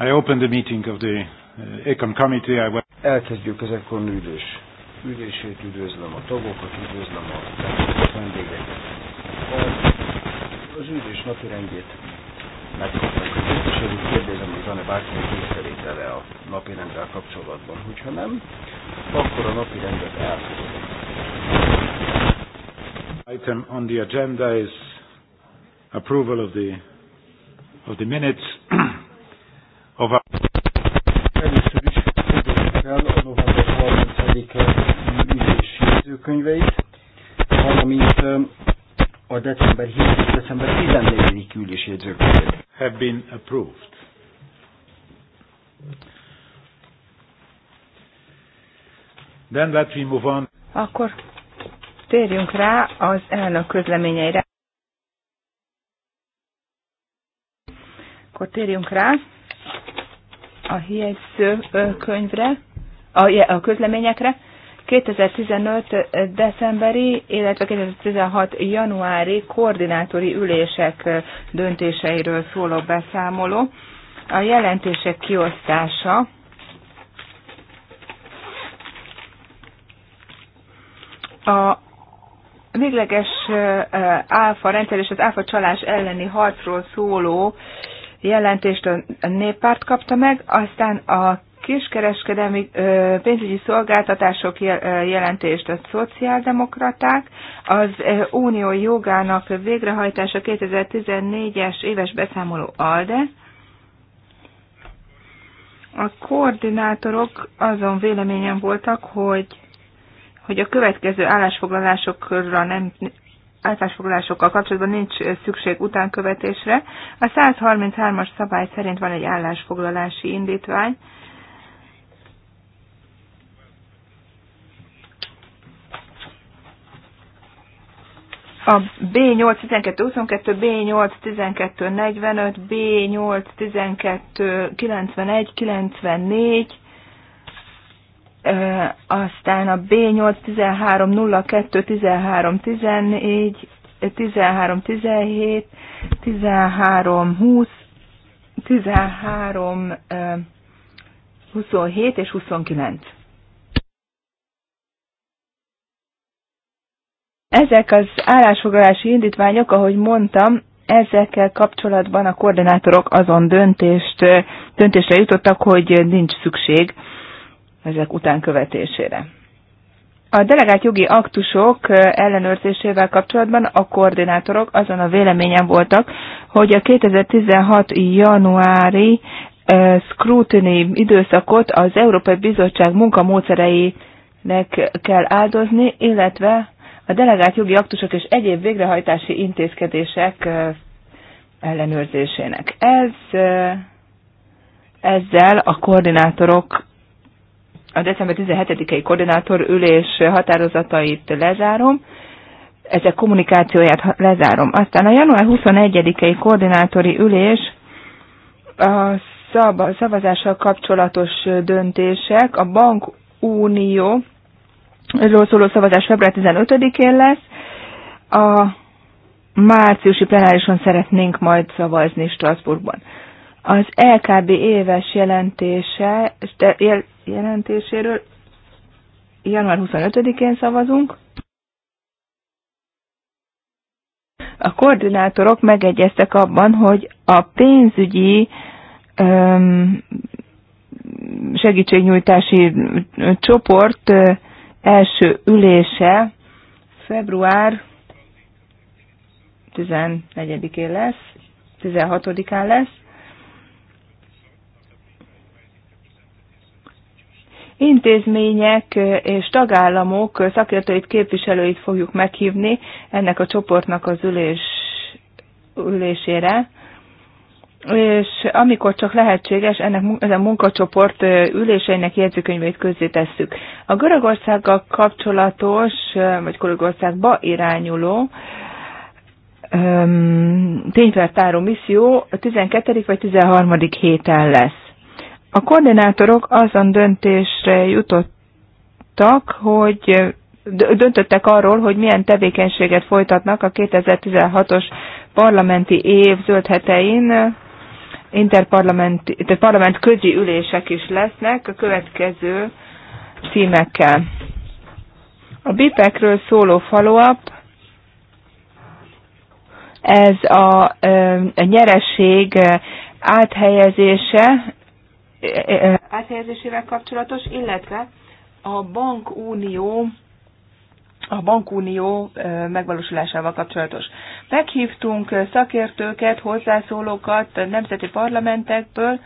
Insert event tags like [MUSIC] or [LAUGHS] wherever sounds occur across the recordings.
I open the meeting of the uh, ECON committee. I... went Elkezdjük az ECON ülés. ülését, üdvözlöm a tagokat, üdvözlöm a vendégeket. Az ülés napi rendjét megkapták a képviselőt, kérdezem, hogy van-e bárkinek észrevétele a napi rendel kapcsolatban. Hogyha nem, akkor a napi rendet elfogadom. Item on the agenda is approval of the of the minutes a Először is fogadjuk a november 30-e ülés jegyzőkönyveit, valamint a december 7 és december 14 ülés jegyzőkönyveit. Have been approved. Then let me move on. Akkor térjünk rá az elnök közleményeire. Akkor térjünk rá a könyvre, a, a közleményekre. 2015. decemberi, illetve 2016. januári koordinátori ülések döntéseiről szóló beszámoló. A jelentések kiosztása a végleges eh, áfa rendszer és az áfa csalás elleni harcról szóló jelentést a néppárt kapta meg, aztán a kiskereskedelmi ö, pénzügyi szolgáltatások jelentést a szociáldemokraták, az unió jogának végrehajtása 2014-es éves beszámoló ALDE, a koordinátorok azon véleményen voltak, hogy hogy a következő állásfoglalásokra nem állásfoglalásokkal kapcsolatban nincs szükség utánkövetésre. A 133-as szabály szerint van egy állásfoglalási indítvány, a b 8 b 8 b 8 94, Ö, aztán a B8, 13, 02, 13, 14, 13, 17, 13, 20, 13, 27 és 29. Ezek az állásfoglalási indítványok, ahogy mondtam, ezekkel kapcsolatban a koordinátorok azon döntést, döntésre jutottak, hogy nincs szükség ezek utánkövetésére. A delegált jogi aktusok ellenőrzésével kapcsolatban a koordinátorok azon a véleményen voltak, hogy a 2016. januári scrutiny időszakot az Európai Bizottság munkamódszereinek kell áldozni, illetve a delegált jogi aktusok és egyéb végrehajtási intézkedések ellenőrzésének. Ez, ezzel a koordinátorok a december 17-i koordinátor ülés határozatait lezárom, ezek kommunikációját lezárom. Aztán a január 21-i koordinátori ülés a szavazással kapcsolatos döntések, a bankunió, erről szóló szavazás február 15-én lesz, a márciusi plenárison szeretnénk majd szavazni Strasbourgban. Az LKB éves jelentése, jelentéséről. Január 25-én szavazunk. A koordinátorok megegyeztek abban, hogy a pénzügyi öm, segítségnyújtási csoport első ülése február 14-én lesz, 16-án lesz, intézmények és tagállamok szakértőit, képviselőit fogjuk meghívni ennek a csoportnak az ülés, ülésére, és amikor csak lehetséges, ennek ez a munkacsoport üléseinek jegyzőkönyvét közé tesszük. A Görögországgal kapcsolatos, vagy Görögországba irányuló öm, tényfeltáró misszió a 12. vagy 13. héten lesz. A koordinátorok azon döntésre jutottak, hogy döntöttek arról, hogy milyen tevékenységet folytatnak a 2016-os parlamenti év zöld hetein, interparlament, tehát parlament közi ülések is lesznek a következő címekkel. A BIPEK-ről szóló follow-up, ez a, a nyereség áthelyezése áthelyezésével kapcsolatos, illetve a bankunió a bankunió megvalósulásával kapcsolatos. Meghívtunk szakértőket, hozzászólókat nemzeti parlamentekből.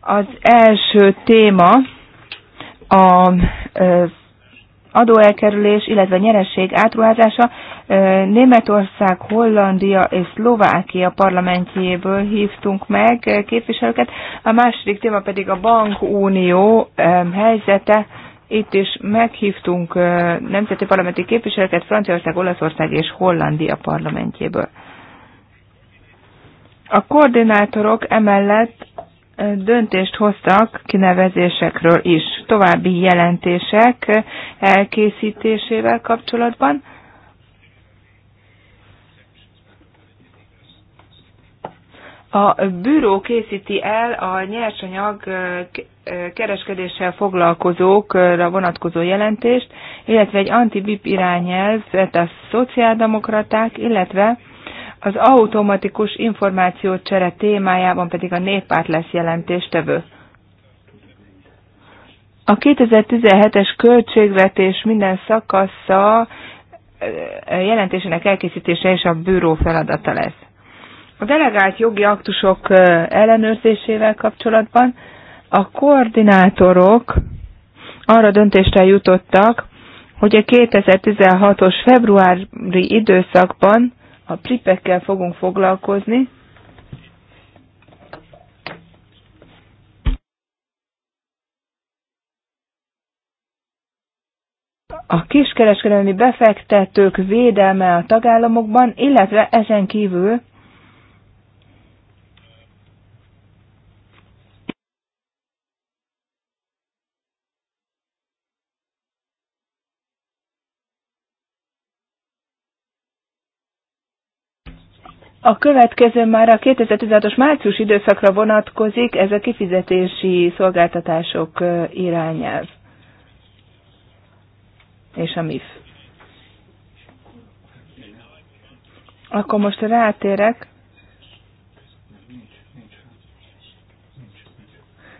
Az első téma a adóelkerülés, illetve nyeresség átruházása Németország, Hollandia és Szlovákia parlamentjéből hívtunk meg képviselőket. A második téma pedig a bankunió helyzete. Itt is meghívtunk nemzeti parlamenti képviselőket Franciaország, Olaszország és Hollandia parlamentjéből. A koordinátorok emellett döntést hoztak kinevezésekről is, további jelentések elkészítésével kapcsolatban. A bűró készíti el a nyersanyag kereskedéssel foglalkozókra vonatkozó jelentést, illetve egy anti-BIP irányelv, tehát a szociáldemokraták, illetve az automatikus információcsere témájában pedig a néppárt lesz jelentéstevő. A 2017-es költségvetés minden szakasza jelentésének elkészítése és a bűró feladata lesz. A delegált jogi aktusok ellenőrzésével kapcsolatban a koordinátorok arra döntéstel jutottak, hogy a 2016-os februári időszakban a pripekkel fogunk foglalkozni. A kiskereskedelmi befektetők védelme a tagállamokban, illetve ezen kívül A következő már a 2016-os március időszakra vonatkozik, ez a kifizetési szolgáltatások irányelv és a MIF. Akkor most rátérek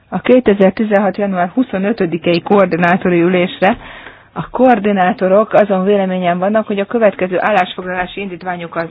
a 2016. január 25-i koordinátori ülésre. A koordinátorok azon véleményen vannak, hogy a következő állásfoglalási indítványokat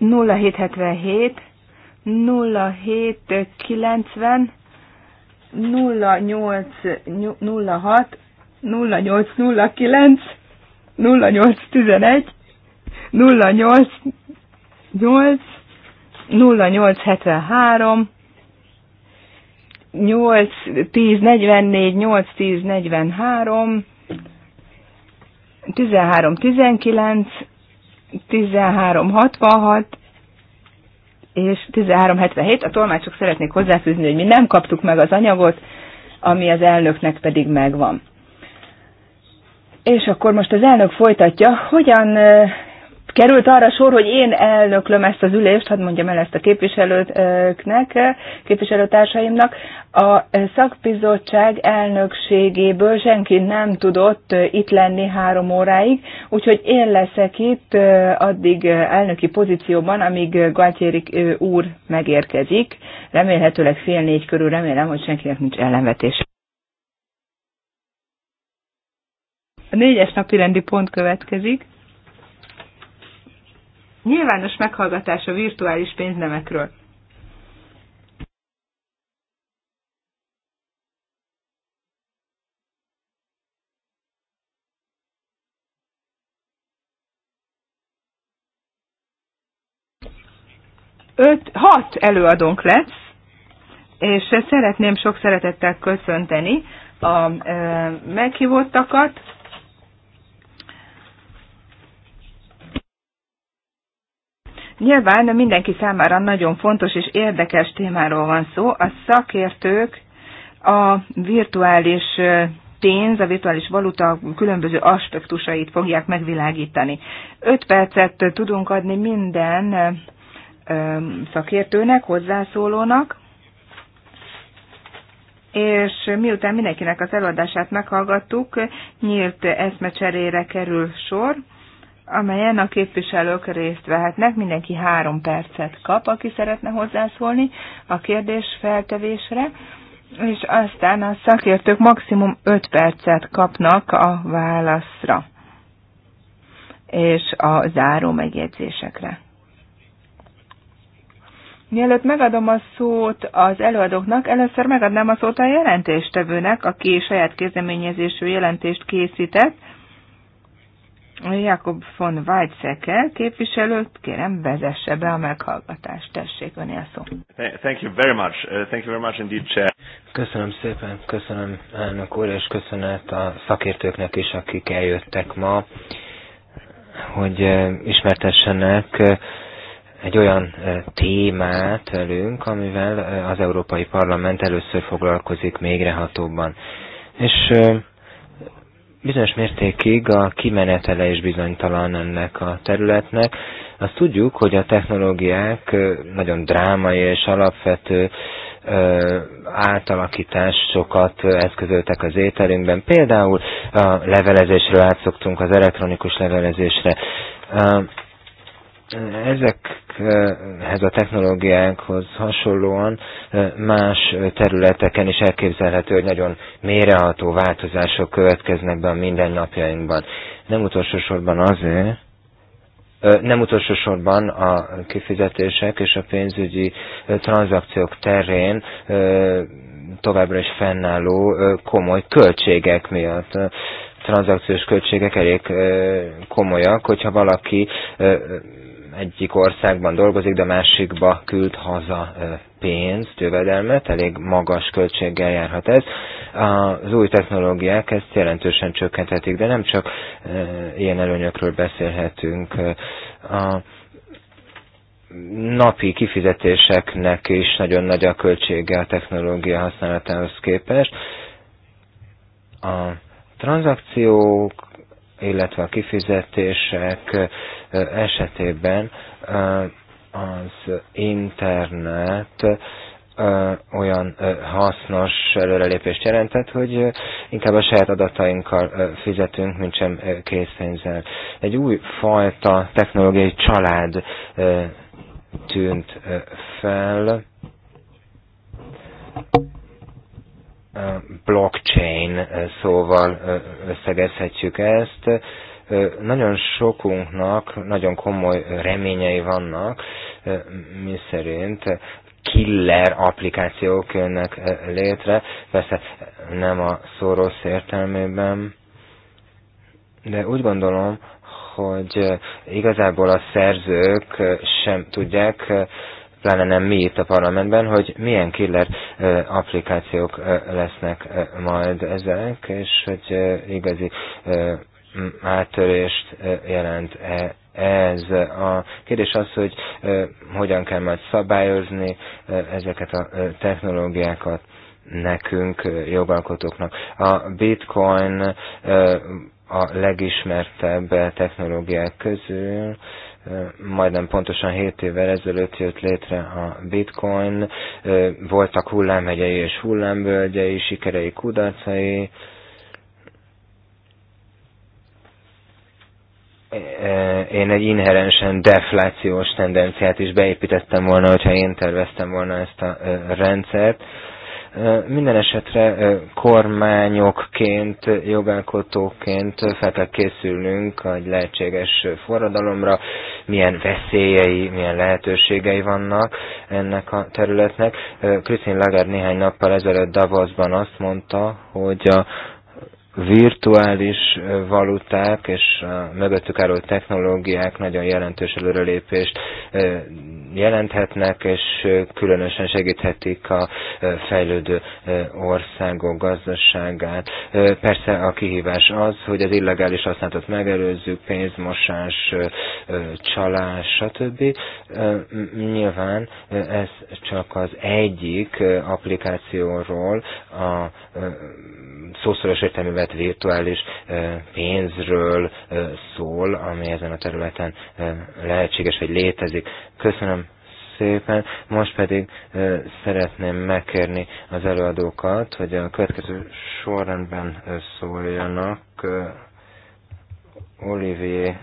0777, 0790, 0806, 0809, 0811, 088, 0873, 81044, 81043, 1319, 1366 és 1377. A tolmácsok szeretnék hozzáfűzni, hogy mi nem kaptuk meg az anyagot, ami az elnöknek pedig megvan. És akkor most az elnök folytatja, hogyan került arra sor, hogy én elnöklöm ezt az ülést, hadd mondjam el ezt a képviselőknek, képviselőtársaimnak, a szakbizottság elnökségéből senki nem tudott itt lenni három óráig, úgyhogy én leszek itt addig elnöki pozícióban, amíg Galtieri úr megérkezik. Remélhetőleg fél négy körül, remélem, hogy senkinek nincs ellenvetés. A négyes napi rendi pont következik nyilvános meghallgatás a virtuális pénznemekről. Öt, hat előadónk lesz, és szeretném sok szeretettel köszönteni a meghívottakat, Nyilván mindenki számára nagyon fontos és érdekes témáról van szó. A szakértők a virtuális pénz, a virtuális valuta különböző aspektusait fogják megvilágítani. Öt percet tudunk adni minden szakértőnek, hozzászólónak, és miután mindenkinek az előadását meghallgattuk, nyílt eszmecserére kerül sor amelyen a képviselők részt vehetnek. Mindenki három percet kap, aki szeretne hozzászólni a kérdés feltevésre, és aztán a szakértők maximum öt percet kapnak a válaszra és a záró megjegyzésekre. Mielőtt megadom a szót az előadóknak, először megadnám a szót a jelentéstevőnek, aki saját kezdeményezésű jelentést készített Jakob von Weizsäcker képviselőt, kérem vezesse be a meghallgatást. Tessék, öné a szó. Thank you very much. Uh, thank you very much indeed, Chair. Köszönöm szépen, köszönöm elnök úr, és köszönet a szakértőknek is, akik eljöttek ma, hogy uh, ismertessenek uh, egy olyan témát velünk, amivel az Európai Parlament először foglalkozik még rehatóban. És Bizonyos mértékig a kimenetele is bizonytalan ennek a területnek. Azt tudjuk, hogy a technológiák nagyon drámai és alapvető átalakításokat eszközöltek az ételünkben. Például a levelezésről átszoktunk az elektronikus levelezésre ezekhez a technológiákhoz hasonlóan más területeken is elképzelhető, hogy nagyon méreható változások következnek be a mindennapjainkban. Nem utolsó sorban azért, nem utolsó sorban a kifizetések és a pénzügyi tranzakciók terén továbbra is fennálló komoly költségek miatt tranzakciós költségek elég komolyak, hogyha valaki egyik országban dolgozik, de másikba küld haza pénzt, jövedelmet, elég magas költséggel járhat ez. Az új technológiák ezt jelentősen csökkenthetik, de nem csak ilyen előnyökről beszélhetünk. A napi kifizetéseknek is nagyon nagy a költsége a technológia használatához képest. A tranzakciók illetve a kifizetések esetében az internet olyan hasznos előrelépést jelentett, hogy inkább a saját adatainkkal fizetünk, mint sem készpénzzel. Egy új fajta technológiai család tűnt fel, blockchain szóval összegezhetjük ezt. Nagyon sokunknak nagyon komoly reményei vannak, mi szerint killer applikációk jönnek létre, persze nem a szó rossz értelmében, de úgy gondolom, hogy igazából a szerzők sem tudják pláne nem mi itt a parlamentben, hogy milyen killer applikációk lesznek majd ezek, és hogy igazi áttörést jelent -e ez. A kérdés az, hogy hogyan kell majd szabályozni ezeket a technológiákat nekünk, jogalkotóknak. A bitcoin a legismertebb technológiák közül, majdnem pontosan 7 évvel ezelőtt jött létre a bitcoin, voltak hullámhegyei és hullámvölgyei, sikerei, kudarcai, én egy inherensen deflációs tendenciát is beépítettem volna, hogyha én terveztem volna ezt a rendszert. Minden esetre kormányokként, jogalkotóként fel kell készülnünk egy lehetséges forradalomra, milyen veszélyei, milyen lehetőségei vannak ennek a területnek. Krisztin Lager néhány nappal ezelőtt Davosban azt mondta, hogy a virtuális valuták és a mögöttük álló technológiák nagyon jelentős előrelépést jelenthetnek, és különösen segíthetik a fejlődő országok gazdaságát. Persze a kihívás az, hogy az illegális használatot megelőzzük, pénzmosás, csalás, stb. Nyilván ez csak az egyik applikációról a szószoros értelművel úgynevezett virtuális pénzről szól, ami ezen a területen lehetséges vagy létezik. Köszönöm szépen. Most pedig szeretném megkérni az előadókat, hogy a következő sorrendben szóljanak. Olivier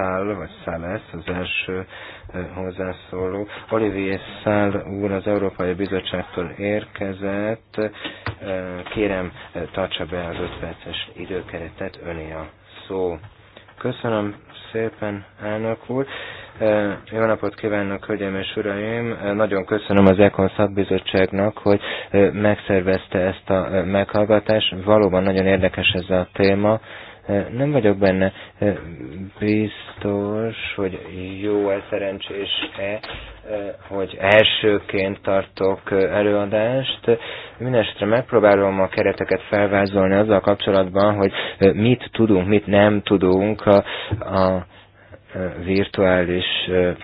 Szál, vagy Szálesz, az első eh, hozzászóló. Olivier Szál úr az Európai Bizottságtól érkezett. Eh, kérem, eh, tartsa be az 5 perces időkeretet, öné a szó. Köszönöm szépen, elnök úr. Jó napot kívánok, hölgyeim és uraim! Nagyon köszönöm az EKON szakbizottságnak, hogy megszervezte ezt a meghallgatást. Valóban nagyon érdekes ez a téma nem vagyok benne biztos, hogy jó-e, szerencsés-e, hogy elsőként tartok előadást. Mindenesetre megpróbálom a kereteket felvázolni azzal kapcsolatban, hogy mit tudunk, mit nem tudunk a, a virtuális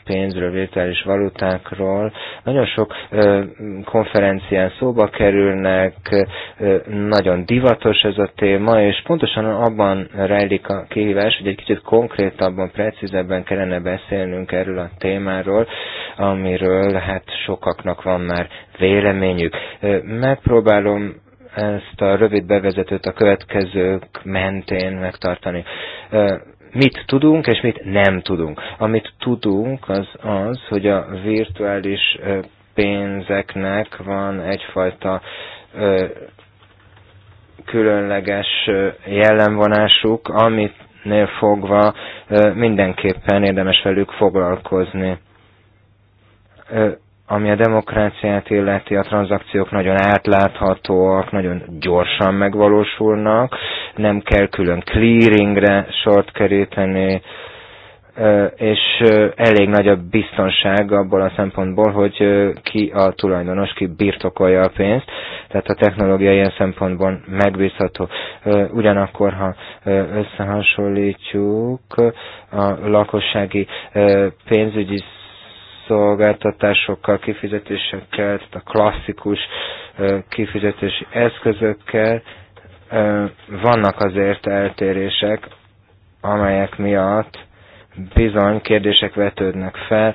pénzről, virtuális valutákról. Nagyon sok konferencián szóba kerülnek, nagyon divatos ez a téma, és pontosan abban rejlik a kihívás, hogy egy kicsit konkrétabban, precízebben kellene beszélnünk erről a témáról, amiről hát sokaknak van már véleményük. Megpróbálom ezt a rövid bevezetőt a következők mentén megtartani mit tudunk és mit nem tudunk. Amit tudunk az az, hogy a virtuális pénzeknek van egyfajta különleges jellemvonásuk, amitnél fogva mindenképpen érdemes velük foglalkozni ami a demokráciát illeti, a tranzakciók nagyon átláthatóak, nagyon gyorsan megvalósulnak, nem kell külön clearingre sort keríteni, és elég nagy a biztonság abból a szempontból, hogy ki a tulajdonos, ki birtokolja a pénzt, tehát a technológia ilyen szempontból megbízható. Ugyanakkor, ha összehasonlítjuk a lakossági pénzügyi szolgáltatásokkal, kifizetésekkel, tehát a klasszikus kifizetési eszközökkel vannak azért eltérések, amelyek miatt bizony kérdések vetődnek fel.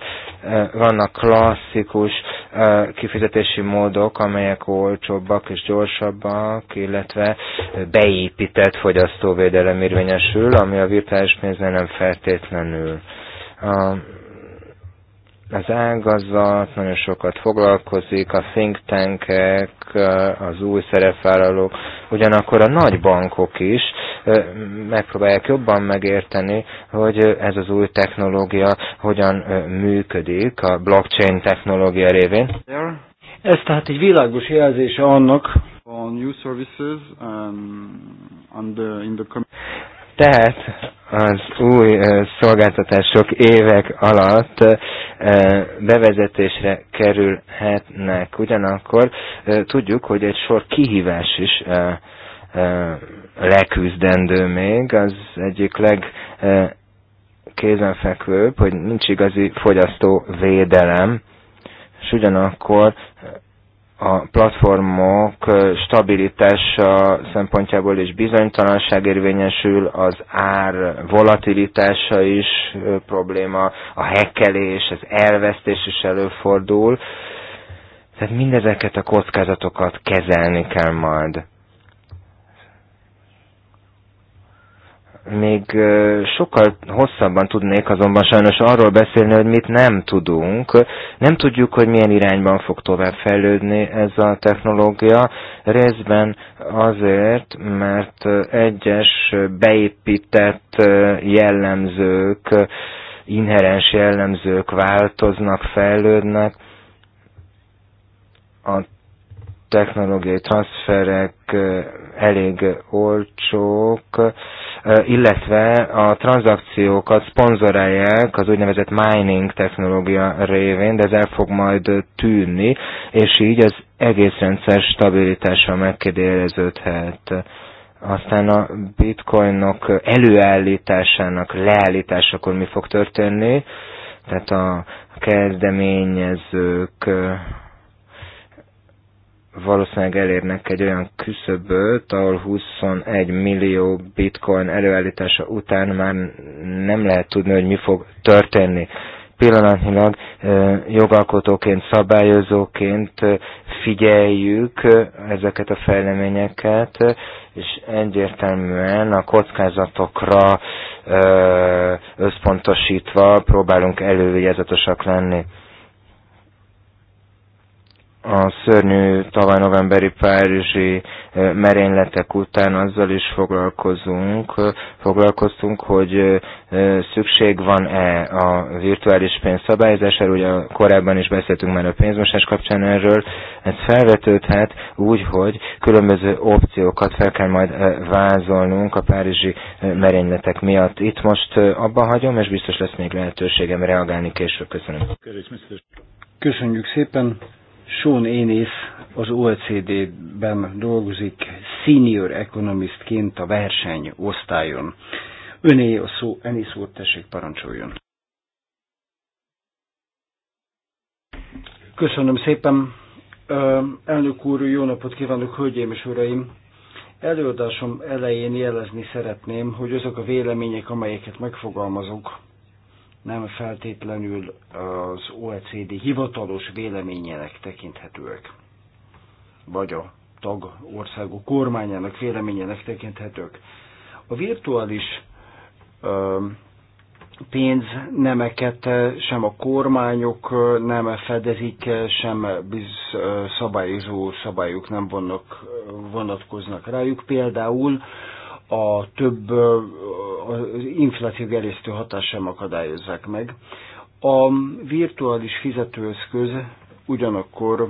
Vannak klasszikus kifizetési módok, amelyek olcsóbbak és gyorsabbak, illetve beépített fogyasztóvédelem érvényesül, ami a virtuális pénznél nem feltétlenül az ágazat nagyon sokat foglalkozik, a think tankek, az új szerepvállalók, ugyanakkor a nagy bankok is megpróbálják jobban megérteni, hogy ez az új technológia hogyan működik a blockchain technológia révén. Ez tehát egy világos jelzése annak, on new services the, um, in the tehát az új szolgáltatások évek alatt bevezetésre kerülhetnek. Ugyanakkor tudjuk, hogy egy sor kihívás is leküzdendő még. Az egyik kézenfekvőbb, hogy nincs igazi fogyasztóvédelem, és ugyanakkor a platformok stabilitása szempontjából is bizonytalanság érvényesül, az ár volatilitása is probléma, a hekkelés, az elvesztés is előfordul. Tehát mindezeket a kockázatokat kezelni kell majd. Még sokkal hosszabban tudnék azonban sajnos arról beszélni, hogy mit nem tudunk. Nem tudjuk, hogy milyen irányban fog tovább fejlődni ez a technológia. Részben azért, mert egyes beépített jellemzők, inherens jellemzők változnak, fejlődnek. A technológiai transferek elég olcsók, illetve a tranzakciókat szponzorálják az úgynevezett mining technológia révén, de ez el fog majd tűnni, és így az egész rendszer stabilitása megkérdeződhet. aztán a bitcoinok előállításának leállításakor mi fog történni, tehát a kezdeményezők valószínűleg elérnek egy olyan küszöböt, ahol 21 millió bitcoin előállítása után már nem lehet tudni, hogy mi fog történni. Pillanatnyilag jogalkotóként, szabályozóként figyeljük ezeket a fejleményeket, és egyértelműen a kockázatokra összpontosítva próbálunk elővigyázatosak lenni a szörnyű tavaly novemberi párizsi eh, merényletek után azzal is foglalkozunk, foglalkoztunk, hogy eh, szükség van-e a virtuális pénz ugye korábban is beszéltünk már a pénzmosás kapcsán erről, ez felvetődhet úgy, hogy különböző opciókat fel kell majd eh, vázolnunk a párizsi merényletek miatt. Itt most abba hagyom, és biztos lesz még lehetőségem reagálni később. Köszönöm. Köszönjük szépen. Sean Enis az OECD-ben dolgozik senior economistként a verseny osztályon. Öné a szó, Enis úr, tessék parancsoljon. Köszönöm szépen. Elnök úr, jó napot kívánok, hölgyeim és uraim! Előadásom elején jelezni szeretném, hogy azok a vélemények, amelyeket megfogalmazok, nem feltétlenül az OECD hivatalos véleményének tekinthetőek, vagy a tag országok kormányának véleményének tekinthetők. A virtuális ö, pénznemeket sem a kormányok nem fedezik, sem biz szabályozó szabályok nem vannak vonatkoznak rájuk. Például a több az infláció gerésztő hatás sem akadályozzák meg. A virtuális fizetőeszköz ugyanakkor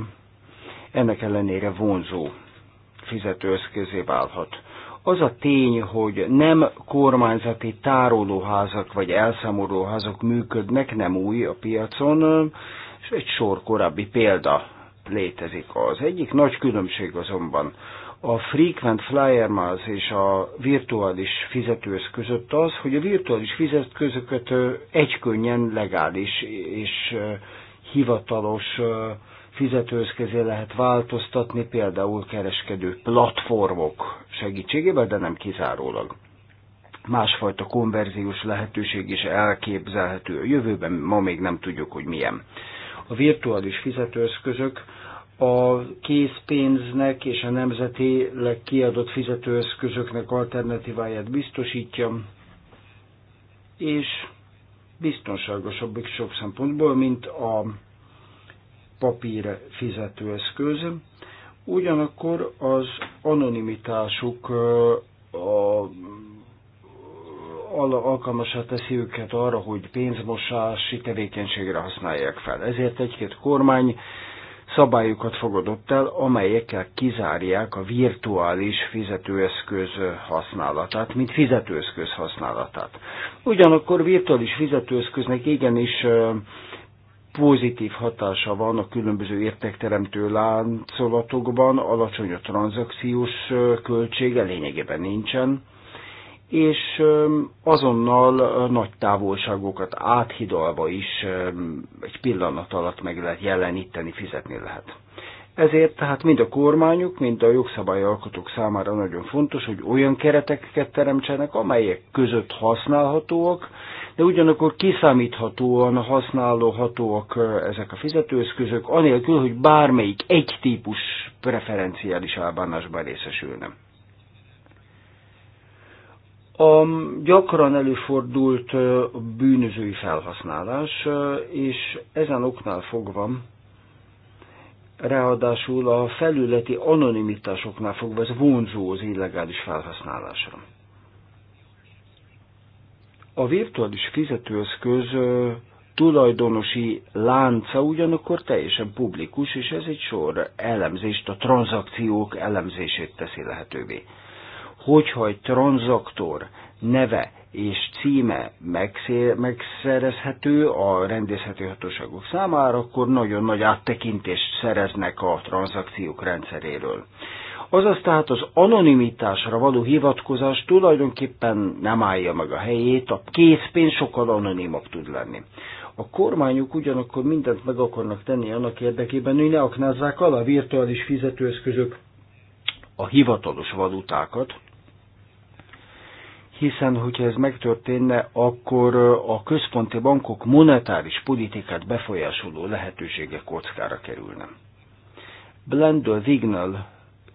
ennek ellenére vonzó fizetőeszközé válhat. Az a tény, hogy nem kormányzati tárolóházak vagy elszámolóházak működnek, nem új a piacon, és egy sor korábbi példa létezik. Az egyik nagy különbség azonban a frequent flyer miles és a virtuális fizetőz között az, hogy a virtuális fizetőzöket egykönnyen legális és hivatalos fizetőszközé lehet változtatni, például kereskedő platformok segítségével, de nem kizárólag. Másfajta konverziós lehetőség is elképzelhető a jövőben, ma még nem tudjuk, hogy milyen. A virtuális fizetőeszközök a készpénznek és a nemzetileg kiadott fizetőeszközöknek alternatíváját biztosítja, és biztonságosabb sok szempontból, mint a papír fizetőeszköz. Ugyanakkor az anonimitásuk a alkalmasá teszi őket arra, hogy pénzmosási tevékenységre használják fel. Ezért egy-két kormány szabályokat fogadott el, amelyekkel kizárják a virtuális fizetőeszköz használatát, mint fizetőeszköz használatát. Ugyanakkor virtuális fizetőeszköznek igenis pozitív hatása van a különböző értékteremtő láncolatokban, alacsony a tranzakciós költsége lényegében nincsen, és azonnal nagy távolságokat áthidalva is egy pillanat alatt meg lehet jeleníteni, fizetni lehet. Ezért tehát mind a kormányok, mind a jogszabályalkotók számára nagyon fontos, hogy olyan kereteket teremtsenek, amelyek között használhatóak, de ugyanakkor kiszámíthatóan használhatóak ezek a fizetőeszközök, anélkül, hogy bármelyik egy típus preferenciális elbánásban részesülne. A gyakran előfordult bűnözői felhasználás, és ezen oknál fogva, ráadásul a felületi anonimitásoknál fogva ez vonzó az illegális felhasználásra. A virtuális fizetőeszköz tulajdonosi lánca ugyanakkor teljesen publikus, és ez egy sor elemzést, a tranzakciók elemzését teszi lehetővé hogyha egy tranzaktor neve és címe megszerezhető a rendészeti hatóságok számára, akkor nagyon nagy áttekintést szereznek a tranzakciók rendszeréről. Azaz tehát az anonimitásra való hivatkozás tulajdonképpen nem állja meg a helyét, a készpénz sokkal anonimabb tud lenni. A kormányok ugyanakkor mindent meg akarnak tenni annak érdekében, hogy ne aknázzák alá a virtuális fizetőeszközök a hivatalos valutákat, hiszen hogyha ez megtörténne, akkor a központi bankok monetáris politikát befolyásoló lehetősége kockára kerülne. Blendel Vignal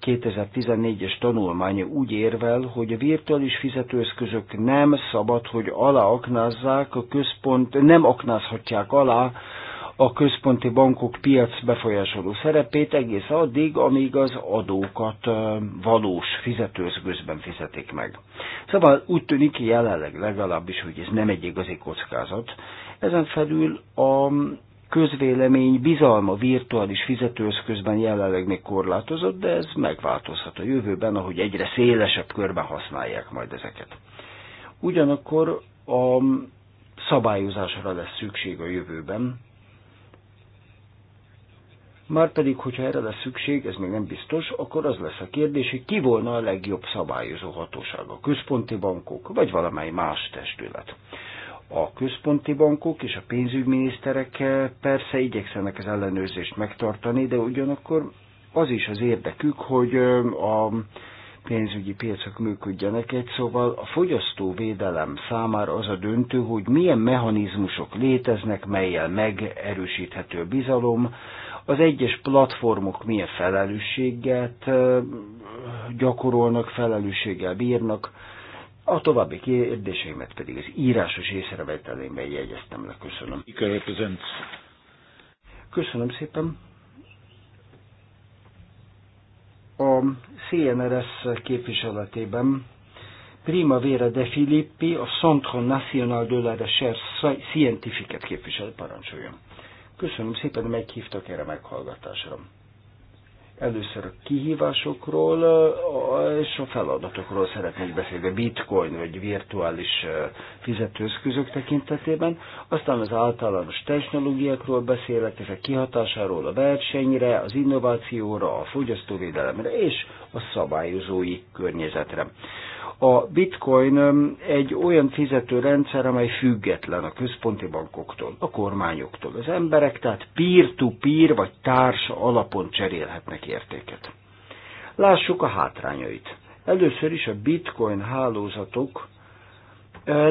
2014-es tanulmánya úgy érvel, hogy a virtuális fizetőeszközök nem szabad, hogy aláaknázzák a központ, nem aknázhatják alá a központi bankok piac befolyásoló szerepét egész addig, amíg az adókat valós fizetőszközben fizetik meg. Szóval úgy tűnik ki jelenleg legalábbis, hogy ez nem egy igazi kockázat. Ezen felül a közvélemény bizalma virtuális fizetőszközben jelenleg még korlátozott, de ez megváltozhat a jövőben, ahogy egyre szélesebb körben használják majd ezeket. Ugyanakkor a szabályozásra lesz szükség a jövőben, már pedig, hogyha erre lesz szükség, ez még nem biztos, akkor az lesz a kérdés, hogy ki volna a legjobb szabályozó hatóság, a központi bankok, vagy valamely más testület. A központi bankok és a pénzügyminiszterek eh, persze igyekszenek az ellenőrzést megtartani, de ugyanakkor az is az érdekük, hogy eh, a pénzügyi piacok működjenek egy, szóval a fogyasztóvédelem számára az a döntő, hogy milyen mechanizmusok léteznek, melyel megerősíthető a bizalom, az egyes platformok milyen felelősséget gyakorolnak, felelősséggel bírnak, a további kérdéseimet pedig az írásos észrevételémben jegyeztem le. Köszönöm. Köszönöm szépen. A CNRS képviseletében Primavera de Filippi a Centre National de la Recherche scientifique képviselő képvisel parancsoljon. Köszönöm szépen, hogy meghívtak erre meghallgatásra. Először a kihívásokról eh, és a feladatokról szeretnék beszélni, bitcoin vagy virtuális eh, fizetőeszközök tekintetében. Aztán az általános technológiákról beszélek, ezek kihatásáról a versenyre, az innovációra, a fogyasztóvédelemre és a szabályozói környezetre. A bitcoin egy olyan fizetőrendszer, amely független a központi bankoktól, a kormányoktól. Az emberek tehát peer-to-peer -peer vagy társ alapon cserélhetnek értéket. Lássuk a hátrányait. Először is a bitcoin hálózatok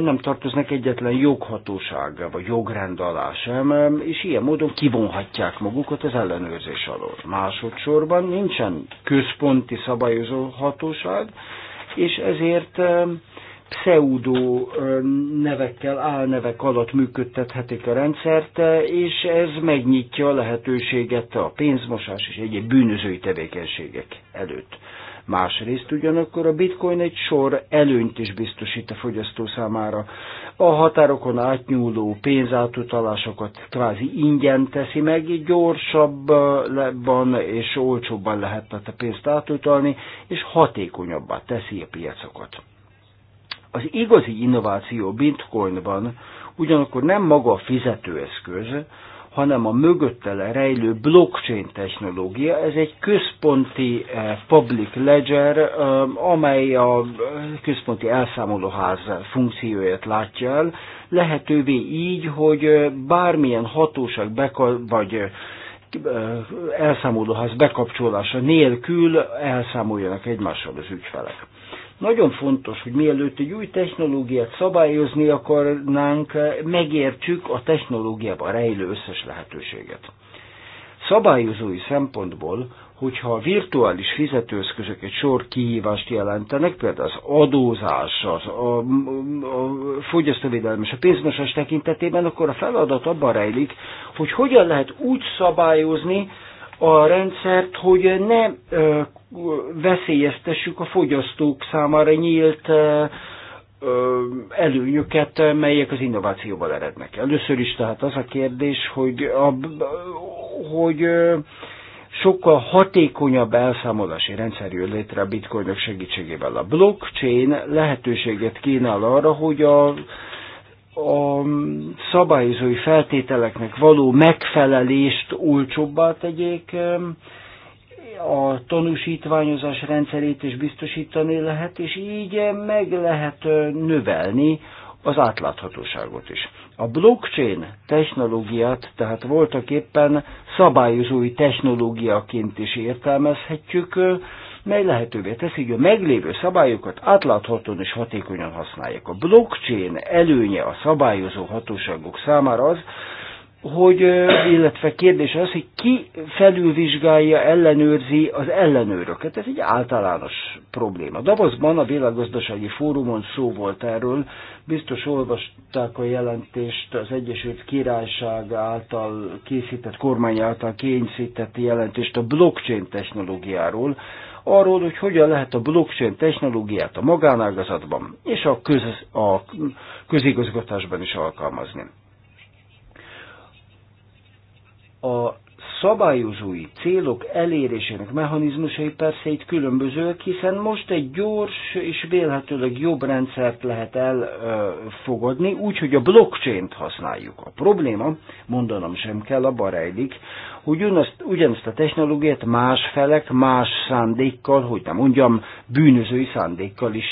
nem tartoznak egyetlen joghatóság vagy jogrend alá sem, és ilyen módon kivonhatják magukat az ellenőrzés alól. Másodszorban nincsen központi szabályozó hatóság, és ezért um, pseudo um, nevekkel, álnevek alatt működtethetik a rendszert, uh, és ez megnyitja a lehetőséget a pénzmosás és egyéb bűnözői tevékenységek előtt. Másrészt ugyanakkor a bitcoin egy sor előnyt is biztosít a fogyasztó számára. A határokon átnyúló pénzátutalásokat kvázi ingyen teszi meg, gyorsabban és olcsóbban lehet a pénzt átutalni, és hatékonyabbá teszi a piacokat. Az igazi innováció bitcoinban ugyanakkor nem maga a fizetőeszköz, hanem a mögöttele rejlő blockchain technológia. Ez egy központi eh, public ledger, eh, amely a eh, központi elszámolóház funkcióját látja el, lehetővé így, hogy bármilyen hatóság beka, vagy elszámolóház bekapcsolása nélkül elszámoljanak egymással az ügyfelek. Nagyon fontos, hogy mielőtt egy új technológiát szabályozni akarnánk, megértsük a technológiában rejlő összes lehetőséget. Szabályozói szempontból, hogyha a virtuális fizetőeszközök egy sor kihívást jelentenek, például az adózás, az, a, a, a fogyasztóvédelem és a pénzmosás tekintetében, akkor a feladat abban rejlik, hogy hogyan lehet úgy szabályozni, a rendszert, hogy ne veszélyeztessük a fogyasztók számára nyílt előnyöket, melyek az innovációval erednek. Először is tehát az a kérdés, hogy, a, hogy sokkal hatékonyabb elszámolási rendszer jön létre a bitcoinok segítségével. A blockchain lehetőséget kínál arra, hogy a a szabályozói feltételeknek való megfelelést olcsóbbá tegyék, a tanúsítványozás rendszerét is biztosítani lehet, és így meg lehet növelni az átláthatóságot is. A blockchain technológiát tehát voltak éppen szabályozói technológiaként is értelmezhetjük, mely lehetővé teszi, hogy a meglévő szabályokat átláthatóan és hatékonyan használják. A blockchain előnye a szabályozó hatóságok számára az, hogy, illetve kérdés az, hogy ki felülvizsgálja, ellenőrzi az ellenőröket. Ez egy általános probléma. Davosban a Világgazdasági Fórumon szó volt erről, biztos olvasták a jelentést az Egyesült Királyság által készített, kormány által kényszített jelentést a blockchain technológiáról, arról, hogy hogyan lehet a blockchain technológiát a magánágazatban és a, köz, a közigazgatásban is alkalmazni. A szabályozói célok elérésének mechanizmusai persze itt különbözőek, hiszen most egy gyors és vélhetőleg jobb rendszert lehet elfogadni, úgyhogy a blockchain-t használjuk. A probléma, mondanom sem kell, abban rejlik, hogy ugyanazt, ugyanazt a technológiát más felek, más szándékkal, hogy nem mondjam, bűnözői szándékkal is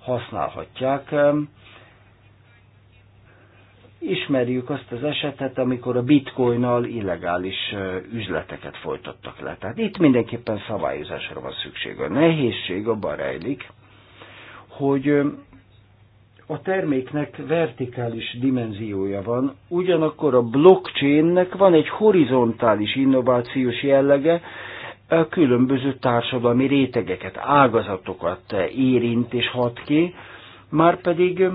használhatják. Ismerjük azt az esetet, amikor a bitcoinnal illegális üzleteket folytattak le. Tehát itt mindenképpen szabályozásra van szükség. A nehézség abban rejlik, hogy a terméknek vertikális dimenziója van, ugyanakkor a blockchainnek van egy horizontális innovációs jellege, különböző társadalmi rétegeket, ágazatokat érint és hat ki, már pedig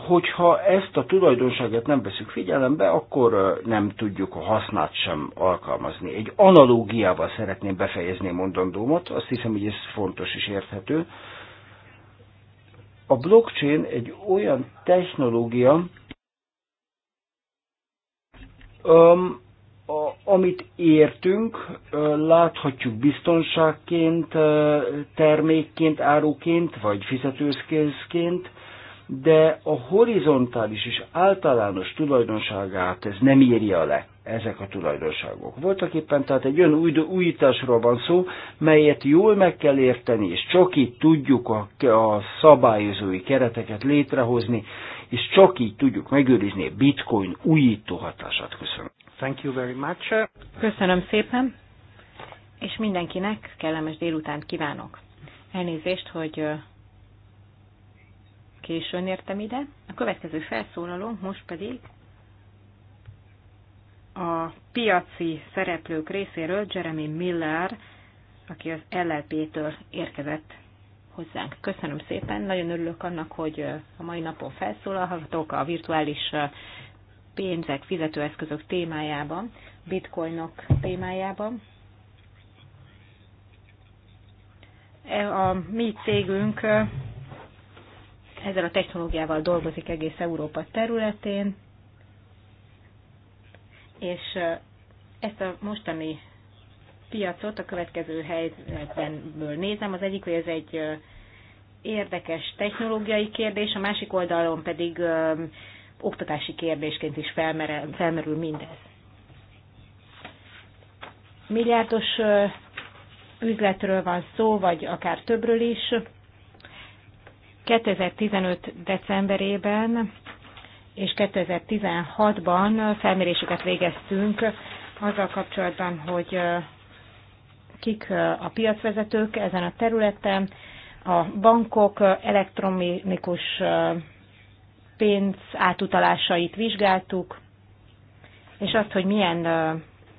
hogyha ezt a tulajdonságot nem veszük figyelembe, akkor nem tudjuk a hasznát sem alkalmazni. Egy analógiával szeretném befejezni mondandómat, azt hiszem, hogy ez fontos és érthető. A blockchain egy olyan technológia, um, a, amit értünk, láthatjuk biztonságként, termékként, áruként, vagy fizetőszkézként, de a horizontális és általános tulajdonságát ez nem írja le, ezek a tulajdonságok. Voltak éppen tehát egy olyan új, újításról van szó, melyet jól meg kell érteni, és csak így tudjuk a, a szabályozói kereteket létrehozni, és csak így tudjuk megőrizni a bitcoin újító hatását. Köszönöm. Thank you very much. Köszönöm szépen, és mindenkinek kellemes délutánt kívánok. Elnézést, hogy későn értem ide. A következő felszólalónk most pedig a piaci szereplők részéről Jeremy Miller, aki az LLP-től érkezett hozzánk. Köszönöm szépen, nagyon örülök annak, hogy a mai napon felszólalhatok a virtuális pénzek, fizetőeszközök témájában, bitcoinok témájában. E, a mi cégünk ezzel a technológiával dolgozik egész Európa területén, és ezt a mostani piacot a következő helyzetből nézem. Az egyik, hogy ez egy érdekes technológiai kérdés, a másik oldalon pedig ö, oktatási kérdésként is felmerül, felmerül mindez. Milliárdos ö, üzletről van szó, vagy akár többről is. 2015. decemberében és 2016-ban felméréseket végeztünk azzal kapcsolatban, hogy kik a piacvezetők ezen a területen, a bankok elektronikus pénz átutalásait vizsgáltuk, és azt, hogy milyen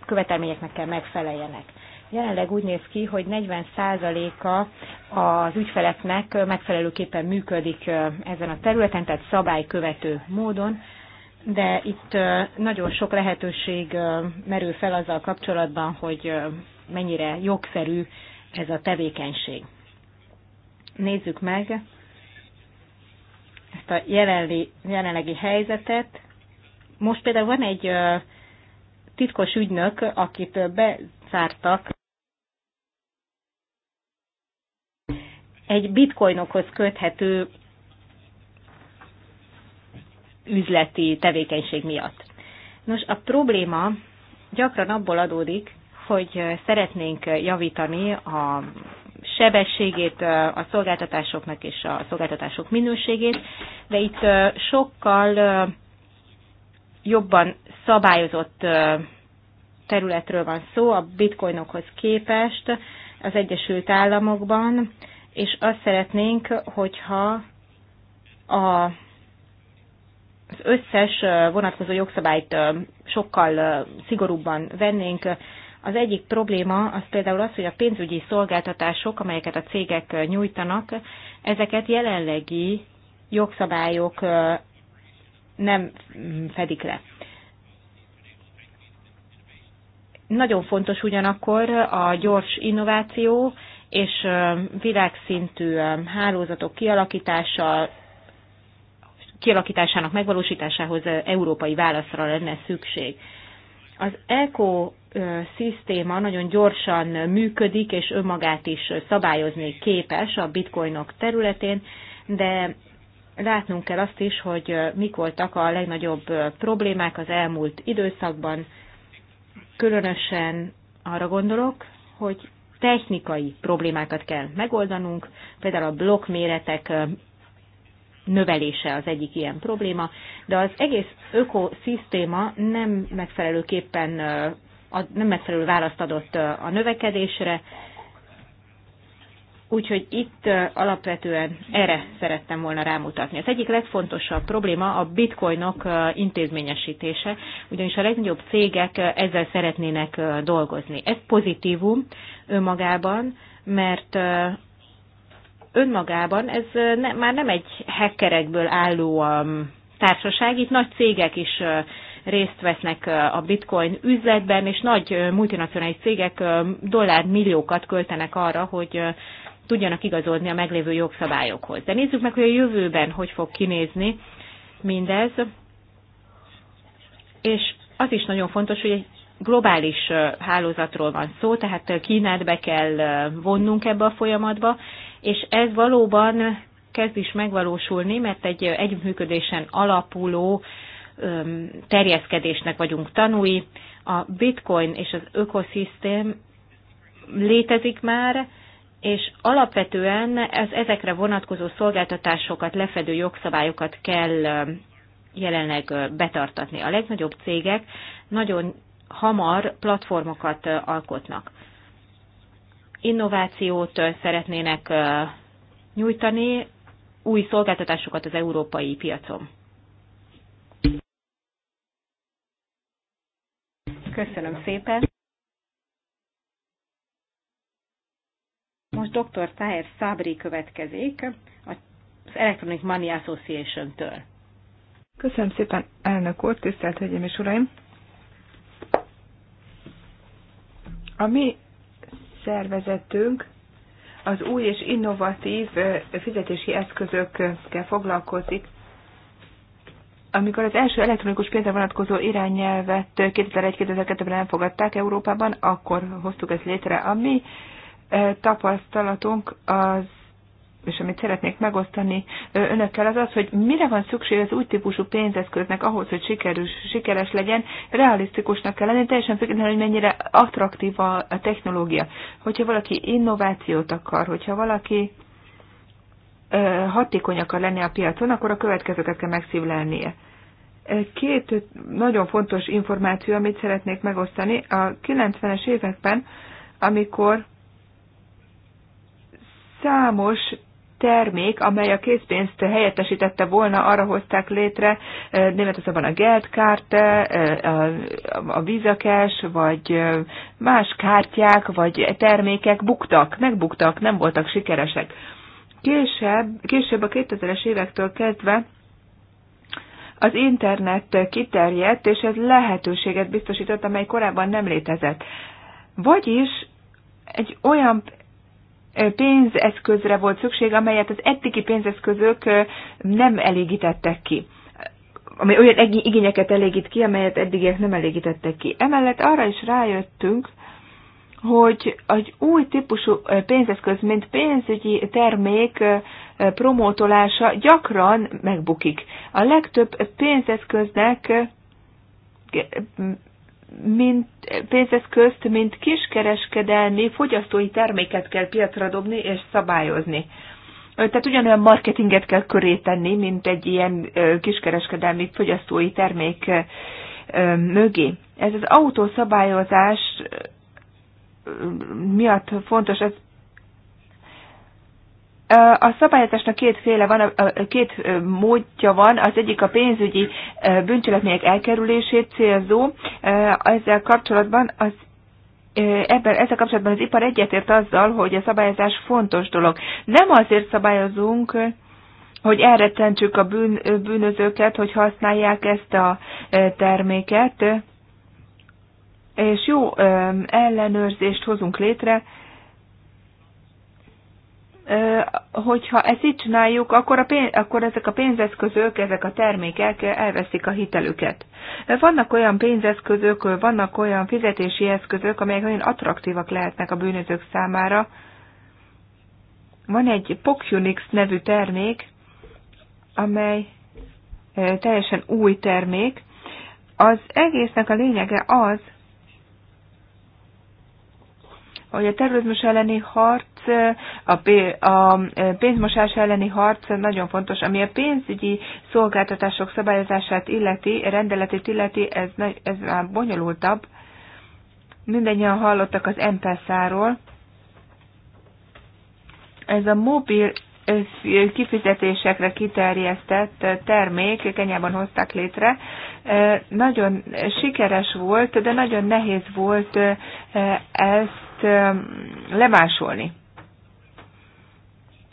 követelményeknek kell megfeleljenek. Jelenleg úgy néz ki, hogy 40%-a az ügyfeleknek megfelelőképpen működik ezen a területen, tehát szabálykövető módon, de itt nagyon sok lehetőség merül fel azzal kapcsolatban, hogy mennyire jogszerű ez a tevékenység. Nézzük meg ezt a jelenlegi helyzetet. Most például van egy titkos ügynök, akit bezártak egy bitcoinokhoz köthető üzleti tevékenység miatt. Nos, a probléma gyakran abból adódik, hogy szeretnénk javítani a sebességét a szolgáltatásoknak és a szolgáltatások minőségét, de itt sokkal jobban szabályozott területről van szó a bitcoinokhoz képest az Egyesült Államokban, és azt szeretnénk, hogyha a, az összes vonatkozó jogszabályt sokkal szigorúbban vennénk. Az egyik probléma az például az, hogy a pénzügyi szolgáltatások, amelyeket a cégek nyújtanak, ezeket jelenlegi jogszabályok nem fedik le. Nagyon fontos ugyanakkor a gyors innováció, és világszintű hálózatok kialakítása, kialakításának megvalósításához európai válaszra lenne szükség. Az ECO szisztéma nagyon gyorsan működik, és önmagát is szabályozni képes a bitcoinok területén, de látnunk kell azt is, hogy mik voltak a legnagyobb problémák az elmúlt időszakban. Különösen arra gondolok, hogy technikai problémákat kell megoldanunk, például a méretek növelése az egyik ilyen probléma, de az egész ökoszisztéma nem megfelelőképpen nem megfelelő választ adott a növekedésre, Úgyhogy itt alapvetően erre szerettem volna rámutatni. Az egyik legfontosabb probléma a bitcoinok intézményesítése, ugyanis a legnagyobb cégek ezzel szeretnének dolgozni. Ez pozitívum önmagában, mert önmagában ez ne, már nem egy hackerekből álló társaság, itt nagy cégek is részt vesznek a bitcoin üzletben, és nagy multinacionális cégek dollármilliókat költenek arra, hogy tudjanak igazodni a meglévő jogszabályokhoz. De nézzük meg, hogy a jövőben hogy fog kinézni mindez. És az is nagyon fontos, hogy egy globális hálózatról van szó, tehát Kínát be kell vonnunk ebbe a folyamatba, és ez valóban kezd is megvalósulni, mert egy együttműködésen alapuló terjeszkedésnek vagyunk tanúi. A bitcoin és az ökoszisztém létezik már, és alapvetően ez, ezekre vonatkozó szolgáltatásokat lefedő jogszabályokat kell jelenleg betartatni. A legnagyobb cégek nagyon hamar platformokat alkotnak. Innovációt szeretnének nyújtani, új szolgáltatásokat az európai piacon. Köszönöm szépen. Most dr. Tahir Sabri következik az Electronic Money Association-től. Köszönöm szépen, elnök úr, tisztelt hölgyeim és uraim! A mi szervezetünk az új és innovatív fizetési eszközökkel foglalkozik. Amikor az első elektronikus pénzre vonatkozó irányelvet 2001-2002-ben elfogadták Európában, akkor hoztuk ezt létre. A mi tapasztalatunk az és amit szeretnék megosztani önökkel, az az, hogy mire van szükség az új típusú pénzeszköznek ahhoz, hogy sikerűs, sikeres legyen, realisztikusnak kell lenni, teljesen függetlenül, hogy mennyire attraktív a, a technológia. Hogyha valaki innovációt akar, hogyha valaki ö, hatékony akar lenni a piacon, akkor a következőket kell megszívlelnie. Két nagyon fontos információ, amit szeretnék megosztani. A 90-es években, amikor számos termék, amely a készpénzt helyettesítette volna, arra hozták létre Németországban a Geldkárte, a Vizakes, vagy más kártyák, vagy termékek buktak, megbuktak, nem voltak sikeresek. Később, később a 2000-es évektől kezdve az internet kiterjedt, és ez lehetőséget biztosított, amely korábban nem létezett. Vagyis egy olyan pénzeszközre volt szükség, amelyet az eddigi pénzeszközök nem elégítettek ki ami olyan igényeket elégít ki, amelyet eddigiek nem elégítettek ki. Emellett arra is rájöttünk, hogy egy új típusú pénzeszköz, mint pénzügyi termék promótolása gyakran megbukik. A legtöbb pénzeszköznek mint pénzeszközt, mint kiskereskedelmi fogyasztói terméket kell piacra dobni és szabályozni. Tehát ugyanolyan marketinget kell köré tenni, mint egy ilyen kiskereskedelmi fogyasztói termék mögé. Ez az autószabályozás miatt fontos, ez a szabályozásnak kétféle van, két módja van, az egyik a pénzügyi bűncselekmények elkerülését célzó. Ezzel kapcsolatban az ebben, ezzel kapcsolatban az ipar egyetért azzal, hogy a szabályozás fontos dolog. Nem azért szabályozunk, hogy elrettentsük a bűn, bűnözőket, hogy használják ezt a terméket, és jó ellenőrzést hozunk létre, hogyha ezt így csináljuk, akkor, a pénz, akkor ezek a pénzeszközök, ezek a termékek elveszik a hitelüket. Vannak olyan pénzeszközök, vannak olyan fizetési eszközök, amelyek nagyon attraktívak lehetnek a bűnözők számára. Van egy Pocunix nevű termék, amely teljesen új termék. Az egésznek a lényege az, hogy a terrorizmus elleni harc, a, pénzmosás elleni harc nagyon fontos. Ami a pénzügyi szolgáltatások szabályozását illeti, rendeletét illeti, ez, ez már bonyolultabb. Mindennyian hallottak az MPSZ-ról. Ez a mobil kifizetésekre kiterjesztett termék, Kenyában hozták létre. Nagyon sikeres volt, de nagyon nehéz volt eh, ezt ezt lemásolni.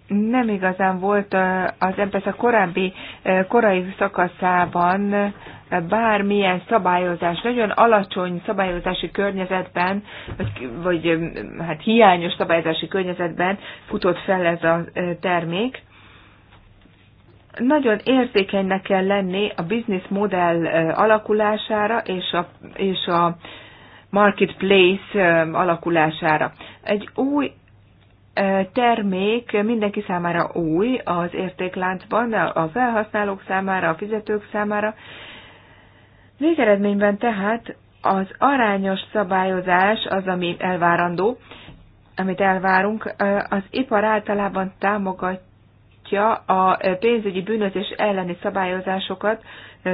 Nem igazán volt az EBSZ a korábbi, korai szakaszában bármilyen szabályozás, nagyon alacsony szabályozási környezetben, vagy, vagy hát hiányos szabályozási környezetben futott fel ez a termék. Nagyon érzékenynek kell lenni a biznisz modell alakulására és a, és a marketplace alakulására. Egy új termék mindenki számára új az értékláncban, a felhasználók számára, a fizetők számára. Végeredményben tehát az arányos szabályozás az, ami elvárandó, amit elvárunk, az ipar általában támogatja a pénzügyi bűnözés elleni szabályozásokat,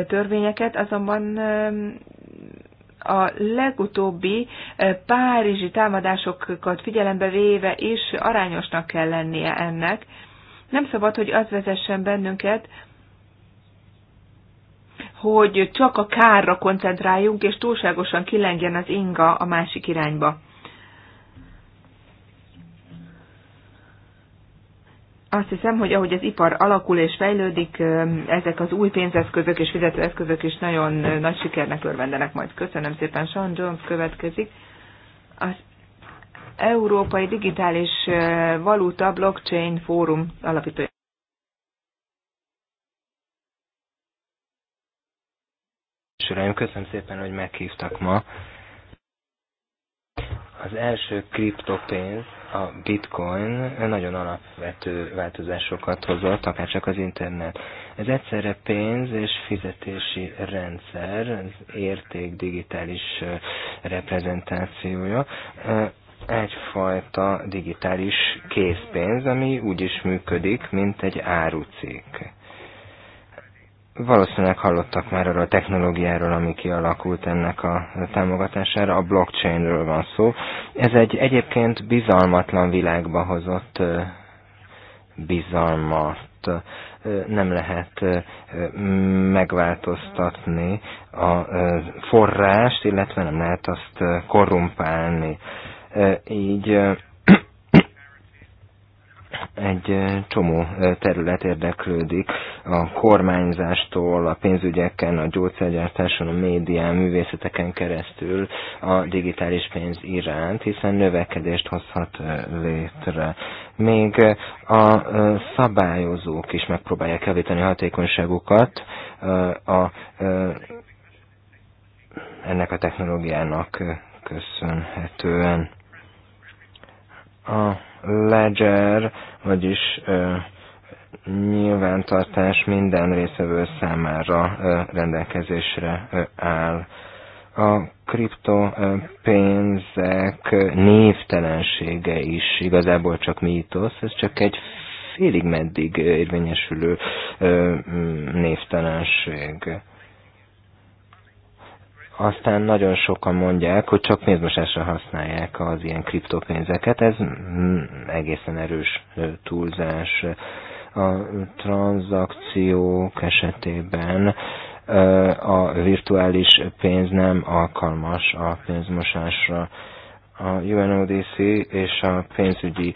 törvényeket, azonban a legutóbbi eh, párizsi támadásokat figyelembe véve is arányosnak kell lennie ennek. Nem szabad, hogy az vezessen bennünket, hogy csak a kárra koncentráljunk, és túlságosan kilengjen az inga a másik irányba. azt hiszem, hogy ahogy az ipar alakul és fejlődik, ezek az új pénzeszközök és fizetőeszközök is nagyon nagy sikernek örvendenek majd. Köszönöm szépen, Sean Jones következik. Az Európai Digitális Valuta Blockchain Fórum alapítója. Uraim, köszönöm szépen, hogy meghívtak ma. Az első kriptopénz a bitcoin nagyon alapvető változásokat hozott, akár csak az internet. Ez egyszerre pénz és fizetési rendszer, az érték digitális reprezentációja, egyfajta digitális készpénz, ami úgy is működik, mint egy árucikk Valószínűleg hallottak már arról a technológiáról, ami kialakult ennek a támogatására, a blockchainről van szó. Ez egy egyébként bizalmatlan világba hozott bizalmat nem lehet megváltoztatni a forrást, illetve nem lehet azt korrumpálni. Így egy csomó terület érdeklődik a kormányzástól, a pénzügyeken, a gyógyszergyártáson, a médián, művészeteken keresztül a digitális pénz iránt, hiszen növekedést hozhat létre. Még a szabályozók is megpróbálják javítani hatékonyságukat a, ennek a technológiának köszönhetően. A Ledger vagyis nyilvántartás minden részevő számára rendelkezésre áll. A kriptopénzek névtelensége is igazából csak mítosz, ez csak egy félig meddig érvényesülő névtelenség aztán nagyon sokan mondják, hogy csak pénzmosásra használják az ilyen kriptopénzeket. Ez mm, egészen erős túlzás. A tranzakciók esetében a virtuális pénz nem alkalmas a pénzmosásra. A UNODC és a pénzügyi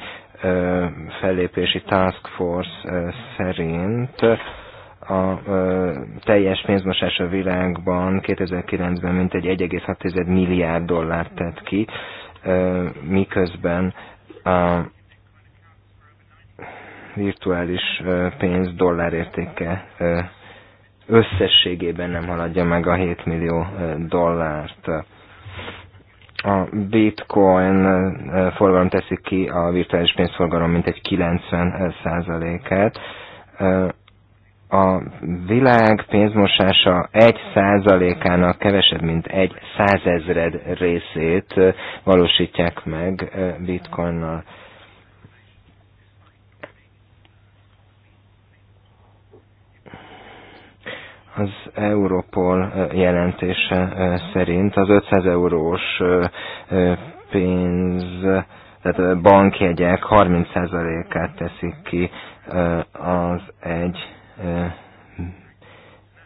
fellépési task force szerint a teljes pénzmosás a világban 2009-ben mintegy 1,6 milliárd dollárt tett ki, miközben a virtuális pénz dollárértéke összességében nem haladja meg a 7 millió dollárt. A bitcoin forgalom teszik ki a virtuális pénzforgalom mintegy 90 százalékát a világ pénzmosása egy százalékának kevesebb, mint egy százezred részét valósítják meg bitcoinnal. az Europol jelentése szerint az 500 eurós pénz, tehát bankjegyek 30%-át teszik ki az egy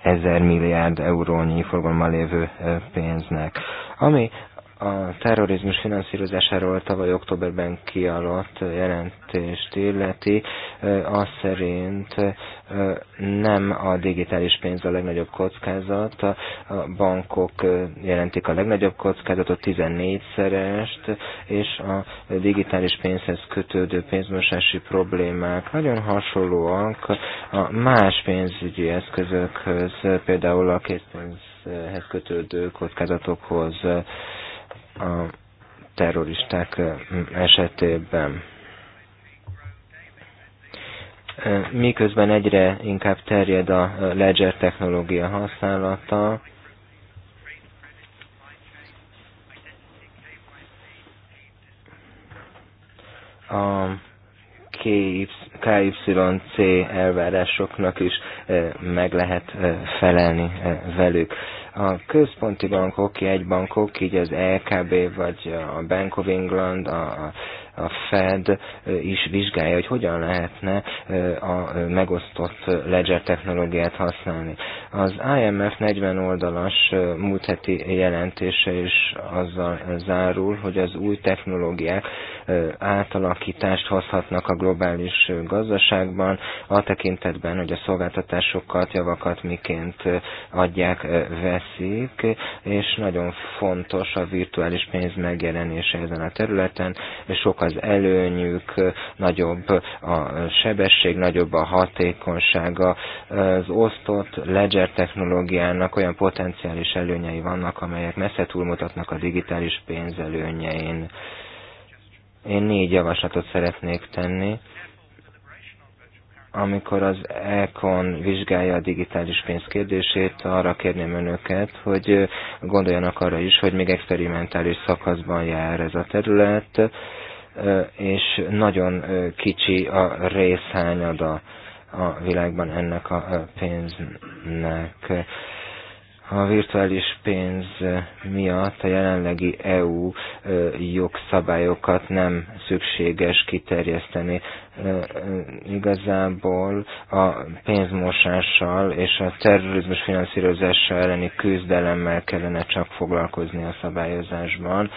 ezer milliárd eurónyi forgalommal lévő pénznek. Ami a terrorizmus finanszírozásáról tavaly októberben kiadott jelentést illeti, az szerint nem a digitális pénz a legnagyobb kockázat, a bankok jelentik a legnagyobb kockázatot, 14-szerest, és a digitális pénzhez kötődő pénzmosási problémák nagyon hasonlóak a más pénzügyi eszközökhöz, például a készpénzhez kötődő kockázatokhoz a terroristák esetében. Miközben egyre inkább terjed a ledger technológia használata, a KYC elvárásoknak is meg lehet felelni velük a központi bankok, jegybankok, így az LKB, e vagy a Bank of England, a a Fed is vizsgálja, hogy hogyan lehetne a megosztott ledger technológiát használni. Az IMF 40 oldalas múlt heti jelentése is azzal zárul, hogy az új technológiák átalakítást hozhatnak a globális gazdaságban, a tekintetben, hogy a szolgáltatásokat, javakat miként adják, veszik, és nagyon fontos a virtuális pénz megjelenése ezen a területen, és sokkal az előnyük, nagyobb a sebesség, nagyobb a hatékonysága. Az osztott ledger technológiának olyan potenciális előnyei vannak, amelyek messze túlmutatnak a digitális pénz előnyein. Én négy javaslatot szeretnék tenni amikor az ECON vizsgálja a digitális pénz kérdését, arra kérném önöket, hogy gondoljanak arra is, hogy még experimentális szakaszban jár ez a terület, és nagyon kicsi a részhányada a világban ennek a pénznek. A virtuális pénz miatt a jelenlegi EU jogszabályokat nem szükséges kiterjeszteni. Igazából a pénzmosással és a terrorizmus finanszírozása elleni küzdelemmel kellene csak foglalkozni a szabályozásban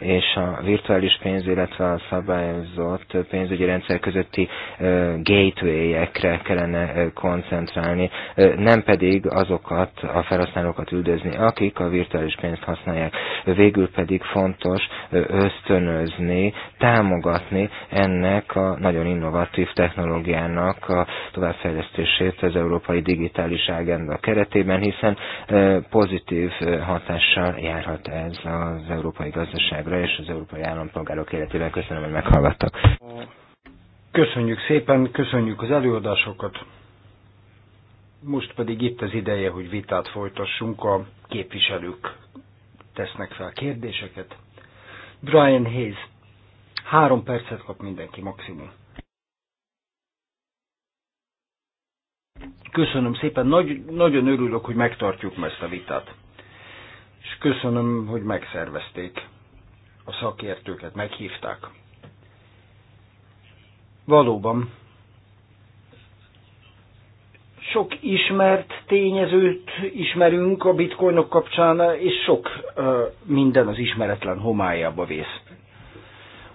és a virtuális pénz, illetve a szabályozott pénzügyi rendszer közötti gateway-ekre kellene koncentrálni, nem pedig azokat a felhasználókat üldözni, akik a virtuális pénzt használják. Végül pedig fontos ösztönözni, támogatni ennek a nagyon innovatív technológiának a továbbfejlesztését az Európai Digitális Agenda keretében, hiszen pozitív hatással járhat ez az európai gazdaságra továbbra, és az európai állampolgárok életében köszönöm, hogy meghallgattak. Köszönjük szépen, köszönjük az előadásokat. Most pedig itt az ideje, hogy vitát folytassunk, a képviselők tesznek fel kérdéseket. Brian Hayes, három percet kap mindenki maximum. Köszönöm szépen, Nagy, nagyon örülök, hogy megtartjuk ezt a vitát. És köszönöm, hogy megszervezték a szakértőket meghívták. Valóban, sok ismert tényezőt ismerünk a bitcoinok kapcsán, és sok ö, minden az ismeretlen homályába vész.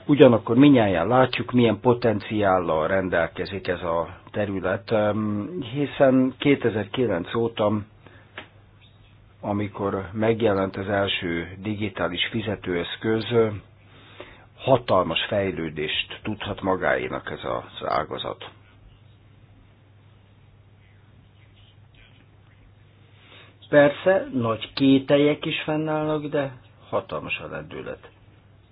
Ugyanakkor minnyáján látjuk, milyen potenciállal rendelkezik ez a terület, hiszen 2009 óta amikor megjelent az első digitális fizetőeszköz, hatalmas fejlődést tudhat magáénak ez az ágazat. Persze, nagy kételjek is fennállnak, de hatalmas a lendület.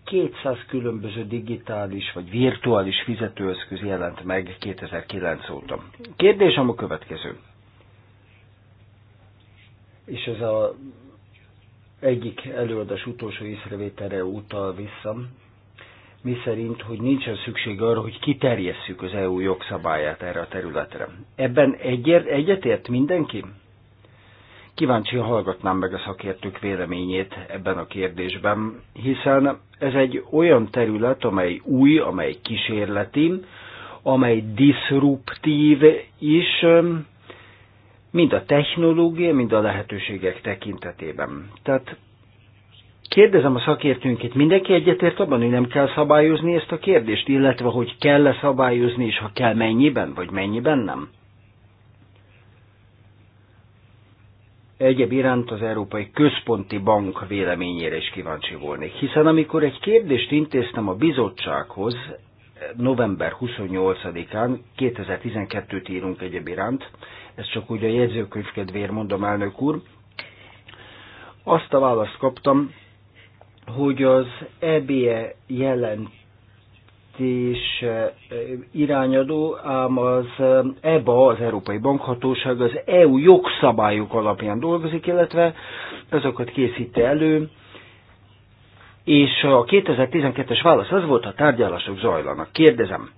200 különböző digitális vagy virtuális fizetőeszköz jelent meg 2009 óta. Kérdésem a következő és ez a egyik előadás utolsó észrevételre utal vissza, mi szerint, hogy nincsen szükség arra, hogy kiterjesszük az EU jogszabályát erre a területre. Ebben egyért, egyetért mindenki? kíváncsi hallgatnám meg a szakértők véleményét ebben a kérdésben, hiszen ez egy olyan terület, amely új, amely kísérleti, amely diszruptív is, mind a technológia, mind a lehetőségek tekintetében. Tehát kérdezem a szakértőnkét, mindenki egyetért abban, hogy nem kell szabályozni ezt a kérdést, illetve hogy kell-e szabályozni, és ha kell, mennyiben, vagy mennyiben nem? Egyéb iránt az Európai Központi Bank véleményére is kíváncsi volnék, hiszen amikor egy kérdést intéztem a bizottsághoz, november 28-án, 2012-t írunk egyéb iránt, ez csak úgy a jegyzőkönyv kedvéért mondom, elnök úr. Azt a választ kaptam, hogy az EBE jelentés irányadó, ám az EBA, az Európai Bankhatóság az EU jogszabályok alapján dolgozik, illetve azokat készíti elő, és a 2012-es válasz az volt, a tárgyalások zajlanak. Kérdezem,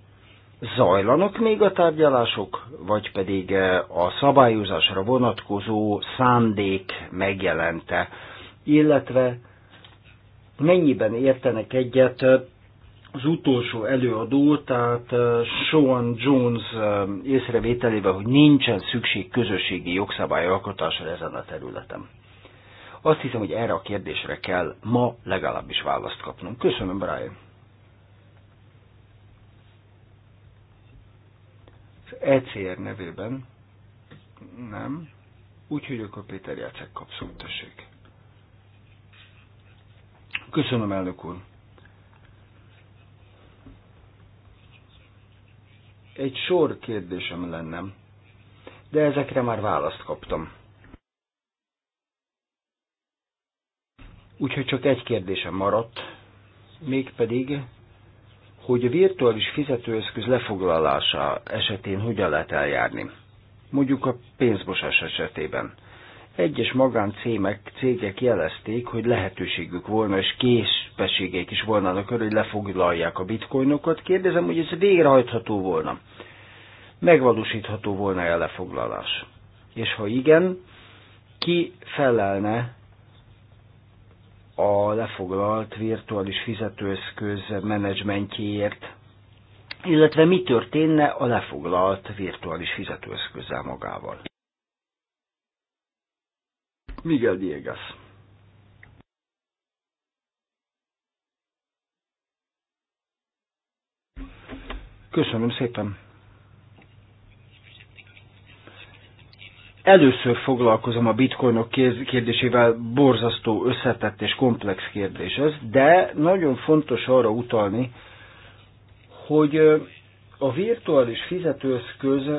zajlanak még a tárgyalások, vagy pedig eh, a szabályozásra vonatkozó szándék megjelente, illetve mennyiben értenek egyet eh, az utolsó előadó, tehát eh, Sean Jones észrevételével, hogy nincsen szükség közösségi jogszabály alkotásra ezen a területen. Azt hiszem, hogy erre a kérdésre kell ma legalábbis választ kapnunk. Köszönöm, Brian! ECR nevében. Nem. Úgyhogy akkor Péter Jacek kap tessék. Köszönöm, elnök úr. Egy sor kérdésem lenne, de ezekre már választ kaptam. Úgyhogy csak egy kérdésem maradt, mégpedig hogy a virtuális fizetőeszköz lefoglalása esetén hogyan lehet eljárni. Mondjuk a pénzmosás esetében. Egyes magáncémek, cégek jelezték, hogy lehetőségük volna, és készpességeik is volnának arra, hogy lefoglalják a bitcoinokat. Kérdezem, hogy ez végrehajtható volna. Megvalósítható volna -e a lefoglalás? És ha igen, ki felelne a lefoglalt virtuális fizetőeszköz menedzsmentjéért, illetve mi történne a lefoglalt virtuális fizetőeszközzel magával. Miguel Diegas. Köszönöm szépen. Először foglalkozom a bitcoinok kérdésével, borzasztó összetett és komplex kérdés ez, de nagyon fontos arra utalni, hogy a virtuális fizetőeszköz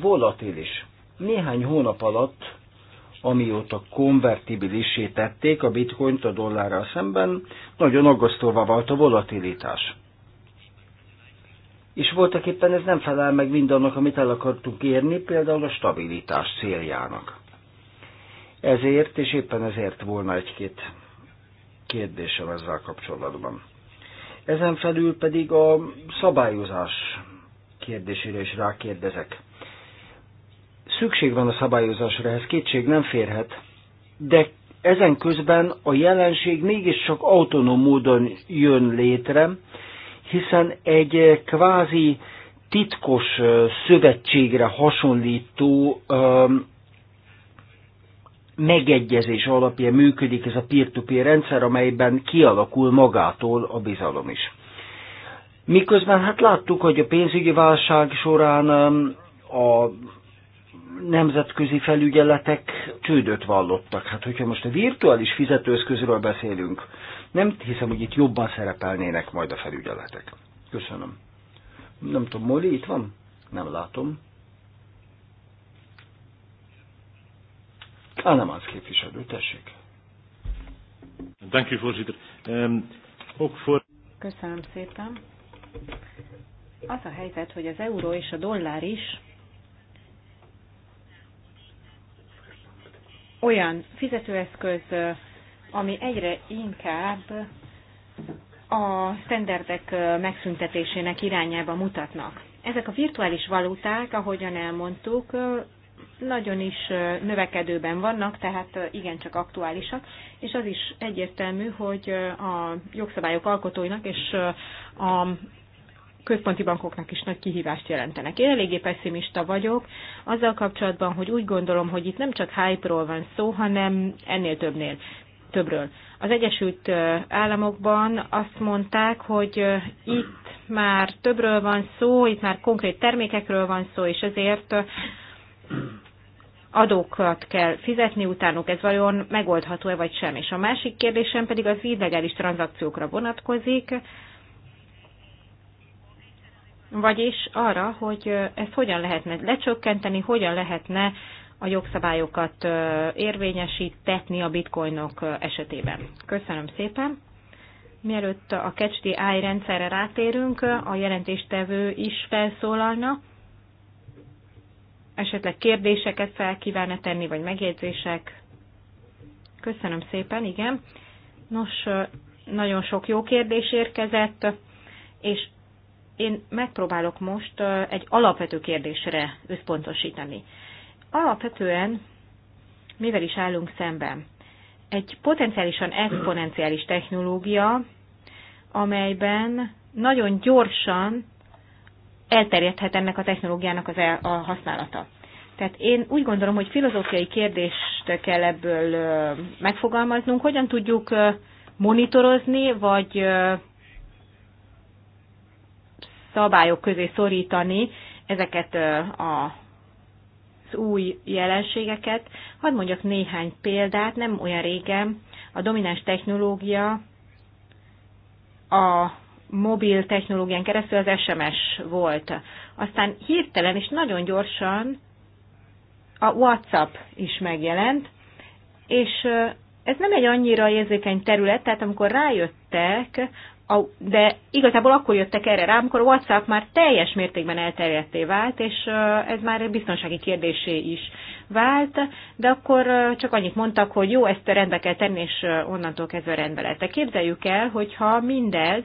volatilis. Néhány hónap alatt, amióta konvertibilisé tették a bitcoint a dollárral szemben, nagyon aggasztóvá vált a volatilitás és voltak éppen ez nem felel meg mindannak, amit el akartunk érni, például a stabilitás céljának. Ezért, és éppen ezért volna egy-két kérdésem ezzel kapcsolatban. Ezen felül pedig a szabályozás kérdésére is rákérdezek. Szükség van a szabályozásra, ez kétség nem férhet, de ezen közben a jelenség mégiscsak autonóm módon jön létre, hiszen egy eh, kvázi titkos eh, szövetségre hasonlító ehm, megegyezés alapján működik ez a peer-to-peer rendszer, amelyben kialakul magától a bizalom is. Miközben hát láttuk, hogy a pénzügyi válság során ehm, a nemzetközi felügyeletek csődöt vallottak. Hát hogyha most a virtuális fizetőeszközről beszélünk, nem hiszem, hogy itt jobban szerepelnének majd a felügyeletek. Köszönöm. Nem tudom, Moli itt van? Nem látom. Államánc képviselő, tessék. Ehm, Köszönöm szépen. Az a helyzet, hogy az euró és a dollár is olyan fizetőeszköz ami egyre inkább a standardek megszüntetésének irányába mutatnak. Ezek a virtuális valuták, ahogyan elmondtuk, nagyon is növekedőben vannak, tehát igencsak aktuálisak, és az is egyértelmű, hogy a jogszabályok alkotóinak és a központi bankoknak is nagy kihívást jelentenek. Én eléggé pessimista vagyok azzal kapcsolatban, hogy úgy gondolom, hogy itt nem csak hype-ról van szó, hanem ennél többnél többről. Az Egyesült Államokban azt mondták, hogy itt már többről van szó, itt már konkrét termékekről van szó, és ezért adókat kell fizetni utánuk, ez vajon megoldható-e vagy sem. És a másik kérdésem pedig az illegális tranzakciókra vonatkozik, vagyis arra, hogy ezt hogyan lehetne lecsökkenteni, hogyan lehetne a jogszabályokat érvényesítetni a bitcoinok esetében. Köszönöm szépen! Mielőtt a CatchDI rendszerre rátérünk, a jelentéstevő is felszólalna. Esetleg kérdéseket fel kívánna tenni, vagy megjegyzések? Köszönöm szépen, igen. Nos, nagyon sok jó kérdés érkezett, és én megpróbálok most egy alapvető kérdésre összpontosítani. Alapvetően mivel is állunk szemben? Egy potenciálisan exponenciális technológia, amelyben nagyon gyorsan elterjedhet ennek a technológiának az el, a használata. Tehát én úgy gondolom, hogy filozófiai kérdést kell ebből megfogalmaznunk, hogyan tudjuk monitorozni, vagy szabályok közé szorítani ezeket a az új jelenségeket. Hadd mondjak néhány példát, nem olyan régen a domináns technológia a mobil technológián keresztül az SMS volt. Aztán hirtelen és nagyon gyorsan a WhatsApp is megjelent, és ez nem egy annyira érzékeny terület, tehát amikor rájöttek de igazából akkor jöttek erre rá, amikor a WhatsApp már teljes mértékben elterjedté vált, és ez már egy biztonsági kérdésé is vált, de akkor csak annyit mondtak, hogy jó, ezt rendbe kell tenni, és onnantól kezdve rendbe lehet. De képzeljük el, hogyha mindez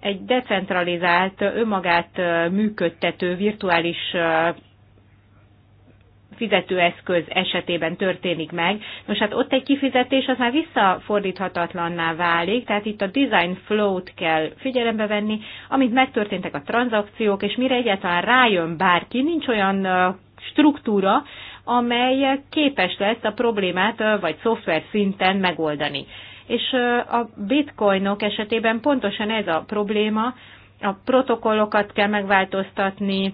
egy decentralizált, önmagát működtető virtuális fizetőeszköz esetében történik meg. Nos, hát ott egy kifizetés az már visszafordíthatatlanná válik, tehát itt a design flow-t kell figyelembe venni, amit megtörténtek a tranzakciók, és mire egyáltalán rájön bárki, nincs olyan struktúra, amely képes lesz a problémát vagy szoftver szinten megoldani. És a bitcoinok esetében pontosan ez a probléma, a protokollokat kell megváltoztatni,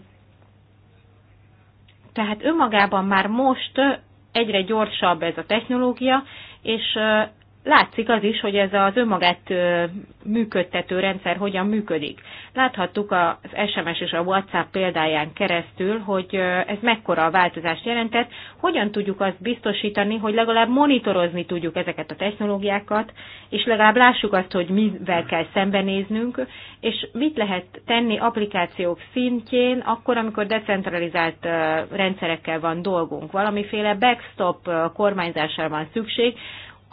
tehát önmagában már most egyre gyorsabb ez a technológia, és látszik az is, hogy ez az önmagát működtető rendszer hogyan működik. Láthattuk az SMS és a WhatsApp példáján keresztül, hogy ez mekkora a változást jelentett, hogyan tudjuk azt biztosítani, hogy legalább monitorozni tudjuk ezeket a technológiákat, és legalább lássuk azt, hogy mivel kell szembenéznünk, és mit lehet tenni applikációk szintjén, akkor, amikor decentralizált rendszerekkel van dolgunk. Valamiféle backstop kormányzásra van szükség,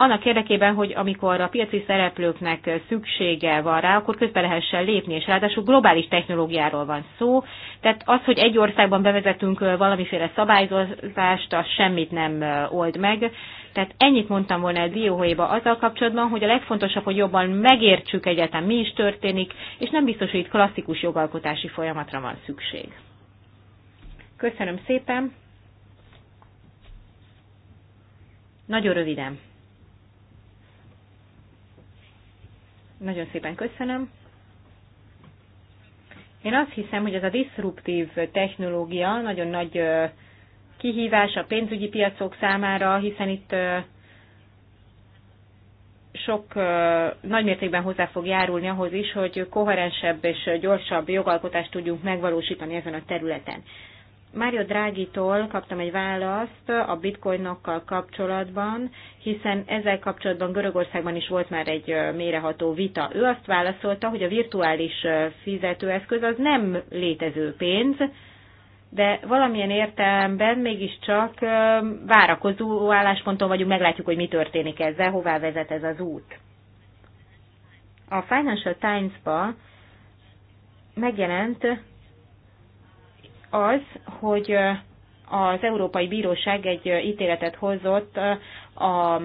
annak érdekében, hogy amikor a piaci szereplőknek szüksége van rá, akkor közbe lehessen lépni, és ráadásul globális technológiáról van szó, tehát az, hogy egy országban bevezetünk valamiféle szabályozást, az semmit nem old meg. Tehát ennyit mondtam volna egy dióhéjba azzal kapcsolatban, hogy a legfontosabb, hogy jobban megértsük egyetem, mi is történik, és nem biztos, hogy itt klasszikus jogalkotási folyamatra van szükség. Köszönöm szépen! Nagyon röviden. Nagyon szépen köszönöm. Én azt hiszem, hogy ez a diszruptív technológia nagyon nagy kihívás a pénzügyi piacok számára, hiszen itt sok nagymértékben hozzá fog járulni ahhoz is, hogy koherensebb és gyorsabb jogalkotást tudjunk megvalósítani ezen a területen. Mário Drági-tól kaptam egy választ a bitcoinokkal kapcsolatban, hiszen ezzel kapcsolatban Görögországban is volt már egy méreható vita. Ő azt válaszolta, hogy a virtuális fizetőeszköz az nem létező pénz, de valamilyen értelemben mégiscsak várakozó állásponton vagyunk, meglátjuk, hogy mi történik ezzel, hová vezet ez az út. A Financial Times-ba megjelent az, hogy az Európai Bíróság egy ítéletet hozott a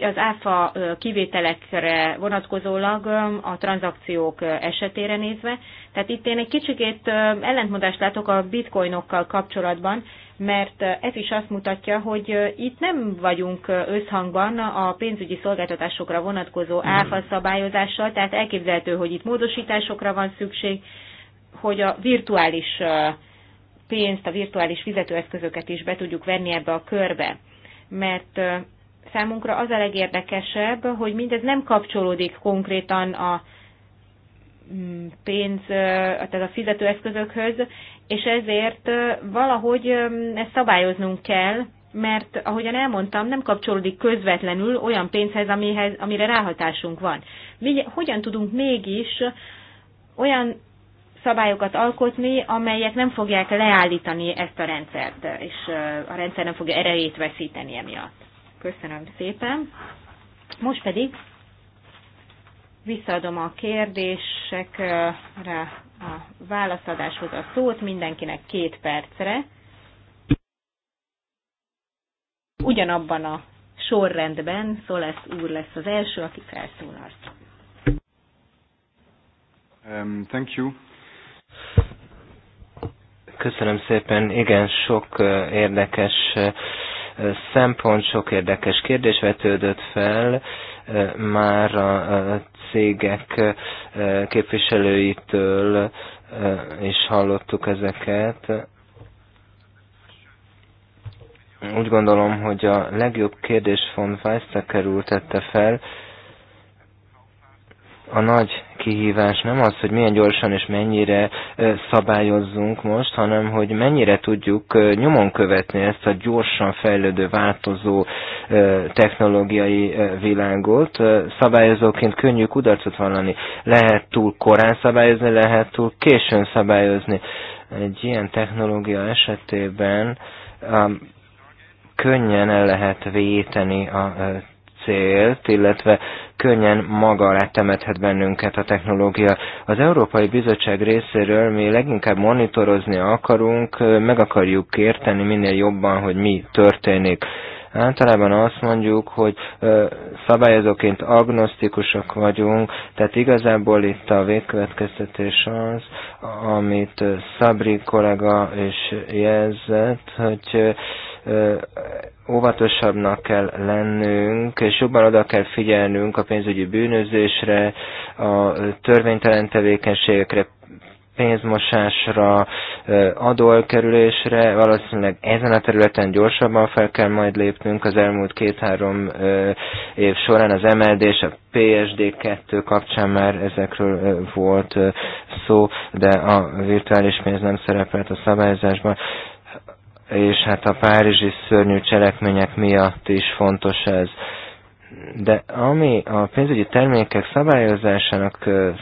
az áfa kivételekre vonatkozólag a tranzakciók esetére nézve. Tehát itt én egy kicsikét ellentmondást látok a bitcoinokkal kapcsolatban, mert ez is azt mutatja, hogy itt nem vagyunk összhangban a pénzügyi szolgáltatásokra vonatkozó áfa szabályozással, tehát elképzelhető, hogy itt módosításokra van szükség, hogy a virtuális pénzt, a virtuális fizetőeszközöket is be tudjuk venni ebbe a körbe. Mert számunkra az a legérdekesebb, hogy mindez nem kapcsolódik konkrétan a mm, pénz, tehát a fizetőeszközökhöz, és ezért valahogy ezt szabályoznunk kell, mert ahogyan elmondtam, nem kapcsolódik közvetlenül olyan pénzhez, amihez, amire ráhatásunk van. Mi, hogyan tudunk mégis olyan szabályokat alkotni, amelyek nem fogják leállítani ezt a rendszert, és a rendszer nem fogja erejét veszíteni emiatt. Köszönöm szépen. Most pedig visszaadom a kérdésekre a válaszadáshoz a szót mindenkinek két percre. Ugyanabban a sorrendben Szolesz úr lesz az első, aki felszólalt. Um, thank you. Köszönöm szépen, igen, sok érdekes szempont, sok érdekes kérdés vetődött fel már a cégek képviselőitől és hallottuk ezeket. Úgy gondolom, hogy a legjobb kérdés von Weizsäcker úr tette fel, a nagy kihívás nem az, hogy milyen gyorsan és mennyire szabályozzunk most, hanem hogy mennyire tudjuk nyomon követni ezt a gyorsan fejlődő, változó technológiai világot. Szabályozóként könnyű kudarcot vallani. Lehet túl korán szabályozni, lehet túl későn szabályozni. Egy ilyen technológia esetében könnyen el lehet véteni a célt, illetve könnyen maga alá temethet bennünket a technológia. Az Európai Bizottság részéről mi leginkább monitorozni akarunk, meg akarjuk érteni minél jobban, hogy mi történik. Általában azt mondjuk, hogy ö, szabályozóként agnosztikusak vagyunk, tehát igazából itt a végkövetkeztetés az, amit Szabri kollega is jelzett, hogy óvatosabbnak kell lennünk, és jobban oda kell figyelnünk a pénzügyi bűnözésre, a törvénytelen tevékenységekre, pénzmosásra, adóelkerülésre, valószínűleg ezen a területen gyorsabban fel kell majd lépnünk az elmúlt két-három év során az MLD és a PSD2 kapcsán már ezekről volt szó, de a virtuális pénz nem szerepelt a szabályozásban és hát a párizsi szörnyű cselekmények miatt is fontos ez. De ami a pénzügyi termékek szabályozásának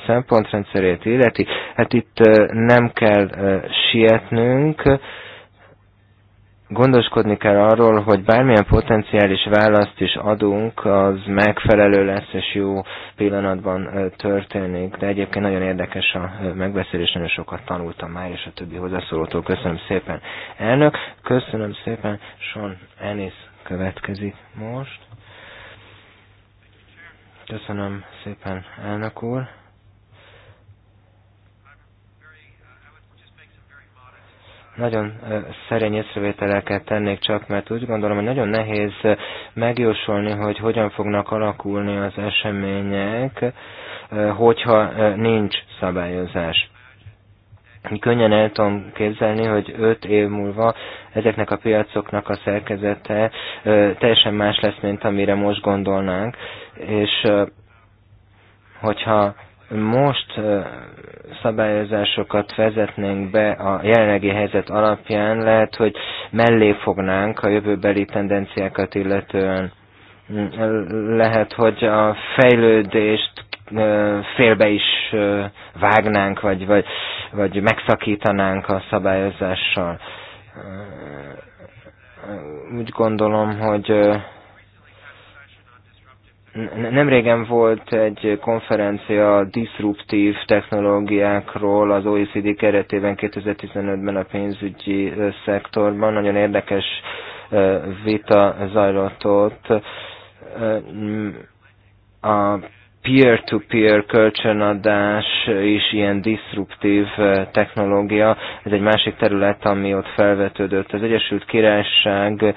szempontrendszerét illeti, hát itt nem kell sietnünk, gondoskodni kell arról, hogy bármilyen potenciális választ is adunk, az megfelelő lesz és jó pillanatban történik. De egyébként nagyon érdekes a megbeszélés, nagyon sokat tanultam már, és a többi hozzászólótól. Köszönöm szépen, elnök. Köszönöm szépen, Son Ennis következik most. Köszönöm szépen, elnök úr. nagyon szerény észrevételeket tennék csak, mert úgy gondolom, hogy nagyon nehéz megjósolni, hogy hogyan fognak alakulni az események, hogyha nincs szabályozás. Könnyen el tudom képzelni, hogy öt év múlva ezeknek a piacoknak a szerkezete teljesen más lesz, mint amire most gondolnánk, és hogyha most szabályozásokat vezetnénk be a jelenlegi helyzet alapján, lehet, hogy mellé fognánk a jövőbeli tendenciákat illetően. Lehet, hogy a fejlődést félbe is vágnánk, vagy, vagy, vagy megszakítanánk a szabályozással. Úgy gondolom, hogy nem régen volt egy konferencia a disruptív technológiákról az OECD keretében 2015-ben a pénzügyi szektorban. Nagyon érdekes vita zajlott ott. A peer-to-peer -peer kölcsönadás is ilyen disruptív technológia. Ez egy másik terület, ami ott felvetődött. Az Egyesült Királyság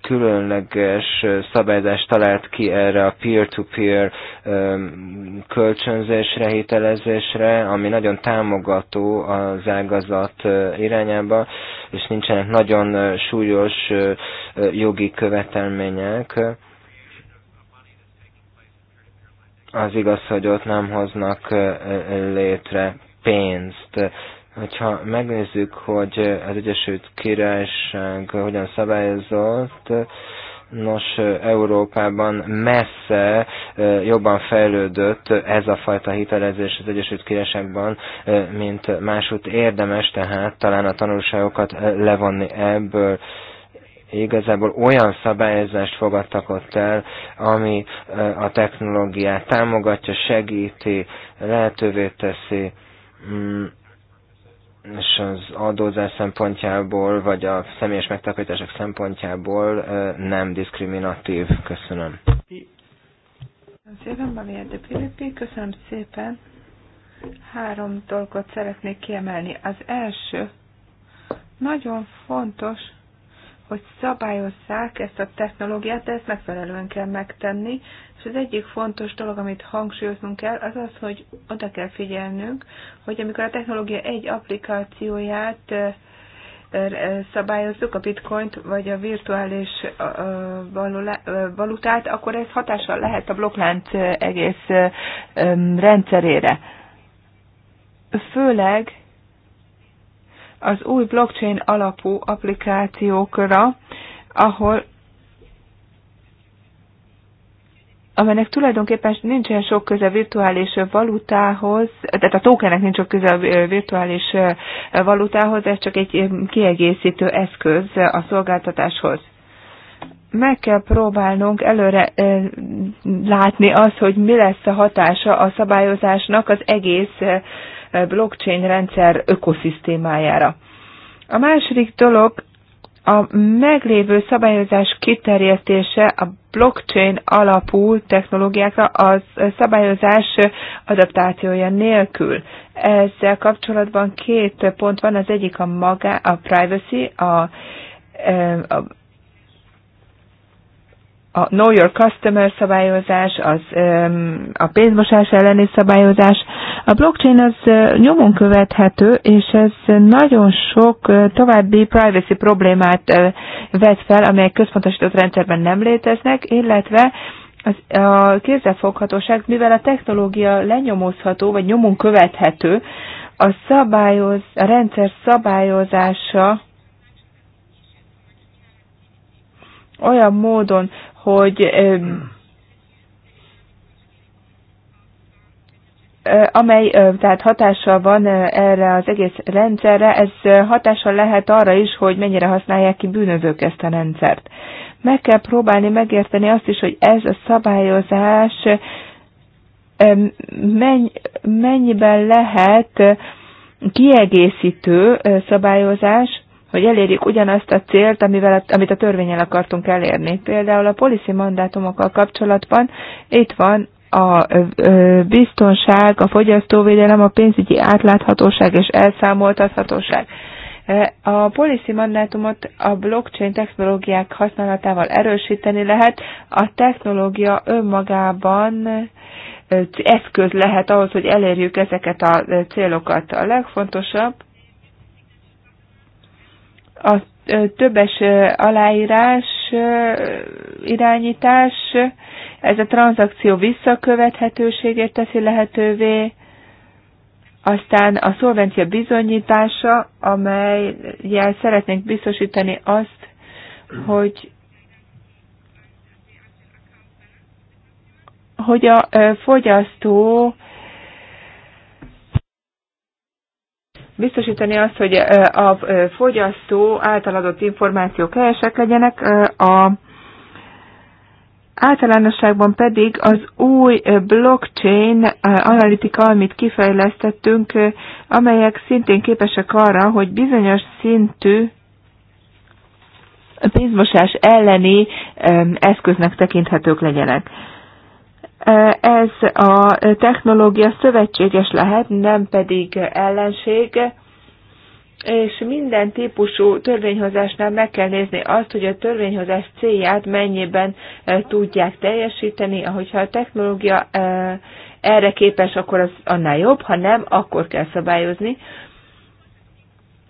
különleges szabályzást talált ki erre a peer-to-peer -peer um, kölcsönzésre, hitelezésre, ami nagyon támogató az ágazat uh, irányába, és nincsenek nagyon uh, súlyos uh, jogi követelmények. Az igaz, hogy ott nem hoznak létre pénzt Hogyha megnézzük, hogy az Egyesült Királyság hogyan szabályozott, nos, Európában messze jobban fejlődött ez a fajta hitelezés az Egyesült Királyságban, mint másút érdemes, tehát talán a tanulságokat levonni ebből igazából olyan szabályozást fogadtak ott el, ami a technológiát támogatja, segíti, lehetővé teszi, mm, és az adózás szempontjából, vagy a személyes megtakarítások szempontjából nem diszkriminatív. Köszönöm. Szépen, Maria de Filippi, köszönöm szépen. Három dolgot szeretnék kiemelni. Az első, nagyon fontos, hogy szabályozzák ezt a technológiát, de ezt megfelelően kell megtenni. És az egyik fontos dolog, amit hangsúlyoznunk kell, az az, hogy oda kell figyelnünk, hogy amikor a technológia egy applikációját szabályozzuk, a bitcoint vagy a virtuális valutát, akkor ez hatással lehet a blokklánc egész rendszerére. Főleg az új blockchain alapú applikációkra, ahol amelynek tulajdonképpen nincsen sok köze virtuális valutához, tehát a tokenek nincs sok köze a virtuális valutához, ez csak egy kiegészítő eszköz a szolgáltatáshoz. Meg kell próbálnunk előre e, látni azt, hogy mi lesz a hatása a szabályozásnak az egész e, blockchain rendszer ökoszisztémájára. A második dolog a meglévő szabályozás kiterjesztése a blockchain alapú technológiákra az szabályozás adaptációja nélkül. Ezzel kapcsolatban két pont van, az egyik a, maga, a privacy, a, e, a a Know Your Customer szabályozás, az, a pénzmosás elleni szabályozás. A blockchain az nyomon követhető, és ez nagyon sok további privacy problémát vet fel, amelyek központosított rendszerben nem léteznek, illetve az, a kézzelfoghatóság, mivel a technológia lenyomozható, vagy nyomon követhető, a, szabályoz, a rendszer szabályozása olyan módon hogy amely tehát hatással van erre az egész rendszerre, ez hatással lehet arra is, hogy mennyire használják ki bűnözők ezt a rendszert. Meg kell próbálni megérteni azt is, hogy ez a szabályozás mennyiben lehet kiegészítő szabályozás, hogy elérjük ugyanazt a célt, amivel, amit a törvényel akartunk elérni. Például a policy mandátumokkal kapcsolatban itt van a biztonság, a fogyasztóvédelem, a pénzügyi átláthatóság és elszámoltathatóság. A policy mandátumot a blockchain technológiák használatával erősíteni lehet. A technológia önmagában eszköz lehet ahhoz, hogy elérjük ezeket a célokat. A legfontosabb a többes aláírás, irányítás, ez a tranzakció visszakövethetőségét teszi lehetővé, aztán a szolvencia bizonyítása, amelyel szeretnénk biztosítani azt, hogy hogy a fogyasztó biztosítani azt, hogy a fogyasztó által adott információk helyesek legyenek, a Általánosságban pedig az új blockchain analitika, amit kifejlesztettünk, amelyek szintén képesek arra, hogy bizonyos szintű pénzmosás elleni eszköznek tekinthetők legyenek. Ez a technológia szövetséges lehet, nem pedig ellenség, és minden típusú törvényhozásnál meg kell nézni azt, hogy a törvényhozás célját mennyiben e, tudják teljesíteni, ahogyha a technológia e, erre képes, akkor az annál jobb, ha nem, akkor kell szabályozni.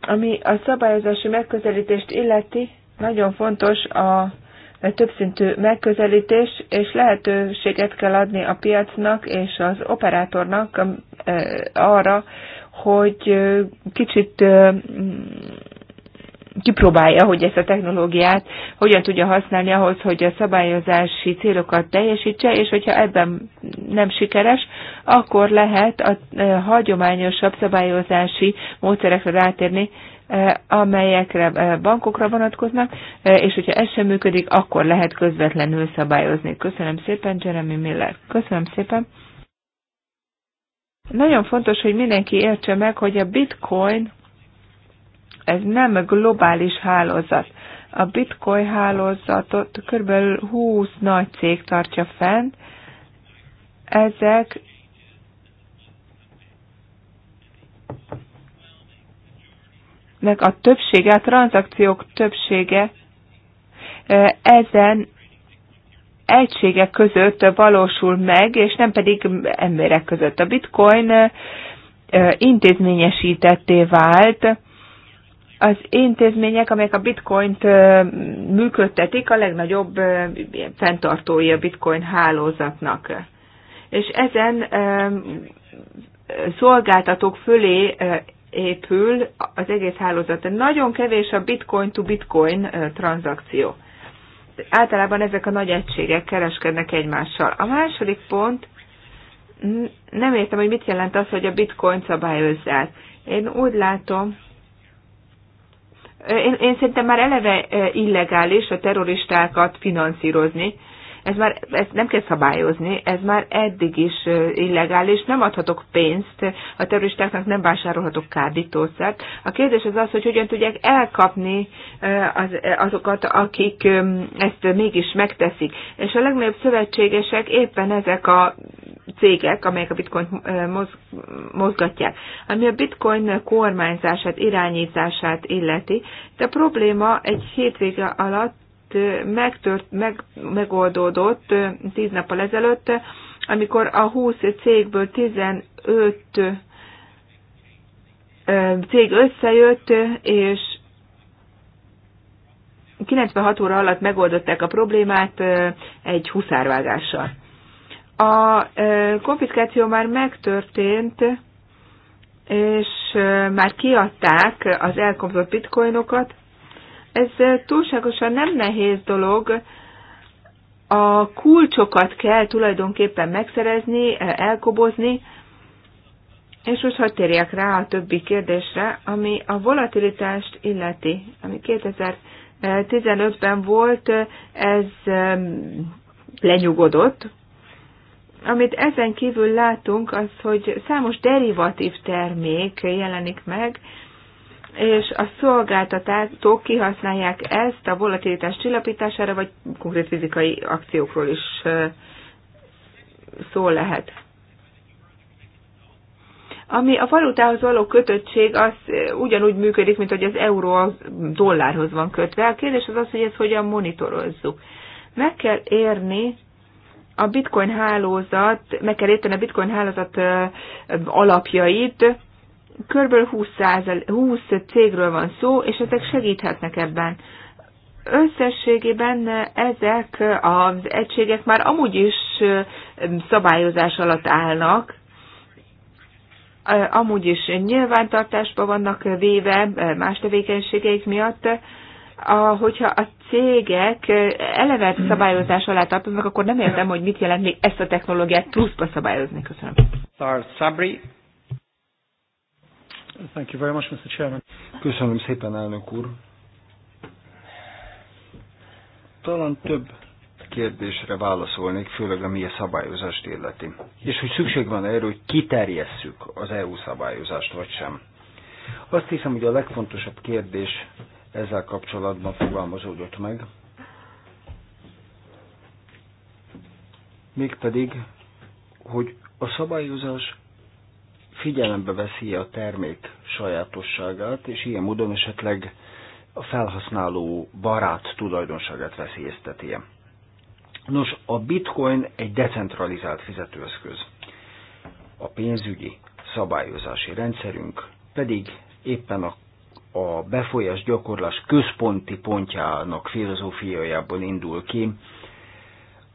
Ami a szabályozási megközelítést illeti, nagyon fontos a többszintű megközelítés, és lehetőséget kell adni a piacnak és az operátornak arra, hogy kicsit mm, kipróbálja, hogy ezt a technológiát hogyan tudja használni ahhoz, hogy a szabályozási célokat teljesítse, és hogyha ebben nem sikeres, akkor lehet a hagyományosabb szabályozási módszerekre rátérni, E, amelyekre e, bankokra vonatkoznak, e, és hogyha ez sem működik, akkor lehet közvetlenül szabályozni. Köszönöm szépen, Jeremy Miller. Köszönöm szépen. Nagyon fontos, hogy mindenki értse meg, hogy a bitcoin ez nem globális hálózat. A bitcoin hálózatot körülbelül 20 nagy cég tartja fent, ezek nek a többsége, a tranzakciók többsége ezen egységek között valósul meg, és nem pedig emberek között. A bitcoin intézményesítetté vált, az intézmények, amelyek a bitcoint működtetik, a legnagyobb fenntartói a bitcoin hálózatnak. És ezen szolgáltatók fölé épül az egész hálózat. Nagyon kevés a bitcoin-to-bitcoin -bitcoin tranzakció. Általában ezek a nagy egységek kereskednek egymással. A második pont, nem értem, hogy mit jelent az, hogy a bitcoin szabályozzák. Én úgy látom, én, én szerintem már eleve illegális a terroristákat finanszírozni, ez már ezt nem kell szabályozni, ez már eddig is illegális, nem adhatok pénzt, a terroristáknak nem vásárolhatok kábítószert. A kérdés az az, hogy hogyan tudják elkapni az, azokat, akik ezt mégis megteszik. És a legnagyobb szövetségesek éppen ezek a cégek, amelyek a bitcoin mozgatják. Ami a bitcoin kormányzását, irányítását illeti, de a probléma egy hétvége alatt megtört, meg, megoldódott tíz nappal ezelőtt, amikor a 20 cégből 15 cég összejött, és 96 óra alatt megoldották a problémát egy huszárvágással. A konfiszkáció már megtörtént, és már kiadták az elkobzott bitcoinokat, ez túlságosan nem nehéz dolog, a kulcsokat kell tulajdonképpen megszerezni, elkobozni, és most hadd térjek rá a többi kérdésre, ami a volatilitást illeti, ami 2015-ben volt, ez lenyugodott. Amit ezen kívül látunk, az, hogy számos derivatív termék jelenik meg, és a szolgáltatók kihasználják ezt a volatilitás csillapítására, vagy konkrét fizikai akciókról is szó lehet. Ami a valutához való kötöttség, az ugyanúgy működik, mint hogy az euró a dollárhoz van kötve. A kérdés az az, hogy ezt hogyan monitorozzuk. Meg kell érni a bitcoin hálózat, meg kell érteni a bitcoin hálózat alapjait, kb. 20, 20 cégről van szó, és ezek segíthetnek ebben. Összességében ezek az egységek már amúgy is szabályozás alatt állnak, amúgy is nyilvántartásba vannak véve más tevékenységeik miatt, a, hogyha a cégek eleve szabályozás alá tartoznak, akkor nem értem, hogy mit jelent még ezt a technológiát pluszba szabályozni. Köszönöm. Thank you very much, Mr. Chairman. Köszönöm szépen, elnök úr. Talán több kérdésre válaszolnék, főleg ami a szabályozást illeti. És hogy szükség van erre, hogy kiterjesszük az EU szabályozást, vagy sem. Azt hiszem, hogy a legfontosabb kérdés ezzel kapcsolatban fogalmazódott meg. Mégpedig, hogy a szabályozás figyelembe veszi a termék sajátosságát, és ilyen módon esetleg a felhasználó barát tulajdonságát veszélyezteti. Nos, a bitcoin egy decentralizált fizetőeszköz. A pénzügyi szabályozási rendszerünk pedig éppen a, a befolyás gyakorlás központi pontjának filozófiájából indul ki,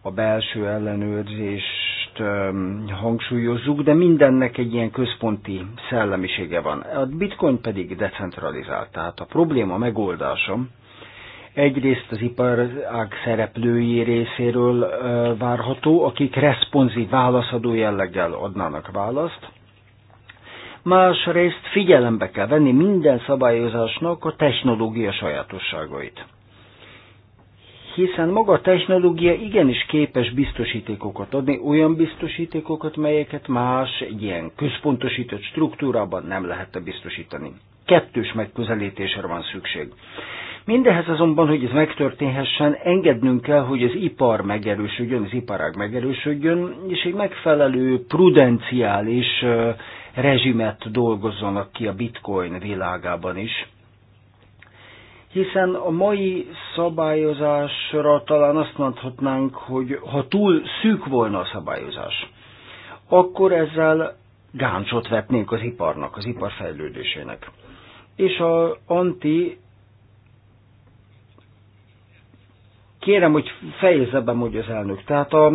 a belső ellenőrzés ezt hangsúlyozzuk, de mindennek egy ilyen központi szellemisége van. A bitcoin pedig decentralizált, tehát a probléma megoldása egyrészt az iparág szereplői részéről várható, akik responsív válaszadó jelleggel adnának választ, másrészt figyelembe kell venni minden szabályozásnak a technológia sajátosságait hiszen maga a technológia igenis képes biztosítékokat adni, olyan biztosítékokat, melyeket más egy ilyen központosított struktúrában nem lehetne biztosítani. Kettős megközelítésre van szükség. Mindehez azonban, hogy ez megtörténhessen, engednünk kell, hogy az ipar megerősödjön, az iparág megerősödjön, és egy megfelelő prudenciális rezsimet dolgozzanak ki a bitcoin világában is hiszen a mai szabályozásra talán azt mondhatnánk, hogy ha túl szűk volna a szabályozás, akkor ezzel gáncsot vetnénk az iparnak, az ipar fejlődésének. És a anti kérem, hogy fejezze be, mondja az elnök. Tehát a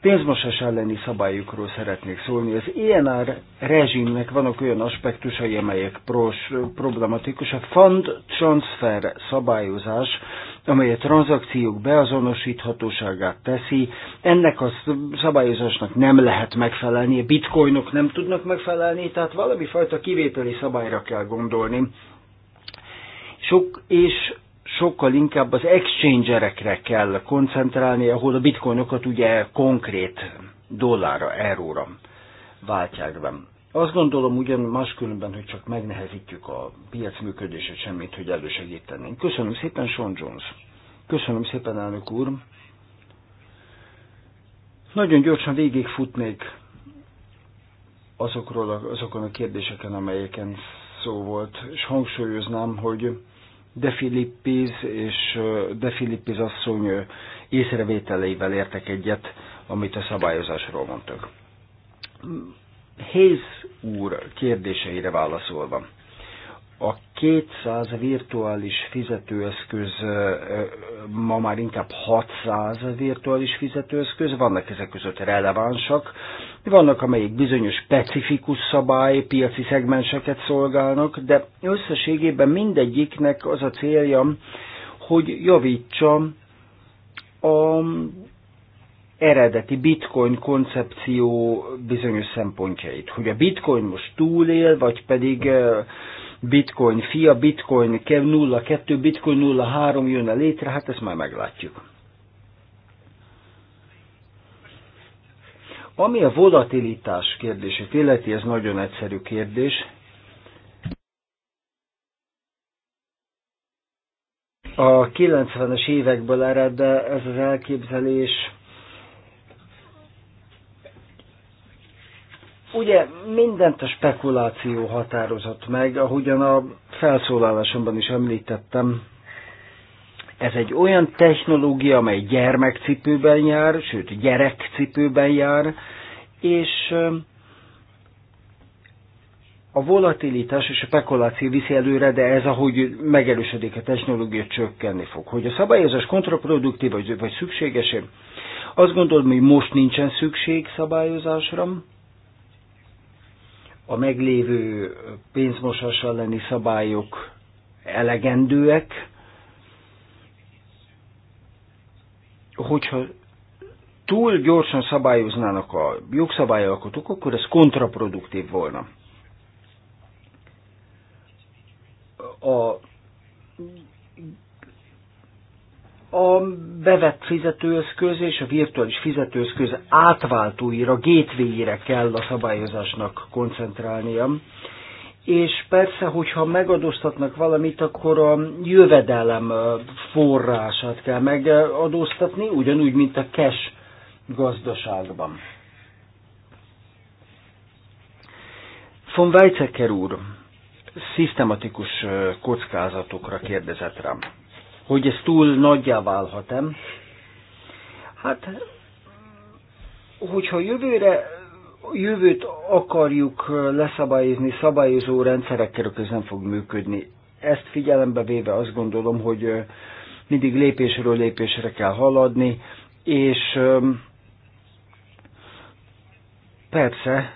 pénzmosás elleni szabályokról szeretnék szólni. Az INR e rezsimnek vannak olyan aspektusai, amelyek pros, problematikus. A fund transfer szabályozás, amely a tranzakciók beazonosíthatóságát teszi, ennek a szabályozásnak nem lehet megfelelni, a bitcoinok nem tudnak megfelelni, tehát valami fajta kivételi szabályra kell gondolni. Sok és sokkal inkább az exchangerekre kell koncentrálni, ahol a bitcoinokat ugye konkrét dollárra, euróra váltják be. Azt gondolom ugyan máskülönben, hogy csak megnehezítjük a piac működését semmit, hogy elősegítenénk. Köszönöm szépen, Sean Jones. Köszönöm szépen, elnök úr. Nagyon gyorsan végigfutnék azokról a, azokon a kérdéseken, amelyeken szó volt, és hangsúlyoznám, hogy de Filippis és De Filippis asszony észrevételeivel értek egyet, amit a szabályozásról mondtak. Hayes úr kérdéseire válaszolva. A 200 virtuális fizetőeszköz, ma már inkább 600 virtuális fizetőeszköz, vannak ezek között relevánsak, vannak, amelyik bizonyos specifikus szabály, piaci szegmenseket szolgálnak, de összességében mindegyiknek az a célja, hogy javítsa a eredeti bitcoin koncepció bizonyos szempontjait. Hogy a bitcoin most túlél, vagy pedig eh, bitcoin fia, bitcoin 02, bitcoin 03 jön a létre, hát ezt már meglátjuk. Ami a volatilitás kérdését illeti, ez nagyon egyszerű kérdés. A 90-es évekből ered ez az elképzelés. Ugye mindent a spekuláció határozott meg, ahogyan a felszólalásomban is említettem, ez egy olyan technológia, amely gyermekcipőben jár, sőt gyerekcipőben jár, és a volatilitás és a spekuláció viszi előre, de ez, ahogy megerősödik a technológia, csökkenni fog. Hogy a szabályozás kontraproduktív vagy, vagy szükséges, azt gondolom, hogy most nincsen szükség szabályozásra. A meglévő pénzmosás elleni szabályok elegendőek, hogyha túl gyorsan szabályoznának a jogszabályalkotók, akkor ez kontraproduktív volna. A a bevett fizetőeszköz és a virtuális fizetőeszköz átváltóira, gateway kell a szabályozásnak koncentrálnia, és persze, hogyha megadóztatnak valamit, akkor a jövedelem forrását kell megadóztatni, ugyanúgy, mint a cash gazdaságban. Von Weizsäcker úr szisztematikus kockázatokra kérdezett rám. Hogy ez túl nagyjá válhat-e? Hát, hogyha jövőre jövőt akarjuk leszabályozni szabályozó rendszerekkel, ez nem fog működni. Ezt figyelembe véve azt gondolom, hogy mindig lépésről lépésre kell haladni, és persze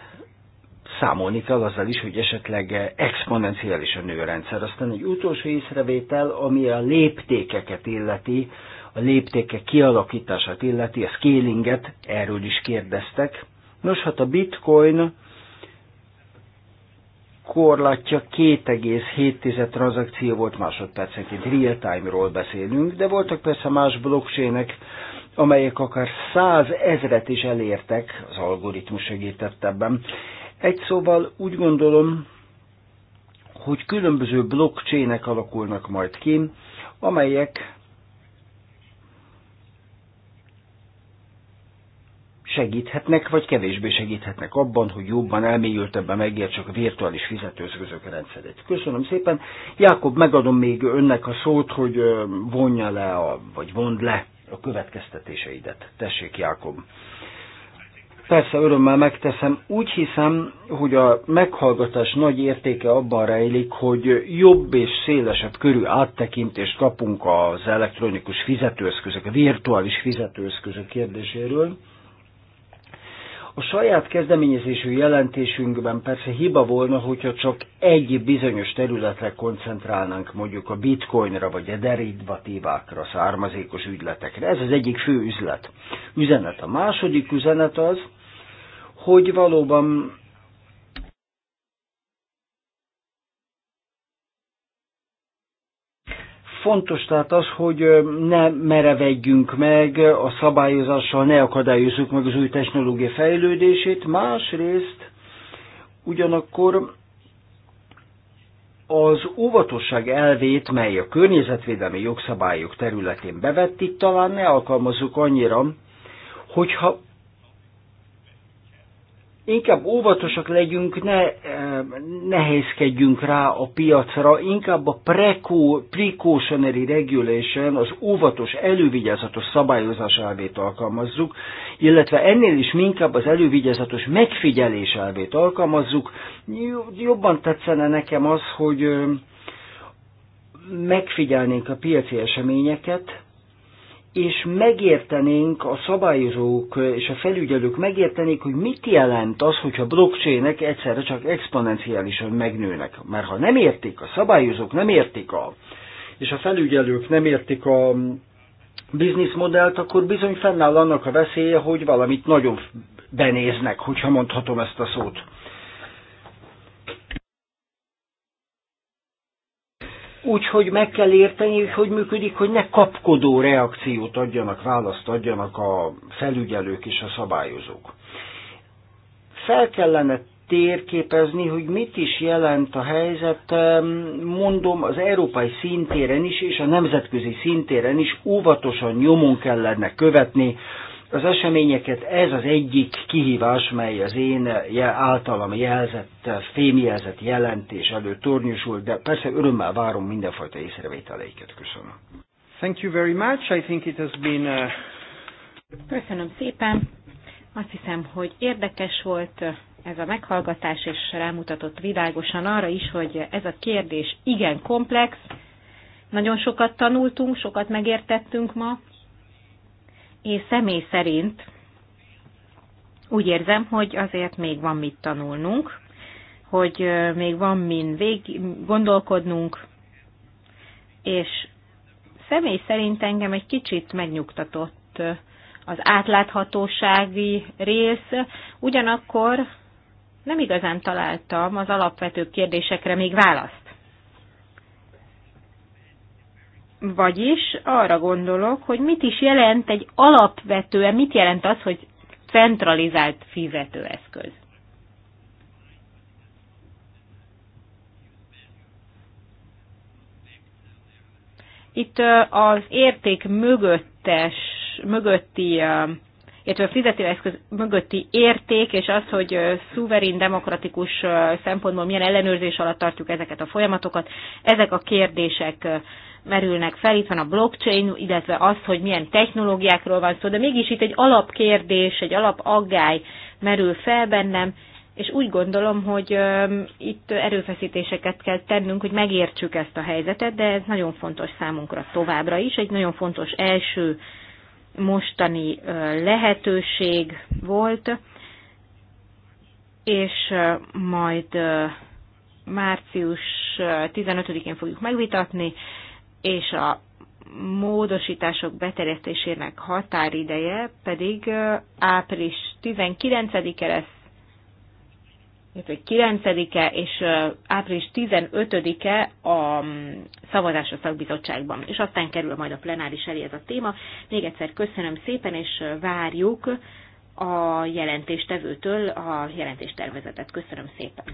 számolni kell azzal is, hogy esetleg exponenciálisan nő a rendszer. Aztán egy utolsó észrevétel, ami a léptékeket illeti, a léptékek kialakítását illeti, a scalinget, erről is kérdeztek. Nos, hát a bitcoin korlátja 2,7 tranzakció volt másodpercenként, real time-ról beszélünk, de voltak persze más blockchainek, amelyek akár 100 ezret is elértek, az algoritmus segített ebben. Egy szóval úgy gondolom, hogy különböző blockchain alakulnak majd ki, amelyek segíthetnek, vagy kevésbé segíthetnek abban, hogy jobban elmélyültebben megértsük a virtuális fizetőeszközök rendszerét. Köszönöm szépen. Jákob, megadom még önnek a szót, hogy vonja le, a, vagy vond le a következtetéseidet. Tessék, Jákob. Persze, örömmel megteszem. Úgy hiszem, hogy a meghallgatás nagy értéke abban rejlik, hogy jobb és szélesebb körű áttekintést kapunk az elektronikus fizetőeszközök, a virtuális fizetőeszközök kérdéséről a saját kezdeményezésű jelentésünkben persze hiba volna, hogyha csak egy bizonyos területre koncentrálnánk, mondjuk a bitcoinra vagy a derivatívákra, származékos ügyletekre. Ez az egyik fő üzlet. Üzenet. A második üzenet az, hogy valóban Fontos tehát az, hogy ne merevedjünk meg, a szabályozással ne akadályozzuk meg az új technológia fejlődését, másrészt ugyanakkor az óvatosság elvét, mely a környezetvédelmi jogszabályok területén bevették, talán ne alkalmazzuk annyira, hogyha inkább óvatosak legyünk, ne eh, nehézkedjünk rá a piacra, inkább a precautionary regulation, az óvatos, elővigyázatos szabályozás elvét alkalmazzuk, illetve ennél is inkább az elővigyázatos megfigyelés elvét alkalmazzuk. Jobban tetszene nekem az, hogy eh, megfigyelnénk a piaci eseményeket, és megértenénk a szabályozók és a felügyelők megértenék, hogy mit jelent az, hogyha blockchainek egyszerre csak exponenciálisan megnőnek. Mert ha nem értik, a szabályozók nem értik a, és a felügyelők nem értik a bizniszmodellt, akkor bizony fennáll annak a veszélye, hogy valamit nagyon benéznek, hogyha mondhatom ezt a szót. úgy, hogy meg kell érteni, hogy működik, hogy ne kapkodó reakciót adjanak, választ adjanak a felügyelők és a szabályozók. Fel kellene térképezni, hogy mit is jelent a helyzet, mondom, az európai szintéren is és a nemzetközi szintéren is óvatosan nyomon kellene követni az eseményeket. Ez az egyik kihívás, mely az én általam jelzett, fémjelzett jelentés előtt tornyosul, de persze örömmel várom mindenfajta észrevételeiket. Köszönöm. Thank you very much. I think it has been a... Uh, Köszönöm szépen. Azt hiszem, hogy érdekes volt uh, ez a meghallgatás, és rámutatott világosan arra is, hogy ez a kérdés igen komplex. Nagyon sokat tanultunk, sokat megértettünk ma, én személy szerint úgy érzem, hogy azért még van mit tanulnunk, hogy még van min vég, gondolkodnunk, és személy szerint engem egy kicsit megnyugtatott az átláthatósági rész, ugyanakkor nem igazán találtam az alapvető kérdésekre még választ. Vagyis arra gondolok, hogy mit is jelent egy alapvetően, mit jelent az, hogy centralizált fizetőeszköz. Itt az érték mögöttes, mögötti illetve a fizetőeszköz mögötti érték, és az, hogy szuverén demokratikus szempontból milyen ellenőrzés alatt tartjuk ezeket a folyamatokat, ezek a kérdések merülnek fel. Itt van a blockchain, illetve az, hogy milyen technológiákról van szó, de mégis itt egy alapkérdés, egy alap aggály merül fel bennem, és úgy gondolom, hogy itt erőfeszítéseket kell tennünk, hogy megértsük ezt a helyzetet, de ez nagyon fontos számunkra továbbra is, egy nagyon fontos első mostani lehetőség volt, és majd március 15-én fogjuk megvitatni, és a módosítások beterjesztésének határideje pedig április 19-e lesz 9-e és április 15-e a mm, szavazás a szakbizottságban, és aztán kerül majd a plenáris elé ez a téma. Még egyszer köszönöm szépen, és várjuk a jelentéstevőtől a jelentéstervezetet. Köszönöm szépen!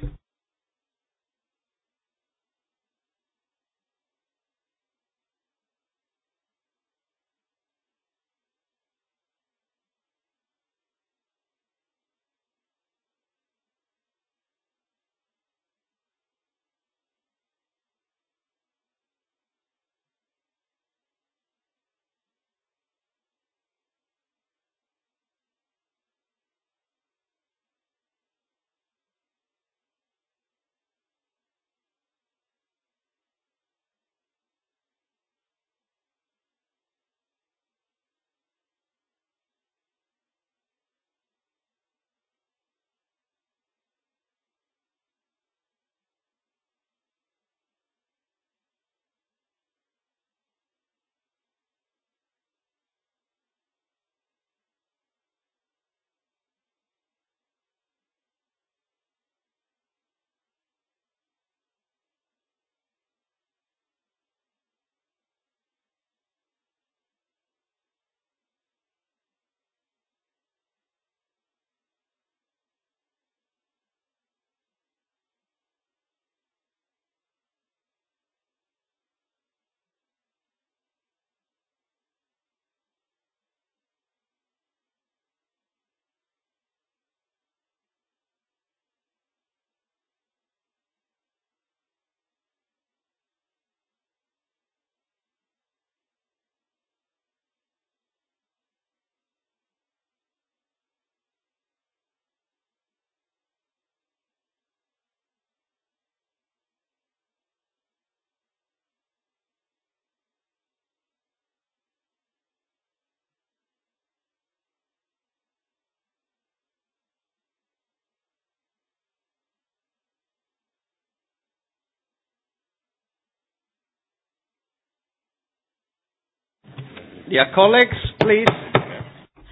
Dear colleagues, please.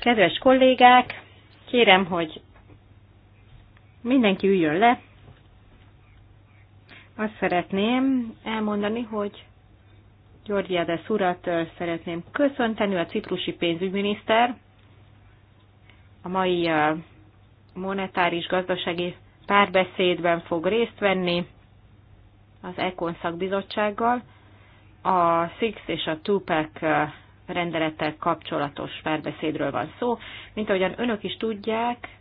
Kedves kollégák, kérem, hogy mindenki üljön le. Azt szeretném elmondani, hogy Jadesz urat szeretném köszönteni, a ciprusi pénzügyminiszter, a mai uh, monetáris gazdasági párbeszédben fog részt venni az Ekon szakbizottsággal. A Six és a TUPEC uh, rendelettel kapcsolatos párbeszédről van szó. Mint ahogyan önök is tudják,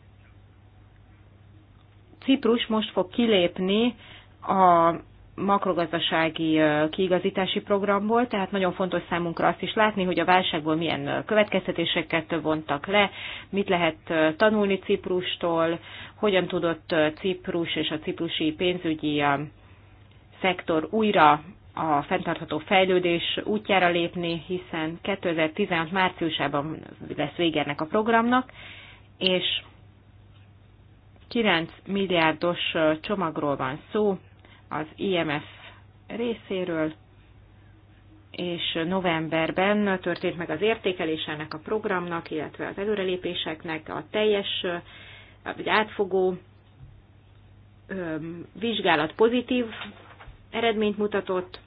Ciprus most fog kilépni a makrogazdasági kiigazítási programból, tehát nagyon fontos számunkra azt is látni, hogy a válságból milyen következtetéseket vontak le, mit lehet tanulni Ciprustól, hogyan tudott Ciprus és a ciprusi pénzügyi szektor újra a fenntartható fejlődés útjára lépni, hiszen 2016 márciusában lesz vége ennek a programnak, és 9 milliárdos csomagról van szó az IMF részéről, és novemberben történt meg az értékelés ennek a programnak, illetve az előrelépéseknek a teljes, vagy átfogó vizsgálat pozitív eredményt mutatott,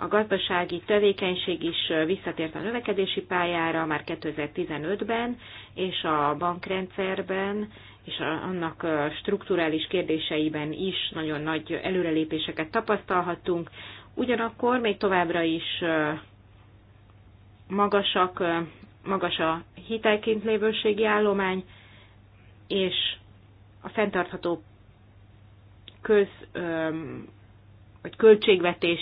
a gazdasági tevékenység is visszatért a növekedési pályára már 2015-ben, és a bankrendszerben és annak strukturális kérdéseiben is nagyon nagy előrelépéseket tapasztalhattunk. Ugyanakkor még továbbra is magasak, magas a hitelként lévőségi állomány, és a fenntartható köz vagy költségvetés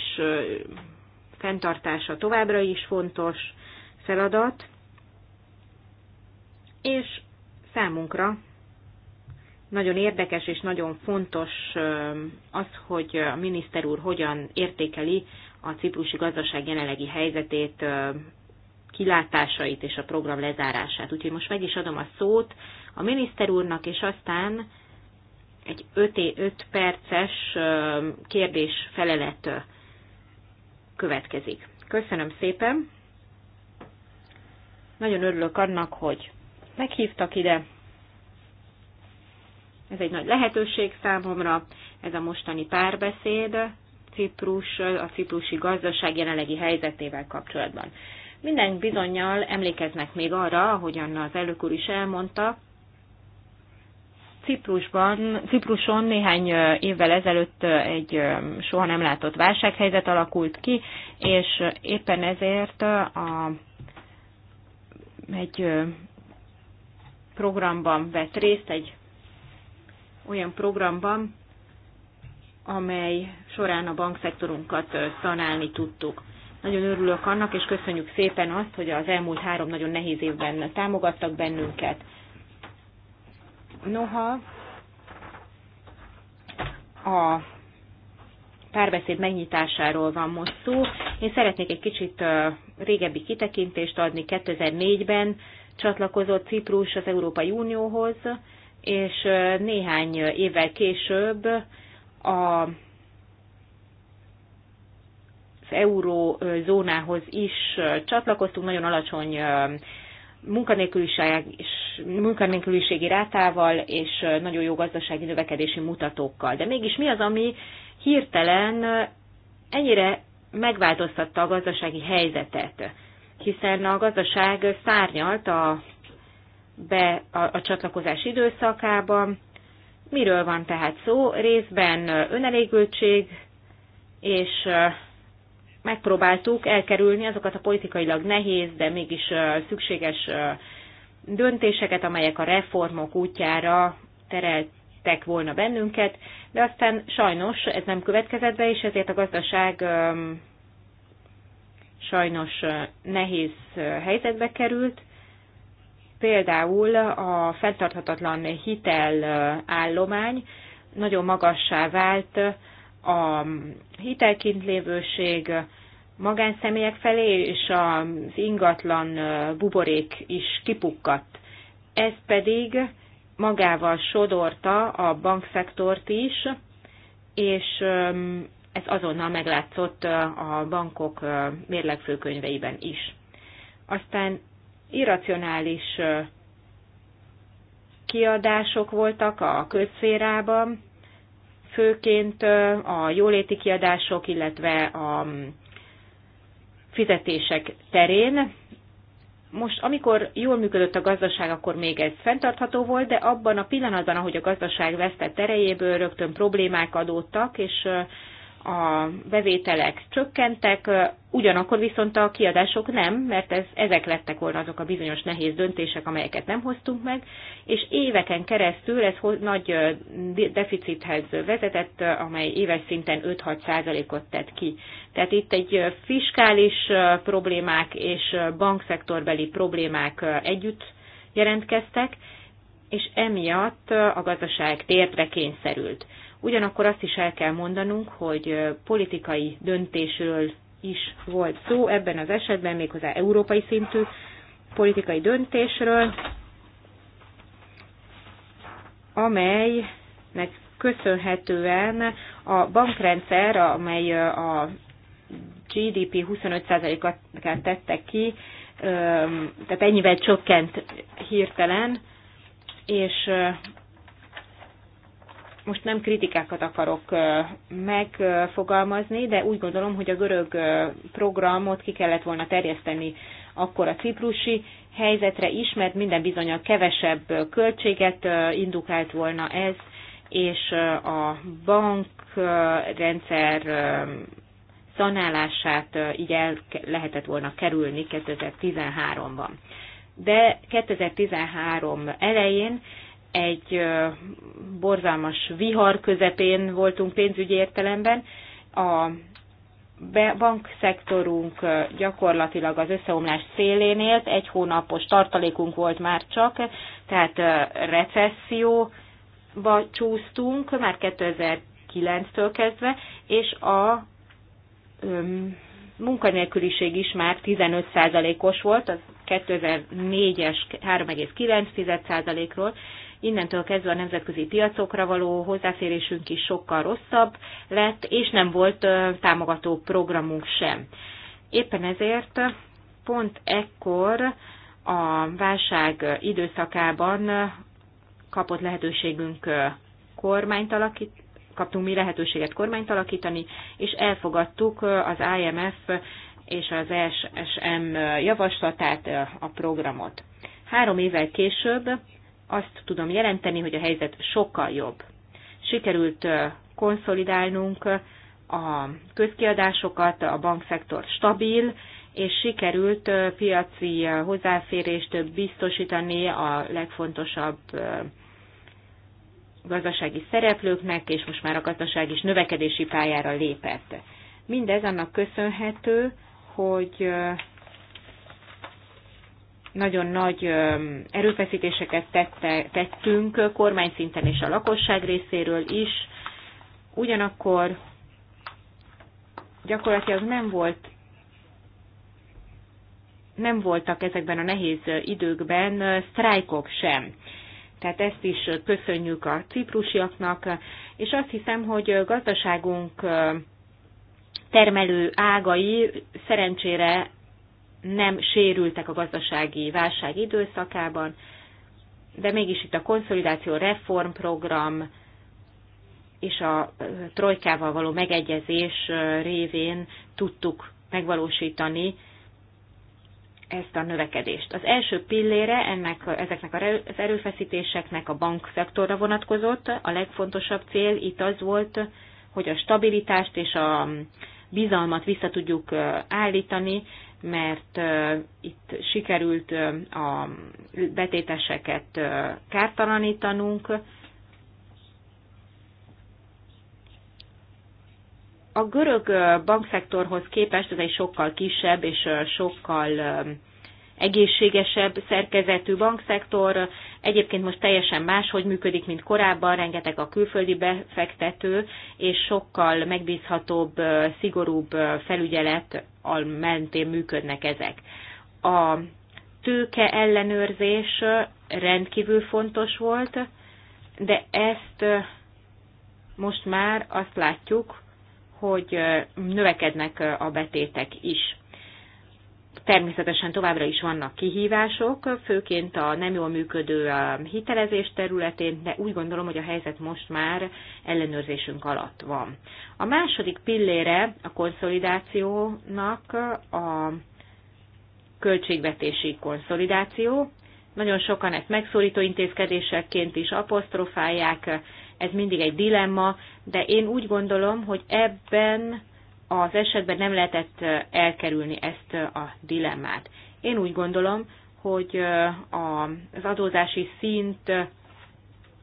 fenntartása továbbra is fontos feladat, és számunkra nagyon érdekes és nagyon fontos az, hogy a miniszter úr hogyan értékeli a ciprusi gazdaság jelenlegi helyzetét, kilátásait és a program lezárását. Úgyhogy most meg is adom a szót a miniszter úrnak, és aztán egy 5, perces kérdés-felelet következik. Köszönöm szépen! Nagyon örülök annak, hogy meghívtak ide. Ez egy nagy lehetőség számomra, ez a mostani párbeszéd Ciprus, a ciprusi gazdaság jelenlegi helyzetével kapcsolatban. Minden bizonyal emlékeznek még arra, ahogyan az elnök is elmondta, Ciprusban, Cipruson néhány évvel ezelőtt egy soha nem látott válsághelyzet alakult ki, és éppen ezért a, egy programban vett részt, egy olyan programban, amely során a bankszektorunkat tanálni tudtuk. Nagyon örülök annak, és köszönjük szépen azt, hogy az elmúlt három nagyon nehéz évben támogattak bennünket Noha a párbeszéd megnyitásáról van most szó. Én szeretnék egy kicsit régebbi kitekintést adni. 2004-ben csatlakozott Ciprus az Európai Unióhoz, és néhány évvel később a az eurózónához is csatlakoztunk, nagyon alacsony munkanélküliségi rátával és nagyon jó gazdasági növekedési mutatókkal. De mégis mi az, ami hirtelen ennyire megváltoztatta a gazdasági helyzetet? Hiszen a gazdaság szárnyalt a, be, a, a csatlakozás időszakában. Miről van tehát szó? Részben önelégültség és megpróbáltuk elkerülni azokat a politikailag nehéz, de mégis szükséges döntéseket, amelyek a reformok útjára tereltek volna bennünket, de aztán sajnos ez nem következett be, és ezért a gazdaság sajnos nehéz helyzetbe került. Például a fenntarthatatlan hitelállomány nagyon magassá vált a hitelként lévőség magánszemélyek felé, és az ingatlan buborék is kipukkadt. Ez pedig magával sodorta a bankszektort is, és ez azonnal meglátszott a bankok mérlegfőkönyveiben is. Aztán irracionális kiadások voltak a közférában, főként a jóléti kiadások, illetve a mm, fizetések terén. Most, amikor jól működött a gazdaság, akkor még ez fenntartható volt, de abban a pillanatban, ahogy a gazdaság vesztett erejéből, rögtön problémák adódtak, és a bevételek csökkentek, ugyanakkor viszont a kiadások nem, mert ez, ezek lettek volna azok a bizonyos nehéz döntések, amelyeket nem hoztunk meg, és éveken keresztül ez nagy deficithez vezetett, amely éves szinten 5-6 százalékot tett ki. Tehát itt egy fiskális problémák és bankszektorbeli problémák együtt jelentkeztek, és emiatt a gazdaság tértre kényszerült. Ugyanakkor azt is el kell mondanunk, hogy politikai döntésről is volt szó ebben az esetben, méghozzá európai szintű politikai döntésről, amelynek köszönhetően a bankrendszer, amely a GDP 25%-át tette ki, tehát ennyivel csökkent hirtelen, és most nem kritikákat akarok megfogalmazni, de úgy gondolom, hogy a görög programot ki kellett volna terjeszteni akkor a ciprusi helyzetre is, mert minden a kevesebb költséget indukált volna ez, és a bankrendszer szanálását így el lehetett volna kerülni 2013-ban. De 2013 elején egy borzalmas vihar közepén voltunk pénzügyi értelemben. A bankszektorunk gyakorlatilag az összeomlás szélén élt, egy hónapos tartalékunk volt már csak, tehát recesszióba csúsztunk már 2009-től kezdve, és a öm, munkanélküliség is már 15%-os volt, az 2004-es 3,9%-ról innentől kezdve a nemzetközi piacokra való hozzáférésünk is sokkal rosszabb lett, és nem volt támogató programunk sem. Éppen ezért pont ekkor a válság időszakában kapott lehetőségünk kormányt alakítani, kaptunk mi lehetőséget kormányt alakítani, és elfogadtuk az IMF és az SSM javaslatát, a programot. Három évvel később azt tudom jelenteni, hogy a helyzet sokkal jobb. Sikerült konszolidálnunk a közkiadásokat, a bankszektor stabil, és sikerült piaci hozzáférést biztosítani a legfontosabb gazdasági szereplőknek, és most már a gazdaság is növekedési pályára lépett. Mindez annak köszönhető, hogy nagyon nagy erőfeszítéseket tette, tettünk kormány szinten és a lakosság részéről is. Ugyanakkor gyakorlatilag nem volt nem voltak ezekben a nehéz időkben sztrájkok sem. Tehát ezt is köszönjük a ciprusiaknak, és azt hiszem, hogy gazdaságunk termelő ágai szerencsére nem sérültek a gazdasági válság időszakában, de mégis itt a konszolidáció reformprogram és a trojkával való megegyezés révén tudtuk megvalósítani ezt a növekedést. Az első pillére ennek, ezeknek az erőfeszítéseknek a bankszektorra vonatkozott. A legfontosabb cél itt az volt, hogy a stabilitást és a bizalmat vissza tudjuk állítani, mert itt sikerült a betéteseket kártalanítanunk. A görög bankszektorhoz képest ez egy sokkal kisebb és sokkal egészségesebb szerkezetű bankszektor, Egyébként most teljesen máshogy működik, mint korábban, rengeteg a külföldi befektető, és sokkal megbízhatóbb, szigorúbb felügyelet mentén működnek ezek. A tőke ellenőrzés rendkívül fontos volt, de ezt most már azt látjuk, hogy növekednek a betétek is. Természetesen továbbra is vannak kihívások, főként a nem jól működő um, hitelezés területén, de úgy gondolom, hogy a helyzet most már ellenőrzésünk alatt van. A második pillére a konszolidációnak a költségvetési konszolidáció. Nagyon sokan ezt megszorító intézkedésekként is apostrofálják, ez mindig egy dilemma, de én úgy gondolom, hogy ebben az esetben nem lehetett elkerülni ezt a dilemmát. Én úgy gondolom, hogy az adózási szint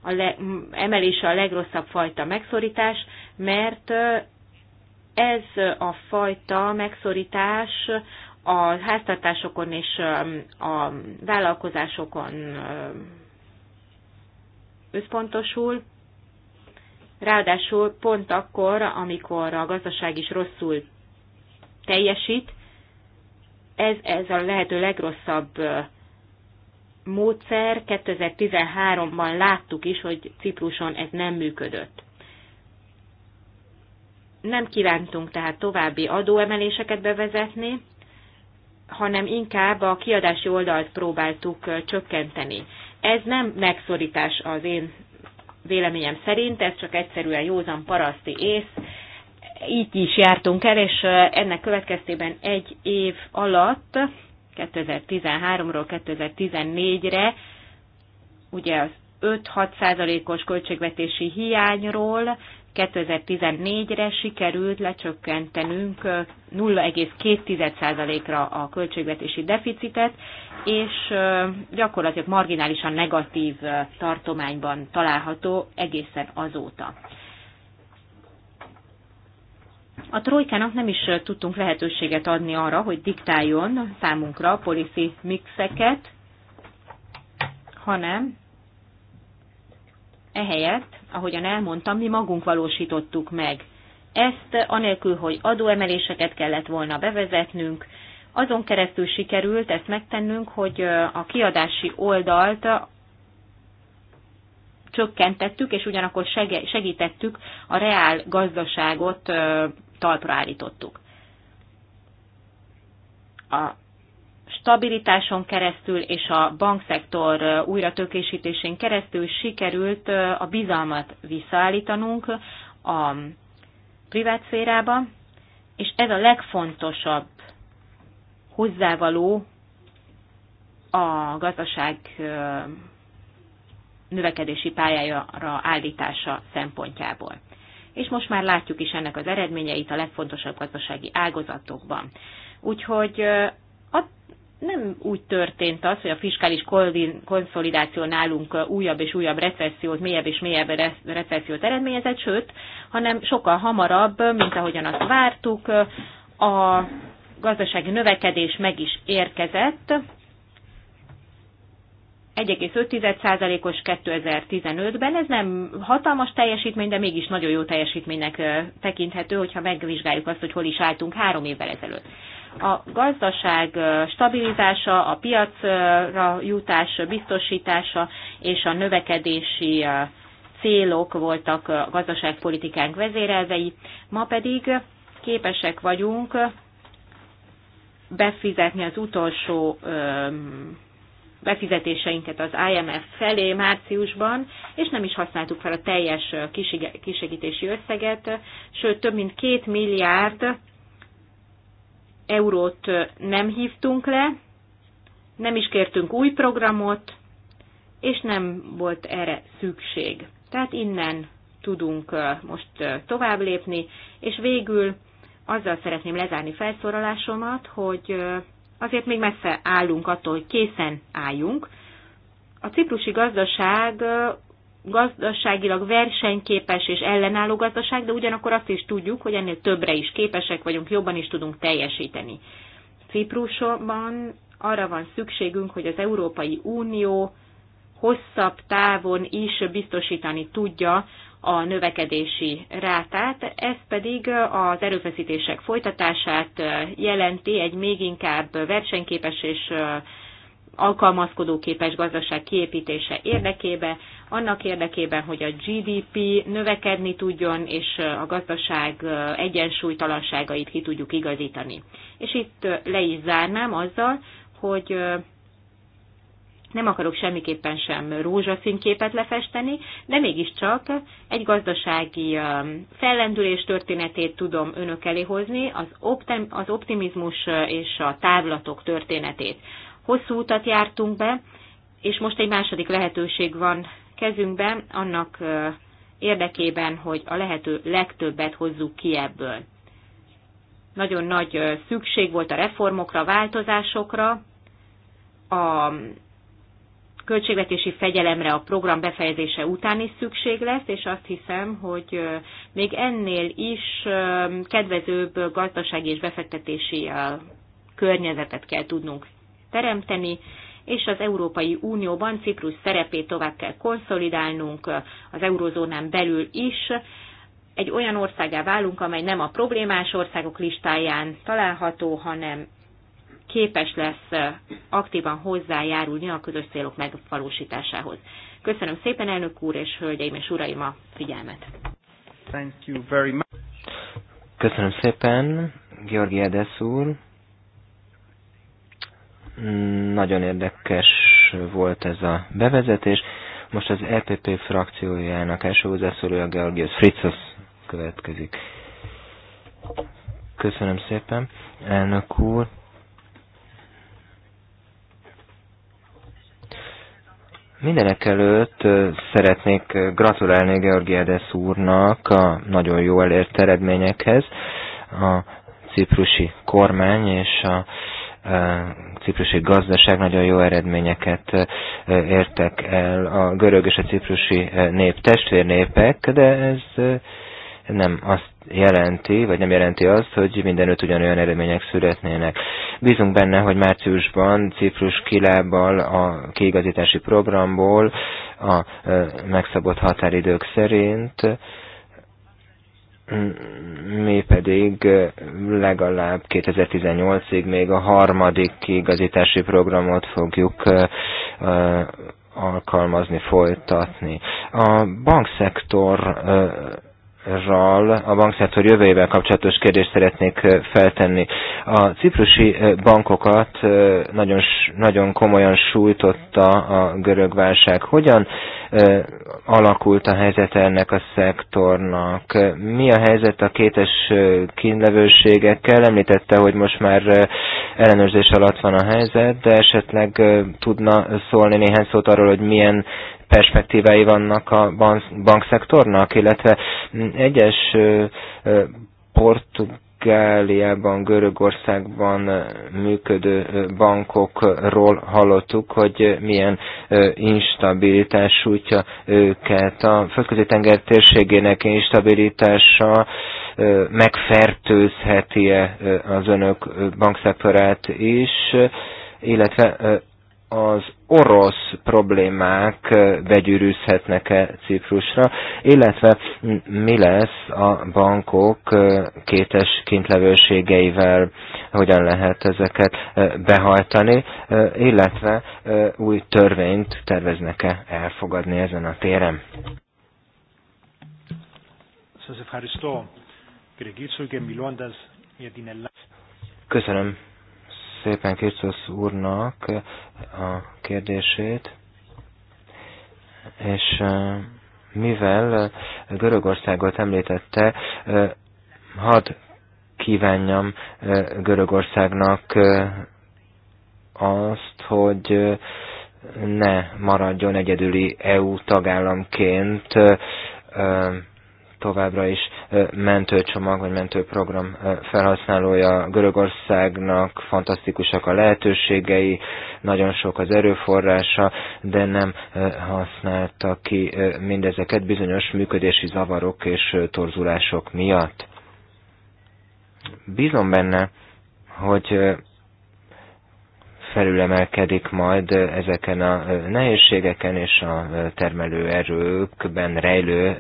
a le, emelése a legrosszabb fajta megszorítás, mert ez a fajta megszorítás a háztartásokon és a vállalkozásokon összpontosul, Ráadásul pont akkor, amikor a gazdaság is rosszul teljesít, ez, ez a lehető legrosszabb módszer. 2013-ban láttuk is, hogy Cipruson ez nem működött. Nem kívántunk tehát további adóemeléseket bevezetni, hanem inkább a kiadási oldalt próbáltuk csökkenteni. Ez nem megszorítás az én véleményem szerint, ez csak egyszerűen józan paraszti ész, így is jártunk el, és ennek következtében egy év alatt, 2013-ról 2014-re, ugye az 5-6 százalékos költségvetési hiányról 2014-re sikerült lecsökkentenünk 0,2%-ra a költségvetési deficitet, és gyakorlatilag marginálisan negatív tartományban található egészen azóta. A trojkának nem is tudtunk lehetőséget adni arra, hogy diktáljon számunkra a policy mixeket, hanem Ehelyett, ahogyan elmondtam, mi magunk valósítottuk meg ezt, anélkül, hogy adóemeléseket kellett volna bevezetnünk, azon keresztül sikerült ezt megtennünk, hogy a kiadási oldalt csökkentettük, és ugyanakkor segítettük a reál gazdaságot talpra állítottuk. A stabilitáson keresztül és a bankszektor újratökésítésén keresztül sikerült a bizalmat visszaállítanunk a privát szférába, és ez a legfontosabb hozzávaló a gazdaság növekedési pályára állítása szempontjából. És most már látjuk is ennek az eredményeit a legfontosabb gazdasági ágazatokban. Úgyhogy nem úgy történt az, hogy a fiskális konszolidáció nálunk újabb és újabb recessziót, mélyebb és mélyebb recessziót eredményezett, sőt, hanem sokkal hamarabb, mint ahogyan azt vártuk, a gazdasági növekedés meg is érkezett. 1,5%-os 2015-ben, ez nem hatalmas teljesítmény, de mégis nagyon jó teljesítménynek tekinthető, hogyha megvizsgáljuk azt, hogy hol is álltunk három évvel ezelőtt a gazdaság stabilizása, a piacra jutás biztosítása és a növekedési célok voltak a gazdaságpolitikánk vezérelvei. Ma pedig képesek vagyunk befizetni az utolsó befizetéseinket az IMF felé márciusban, és nem is használtuk fel a teljes kisegítési összeget, sőt több mint két milliárd eurót nem hívtunk le, nem is kértünk új programot, és nem volt erre szükség. Tehát innen tudunk most tovább lépni, és végül azzal szeretném lezárni felszólalásomat, hogy azért még messze állunk attól, hogy készen álljunk. A ciprusi gazdaság gazdaságilag versenyképes és ellenálló gazdaság, de ugyanakkor azt is tudjuk, hogy ennél többre is képesek vagyunk, jobban is tudunk teljesíteni. Ciprusban arra van szükségünk, hogy az Európai Unió hosszabb távon is biztosítani tudja a növekedési rátát, ez pedig az erőfeszítések folytatását jelenti egy még inkább versenyképes és képes gazdaság kiépítése érdekében, annak érdekében, hogy a GDP növekedni tudjon, és a gazdaság egyensúlytalanságait ki tudjuk igazítani. És itt le is zárnám azzal, hogy nem akarok semmiképpen sem rózsaszín képet lefesteni, de mégiscsak egy gazdasági fellendülés történetét tudom önök elé hozni, az, az optimizmus és a távlatok történetét. Hosszú utat jártunk be, és most egy második lehetőség van kezünkben, annak érdekében, hogy a lehető legtöbbet hozzuk ki ebből. Nagyon nagy szükség volt a reformokra, a változásokra, a költségvetési fegyelemre a program befejezése után is szükség lesz, és azt hiszem, hogy még ennél is kedvezőbb gazdasági és befektetési környezetet kell tudnunk teremteni, és az Európai Unióban Ciprus szerepét tovább kell konszolidálnunk az eurozónán belül is. Egy olyan országá válunk, amely nem a problémás országok listáján található, hanem képes lesz aktívan hozzájárulni a közös célok megvalósításához. Köszönöm szépen, elnök úr és hölgyeim és uraim a figyelmet. Thank you very much. Köszönöm szépen, Georgi Edesz úr. Nagyon érdekes volt ez a bevezetés. Most az EPP frakciójának első hozzászólója Georgios Fritzos következik. Köszönöm szépen, elnök úr. Mindenek előtt szeretnék gratulálni Georgiades úrnak a nagyon jó elért eredményekhez. A ciprusi kormány és a ciprusi gazdaság nagyon jó eredményeket értek el a görög és a ciprusi nép testvérnépek, de ez nem azt jelenti, vagy nem jelenti azt, hogy mindenütt ugyanolyan eredmények születnének. Bízunk benne, hogy márciusban Ciprus kilábbal a kiigazítási programból a megszabott határidők szerint mi pedig legalább 2018-ig még a harmadik igazítási programot fogjuk alkalmazni, folytatni. A bankszektor RAL, a bankszektor jövőjével kapcsolatos kérdést szeretnék feltenni. A ciprusi bankokat nagyon, nagyon komolyan sújtotta a görög válság. Hogyan alakult a helyzet ennek a szektornak? Mi a helyzet a kétes kínlevőségekkel? Említette, hogy most már ellenőrzés alatt van a helyzet, de esetleg tudna szólni néhány szót arról, hogy milyen perspektívái vannak a bankszektornak, illetve egyes portugál Gáliában, Görögországban működő bankokról hallottuk, hogy milyen instabilitás sújtja őket. A földközi tenger térségének instabilitása megfertőzheti-e az önök bankszektorát is, illetve az orosz problémák begyűrűzhetnek-e Ciprusra, illetve mi lesz a bankok kétes kintlevőségeivel, hogyan lehet ezeket behajtani, illetve új törvényt terveznek-e elfogadni ezen a téren. Köszönöm szépen Kircosz úrnak a kérdését, és mivel Görögországot említette, hadd kívánjam Görögországnak azt, hogy ne maradjon egyedüli EU tagállamként továbbra is mentőcsomag vagy mentőprogram felhasználója. Görögországnak fantasztikusak a lehetőségei, nagyon sok az erőforrása, de nem használta ki mindezeket bizonyos működési zavarok és torzulások miatt. Bízom benne, hogy felülemelkedik majd ezeken a nehézségeken és a termelő erőkben rejlő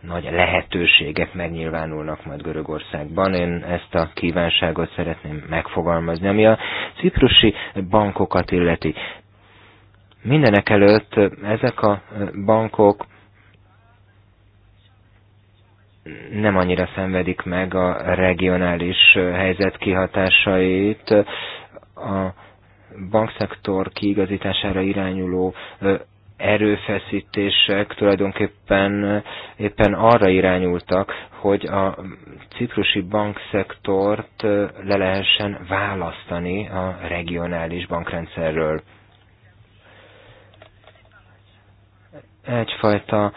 nagy lehetőségek megnyilvánulnak majd Görögországban. Én ezt a kívánságot szeretném megfogalmazni, ami a ciprusi bankokat illeti. Mindenek előtt ezek a bankok nem annyira szenvedik meg a regionális helyzet kihatásait, a bankszektor kiigazítására irányuló erőfeszítések tulajdonképpen éppen arra irányultak, hogy a ciprusi bankszektort le lehessen választani a regionális bankrendszerről. Egyfajta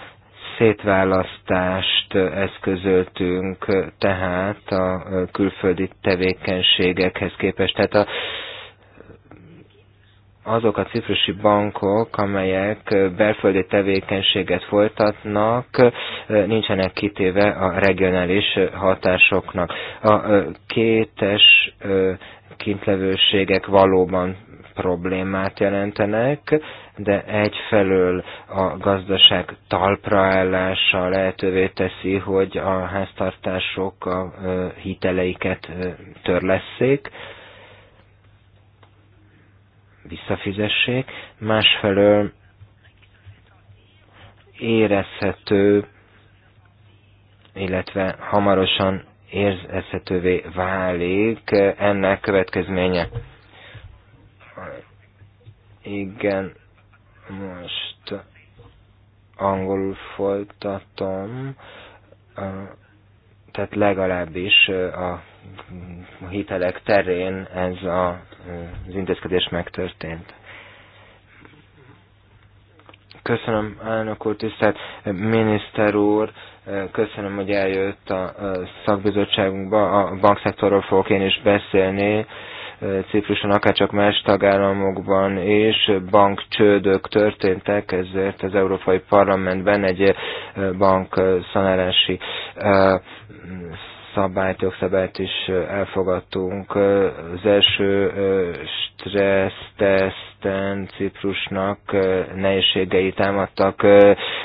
szétválasztást eszközöltünk tehát a külföldi tevékenységekhez képest. Tehát a azok a ciprusi bankok, amelyek belföldi tevékenységet folytatnak, nincsenek kitéve a regionális hatásoknak. A kétes kintlevőségek valóban problémát jelentenek, de egyfelől a gazdaság talpraállása lehetővé teszi, hogy a háztartások a hiteleiket törlesszék, visszafizessék, másfelől érezhető, illetve hamarosan érezhetővé válik ennek következménye. Igen, most angolul folytatom, tehát legalábbis a a hitelek terén ez a, az intézkedés megtörtént. Köszönöm, elnök úr, tisztelt miniszter úr, köszönöm, hogy eljött a szakbizottságunkba, a bankszektorról fogok én is beszélni. Cipruson, csak más tagállamokban is bankcsődök történtek, ezért az Európai Parlamentben egy bankszanálási szabályt, jogszabályt is elfogadtunk. Az első stressztesten Ciprusnak nehézségei támadtak.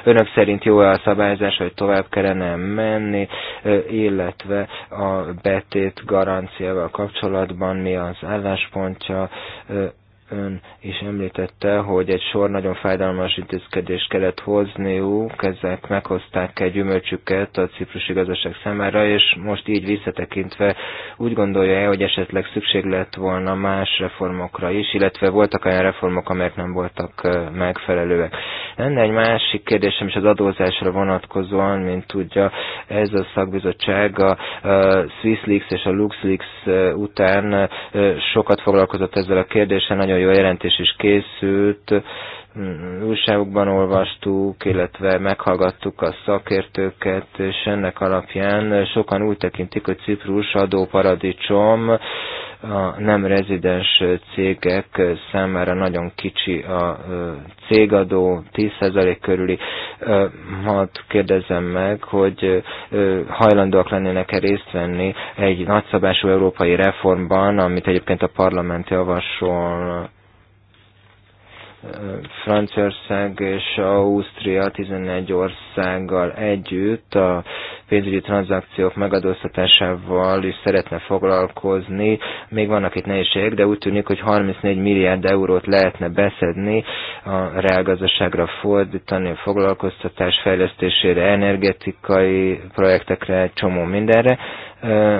Önök szerint jó-e a szabályzás, hogy tovább kellene menni, illetve a betét garanciával kapcsolatban mi az álláspontja, ön is említette, hogy egy sor nagyon fájdalmas intézkedést kellett hozniuk, ezek meghozták egy gyümölcsüket a ciprusi gazdaság számára, és most így visszatekintve úgy gondolja-e, hogy esetleg szükség lett volna más reformokra is, illetve voltak olyan reformok, amelyek nem voltak megfelelőek. Lenne egy másik kérdésem is az adózásra vonatkozóan, mint tudja, ez a szakbizottság a SwissLeaks és a LuxLeaks után sokat foglalkozott ezzel a kérdéssel, nagyon jó jelentés is készült Mm, újságokban olvastuk, illetve meghallgattuk a szakértőket, és ennek alapján sokan úgy tekintik, hogy Ciprus adóparadicsom, a nem rezidens cégek számára nagyon kicsi a cégadó, 10% körüli. Hadd kérdezem meg, hogy hajlandóak lennének-e részt venni egy nagyszabású európai reformban, amit egyébként a parlament javasol Franciaország és Ausztria 11 országgal együtt a pénzügyi tranzakciók megadóztatásával is szeretne foglalkozni. Még vannak itt nehézségek, de úgy tűnik, hogy 34 milliárd eurót lehetne beszedni a reálgazdaságra fordítani, a foglalkoztatás fejlesztésére, energetikai projektekre, csomó mindenre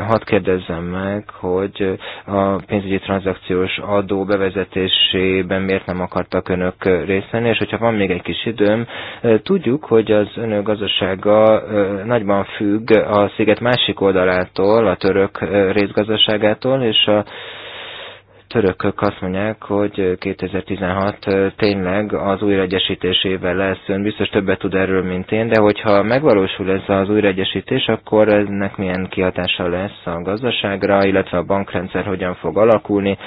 Hadd kérdezzem meg, hogy a pénzügyi tranzakciós adó bevezetésében miért nem akartak önök részt venni, és hogyha van még egy kis időm, tudjuk, hogy az önök gazdasága nagyban függ a sziget másik oldalától, a török részgazdaságától, és a törökök azt mondják, hogy 2016 tényleg az újraegyesítésével lesz. Ön biztos többet tud erről, mint én, de hogyha megvalósul ez az újraegyesítés, akkor ennek milyen kihatása lesz a gazdaságra, illetve a bankrendszer hogyan fog alakulni.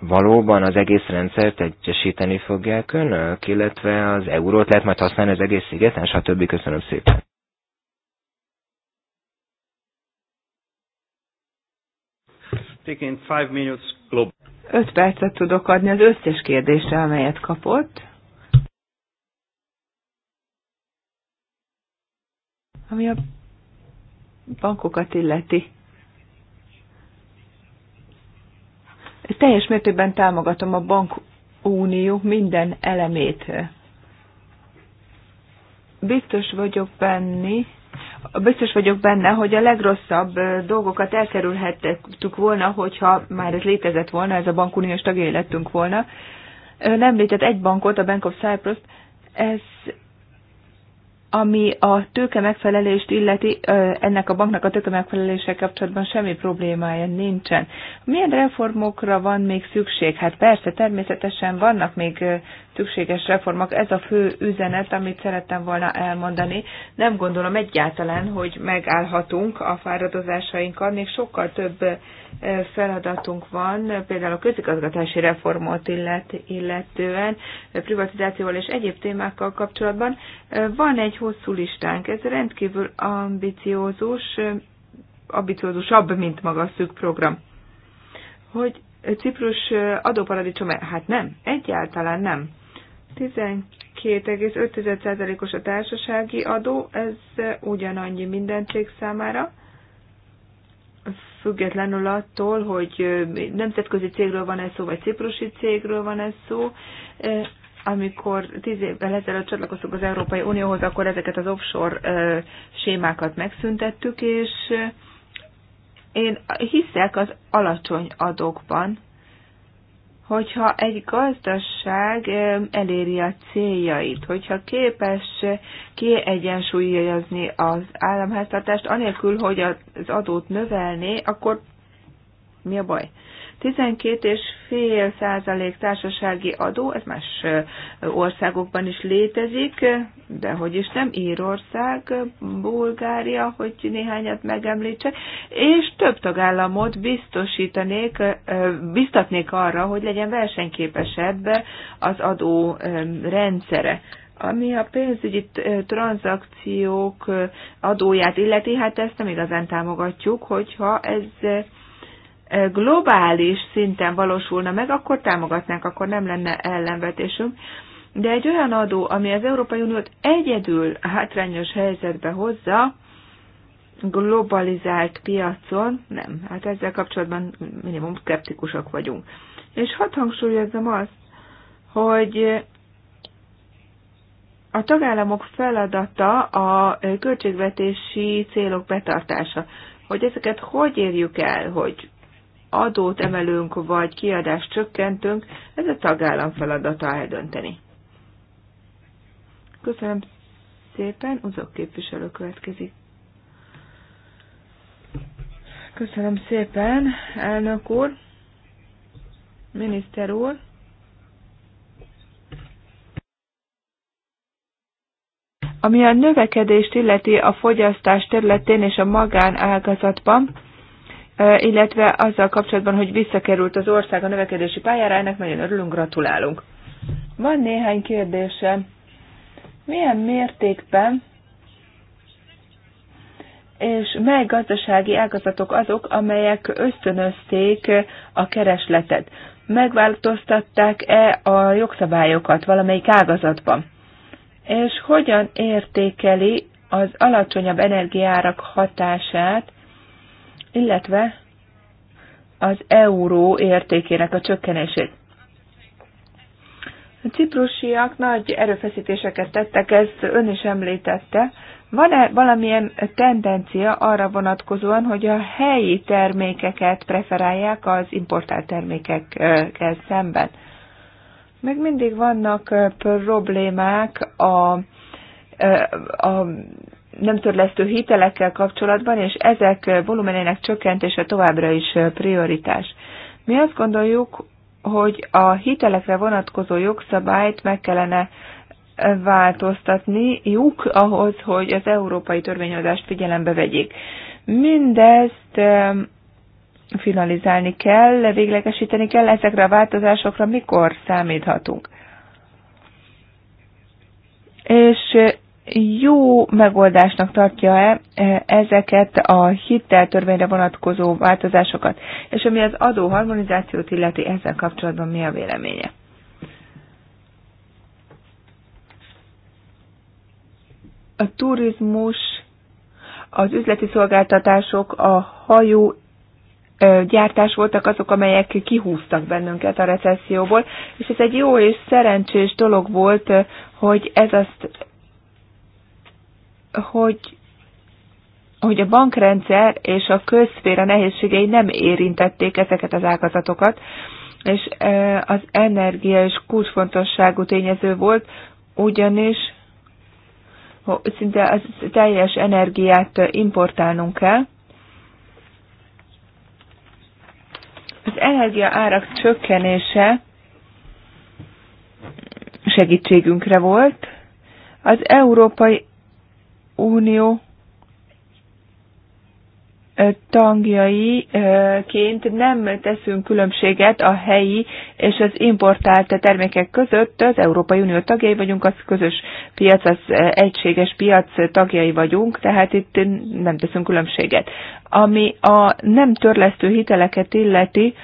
Valóban az egész rendszert egyesíteni fogják önök, illetve az eurót lehet majd használni az egész szigeten, stb. Köszönöm szépen. Taking five minutes global. 5 percet tudok adni az összes kérdésre, amelyet kapott. Ami a bankokat illeti. Teljes mértékben támogatom a bankunió minden elemét. Biztos vagyok benni, biztos vagyok benne, hogy a legrosszabb dolgokat elkerülhettük volna, hogyha már ez létezett volna, ez a bankuniós tagjai lettünk volna. Ön említett egy bankot, a Bank of Cyprus, ez ami a tőke megfelelést illeti, ennek a banknak a tőke megfelelése kapcsolatban semmi problémája nincsen. Milyen reformokra van még szükség? Hát persze, természetesen vannak még szükséges reformok. Ez a fő üzenet, amit szerettem volna elmondani. Nem gondolom egyáltalán, hogy megállhatunk a fáradozásainkkal, még sokkal több eh, feladatunk van, például a közigazgatási reformot illet, illetően, eh, privatizációval és egyéb témákkal kapcsolatban. Eh, van egy hosszú listánk, ez rendkívül ambiciózus, ambiciózusabb, mint maga a szűk program. Hogy Ciprus adóparadicsom, hát nem, egyáltalán nem. 12,5%-os a társasági adó, ez ugyanannyi minden cég számára, függetlenül attól, hogy nemzetközi cégről van ez szó, vagy ciprusi cégről van ez szó. Amikor tíz évvel ezelőtt csatlakoztuk az Európai Unióhoz, akkor ezeket az offshore sémákat megszüntettük, és én hiszek az alacsony adókban, hogyha egy gazdaság eléri a céljait, hogyha képes kiegyensúlyozni az államháztartást, anélkül, hogy az adót növelné, akkor mi a baj? 12,5 százalék társasági adó, ez más országokban is létezik, de hogy is nem, Írország, Bulgária, hogy néhányat megemlítsek, és több tagállamot biztosítanék, biztatnék arra, hogy legyen versenyképesebb az adó rendszere ami a pénzügyi tranzakciók adóját illeti, hát ezt nem igazán támogatjuk, hogyha ez globális szinten valósulna meg, akkor támogatnánk, akkor nem lenne ellenvetésünk. De egy olyan adó, ami az Európai Uniót egyedül hátrányos helyzetbe hozza, globalizált piacon, nem, hát ezzel kapcsolatban minimum skeptikusak vagyunk. És hadd hangsúlyozzam azt, hogy a tagállamok feladata a költségvetési célok betartása. Hogy ezeket hogy érjük el, hogy adót emelünk, vagy kiadást csökkentünk, ez a tagállam feladata eldönteni. Köszönöm szépen, uzok képviselő következik. Köszönöm szépen, elnök úr, miniszter úr. Ami a növekedést illeti a fogyasztás területén és a magánágazatban, illetve azzal kapcsolatban, hogy visszakerült az ország a növekedési pályára, ennek nagyon örülünk, gratulálunk. Van néhány kérdése. Milyen mértékben és mely gazdasági ágazatok azok, amelyek ösztönözték a keresletet? Megváltoztatták-e a jogszabályokat valamelyik ágazatban? És hogyan értékeli az alacsonyabb energiárak hatását illetve az euró értékének a csökkenését. A ciprusiak nagy erőfeszítéseket tettek, ezt ön is említette. Van-e valamilyen tendencia arra vonatkozóan, hogy a helyi termékeket preferálják az importált termékekkel szemben? Meg mindig vannak problémák a, a nem törlesztő hitelekkel kapcsolatban, és ezek volumenének csökkentése továbbra is prioritás. Mi azt gondoljuk, hogy a hitelekre vonatkozó jogszabályt meg kellene változtatni Juk ahhoz, hogy az európai törvényhozást figyelembe vegyék. Mindezt finalizálni kell, véglegesíteni kell, ezekre a változásokra mikor számíthatunk. És jó megoldásnak tartja-e e, ezeket a törvényre vonatkozó változásokat, és ami az adóharmonizációt illeti ezzel kapcsolatban mi a véleménye? A turizmus, az üzleti szolgáltatások, a hajó e, gyártás voltak azok, amelyek kihúztak bennünket a recesszióból, és ez egy jó és szerencsés dolog volt, hogy ez azt hogy hogy a bankrendszer és a közszféra nehézségei nem érintették ezeket az ágazatokat, és e, az energia is kulcsfontosságú tényező volt, ugyanis szinte az teljes energiát importálnunk kell. Az energia árak csökkenése segítségünkre volt. Az európai Unió tangjaiként nem teszünk különbséget a helyi és az importált termékek között. Az Európai Unió tagjai vagyunk, az közös piac, az egységes piac tagjai vagyunk, tehát itt nem teszünk különbséget. Ami a nem törlesztő hiteleket illeti,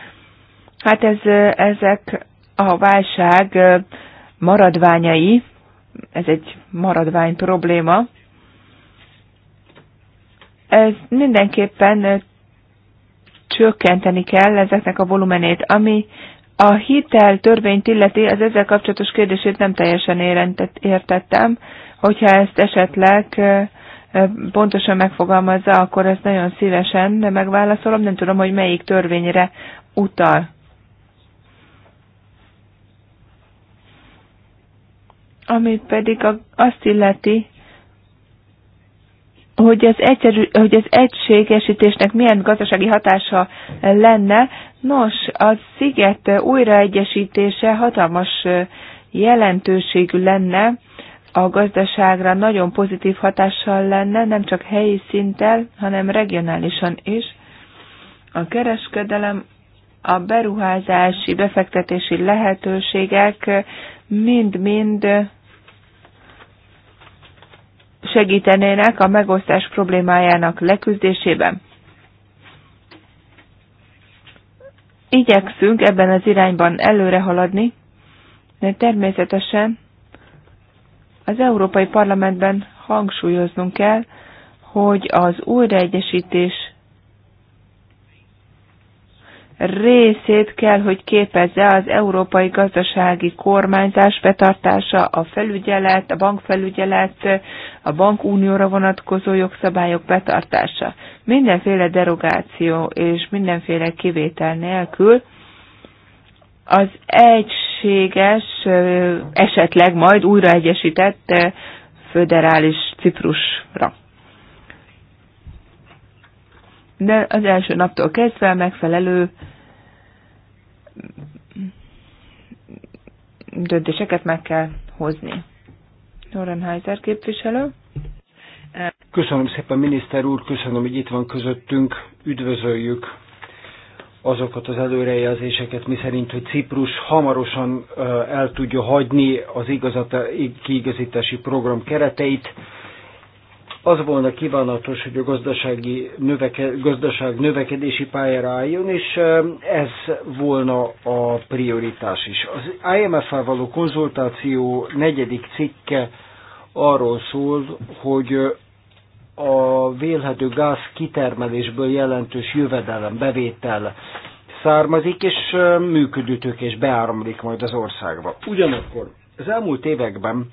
hát ez, ezek a válság maradványai, ez egy maradvány probléma, ez mindenképpen csökkenteni kell ezeknek a volumenét, ami a hitel törvényt illeti, az ezzel kapcsolatos kérdését nem teljesen érentett, értettem. Hogyha ezt esetleg pontosan megfogalmazza, akkor ezt nagyon szívesen megválaszolom. Nem tudom, hogy melyik törvényre utal. Ami pedig azt illeti, hogy az, egyszerű, hogy az egységesítésnek milyen gazdasági hatása lenne. Nos, a sziget újraegyesítése hatalmas jelentőségű lenne a gazdaságra, nagyon pozitív hatással lenne, nem csak helyi szinten, hanem regionálisan is. A kereskedelem, a beruházási, befektetési lehetőségek mind-mind segítenének a megosztás problémájának leküzdésében. Igyekszünk ebben az irányban előre haladni, de természetesen az Európai Parlamentben hangsúlyoznunk kell, hogy az újraegyesítés részét kell, hogy képezze az európai gazdasági kormányzás betartása, a felügyelet, a bankfelügyelet, a bankunióra vonatkozó jogszabályok betartása. Mindenféle derogáció és mindenféle kivétel nélkül az egységes, esetleg majd újraegyesített föderális Ciprusra de az első naptól kezdve megfelelő döntéseket meg kell hozni. Norenheiser képviselő. Köszönöm szépen, miniszter úr, köszönöm, hogy itt van közöttünk, üdvözöljük azokat az előrejelzéseket, mi szerint, hogy Ciprus hamarosan el tudja hagyni az igazata, kiigazítási program kereteit az volna kívánatos, hogy a gazdasági növeke, gazdaság növekedési pályára álljon, és ez volna a prioritás is. Az imf val való konzultáció negyedik cikke arról szól, hogy a vélhető gáz kitermelésből jelentős jövedelem, bevétel származik, és működőtők és beáramlik majd az országba. Ugyanakkor az elmúlt években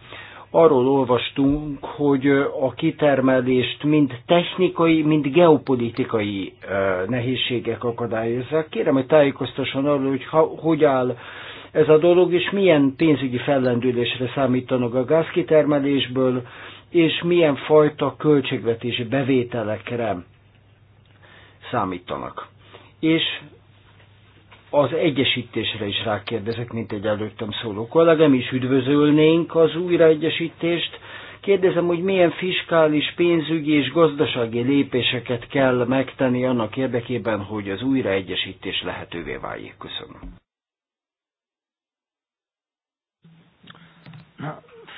arról olvastunk, hogy a kitermelést mind technikai, mind geopolitikai nehézségek akadályozzák. Kérem, hogy tájékoztasson arról, hogy ha, hogy áll ez a dolog, és milyen pénzügyi fellendülésre számítanak a gázkitermelésből, és milyen fajta költségvetési bevételekre számítanak. És az egyesítésre is rákérdezek, mint egy előttem szóló kollégám, is üdvözölnénk az újraegyesítést. Kérdezem, hogy milyen fiskális, pénzügyi és gazdasági lépéseket kell megtenni annak érdekében, hogy az újraegyesítés lehetővé váljék. Köszönöm.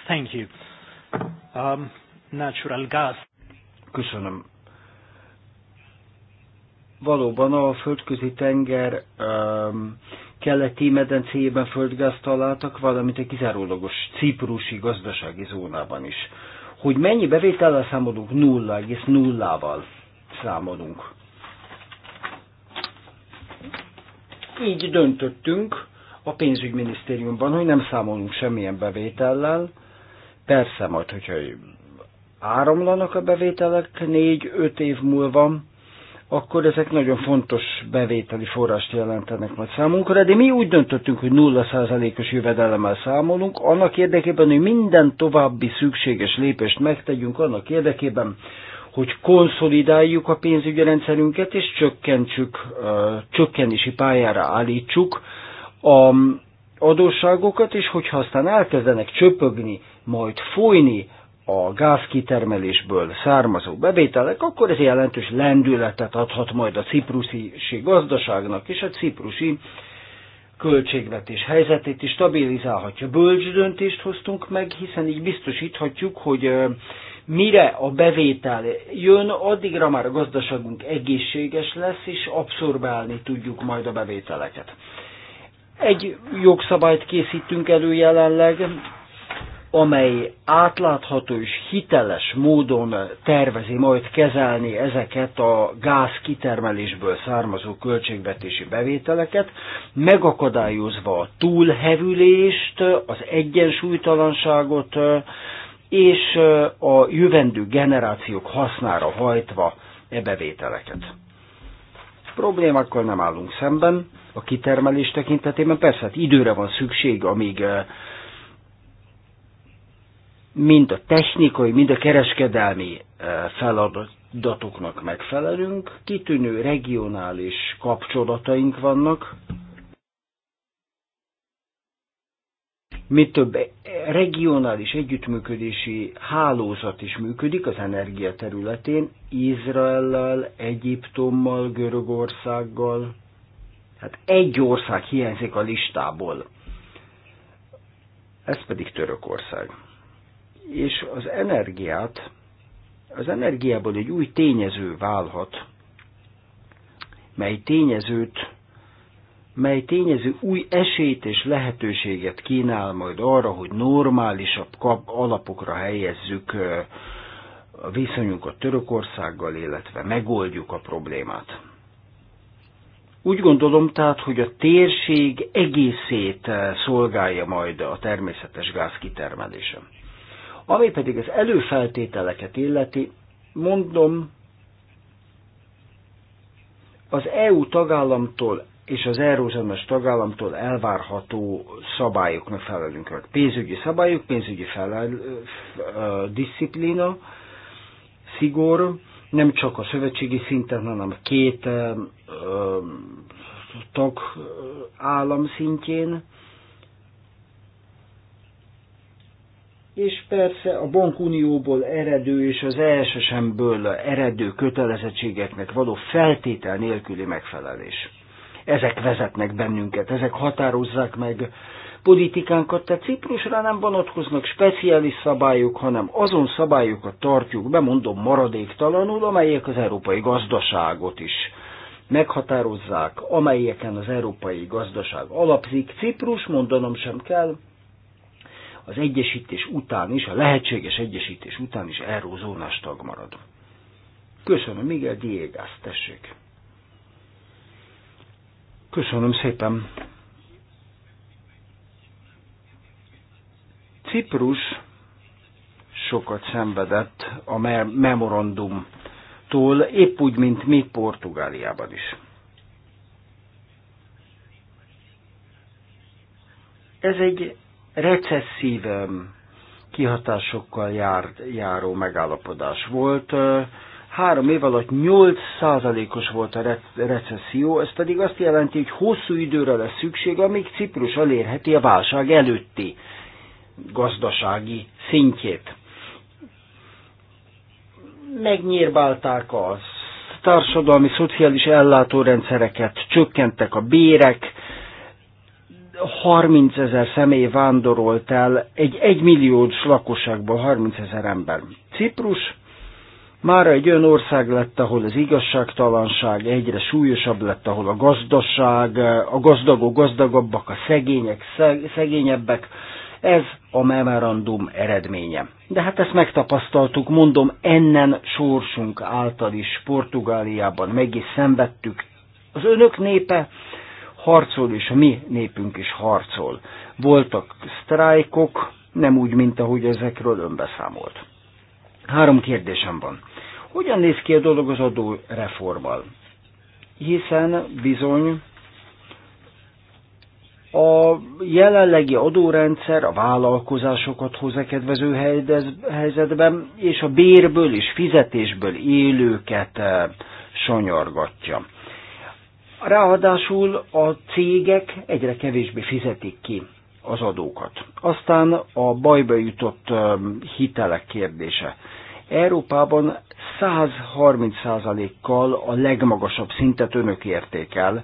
Thank you. Um, natural gas. Köszönöm valóban a földközi tenger um, keleti medencéjében földgázt találtak, valamint egy kizárólagos ciprusi gazdasági zónában is. Hogy mennyi bevétellel számolunk? Nulla, egész nullával számolunk. Így döntöttünk a pénzügyminisztériumban, hogy nem számolunk semmilyen bevétellel. Persze majd, hogyha áramlanak a bevételek négy-öt év múlva, akkor ezek nagyon fontos bevételi forrást jelentenek majd számunkra, de mi úgy döntöttünk, hogy 0%-os jövedelemmel számolunk, annak érdekében, hogy minden további szükséges lépést megtegyünk, annak érdekében, hogy konszolidáljuk a pénzügyi rendszerünket, és csökkentsük, csökkenési pályára állítsuk a adósságokat, és hogyha aztán elkezdenek csöpögni, majd folyni a gázkitermelésből származó bevételek, akkor ez jelentős lendületet adhat majd a ciprusi gazdaságnak, és a ciprusi költségvetés helyzetét is stabilizálhatja. Bölcs döntést hoztunk meg, hiszen így biztosíthatjuk, hogy mire a bevétel jön, addigra már a gazdaságunk egészséges lesz, és abszorbálni tudjuk majd a bevételeket. Egy jogszabályt készítünk elő jelenleg, amely átlátható és hiteles módon tervezi majd kezelni ezeket a gáz kitermelésből származó költségvetési bevételeket, megakadályozva a túlhevülést, az egyensúlytalanságot és a jövendő generációk hasznára hajtva e bevételeket. Problémákkal nem állunk szemben, a kitermelés tekintetében persze hát időre van szükség, amíg mind a technikai, mind a kereskedelmi eh, feladatoknak megfelelünk, kitűnő regionális kapcsolataink vannak, mi több eh, regionális együttműködési hálózat is működik az energia területén, Izraellel, Egyiptommal, Görögországgal. Hát egy ország hiányzik a listából. Ez pedig Törökország és az energiát, az energiából egy új tényező válhat, mely tényezőt, mely tényező új esélyt és lehetőséget kínál majd arra, hogy normálisabb kap, alapokra helyezzük a viszonyunkat Törökországgal, illetve megoldjuk a problémát. Úgy gondolom tehát, hogy a térség egészét szolgálja majd a természetes gáz kitermelése. Ami pedig az előfeltételeket illeti, mondom, az EU tagállamtól és az eurózónas tagállamtól elvárható szabályoknak felelünk Pénzügyi szabályok, pénzügyi felel, disziplína, szigor, nem csak a szövetségi szinten, hanem két tagállam szintjén, és persze a bankunióból eredő és az ESSM-ből eredő kötelezettségeknek való feltétel nélküli megfelelés. Ezek vezetnek bennünket, ezek határozzák meg politikánkat, tehát Ciprusra nem vonatkoznak speciális szabályok, hanem azon szabályokat tartjuk bemondom maradéktalanul, amelyek az európai gazdaságot is meghatározzák, amelyeken az európai gazdaság alapzik Ciprus, mondanom sem kell, az egyesítés után is, a lehetséges egyesítés után is eurózónás tag marad. Köszönöm, Miguel Diegász, tessék. Köszönöm szépen. Ciprus sokat szenvedett a memorandumtól, épp úgy, mint mi Portugáliában is. Ez egy recesszív kihatásokkal jár, járó megállapodás volt. Három év alatt 8%-os volt a recesszió, ez pedig azt jelenti, hogy hosszú időre lesz szükség, amíg Ciprus elérheti a válság előtti gazdasági szintjét. Megnyírbálták az társadalmi, szociális ellátórendszereket, csökkentek a bérek, 30 ezer személy vándorolt el egy egymilliós lakosságból 30 ezer ember. Ciprus már egy olyan ország lett, ahol az igazságtalanság egyre súlyosabb lett, ahol a gazdaság, a gazdagok gazdagabbak, a szegények szeg, szegényebbek. Ez a memorandum eredménye. De hát ezt megtapasztaltuk, mondom, ennen sorsunk által is Portugáliában meg is szenvedtük. Az önök népe harcol, és a mi népünk is harcol. Voltak sztrájkok, nem úgy, mint ahogy ezekről önbeszámolt. Három kérdésem van. Hogyan néz ki a dolog az adóreformmal? Hiszen bizony a jelenlegi adórendszer a vállalkozásokat a kedvező helyzetben, és a bérből és fizetésből élőket eh, sanyargatja. Ráadásul a cégek egyre kevésbé fizetik ki az adókat. Aztán a bajba jutott hitelek kérdése. Európában 130%-kal a legmagasabb szintet önök értékel,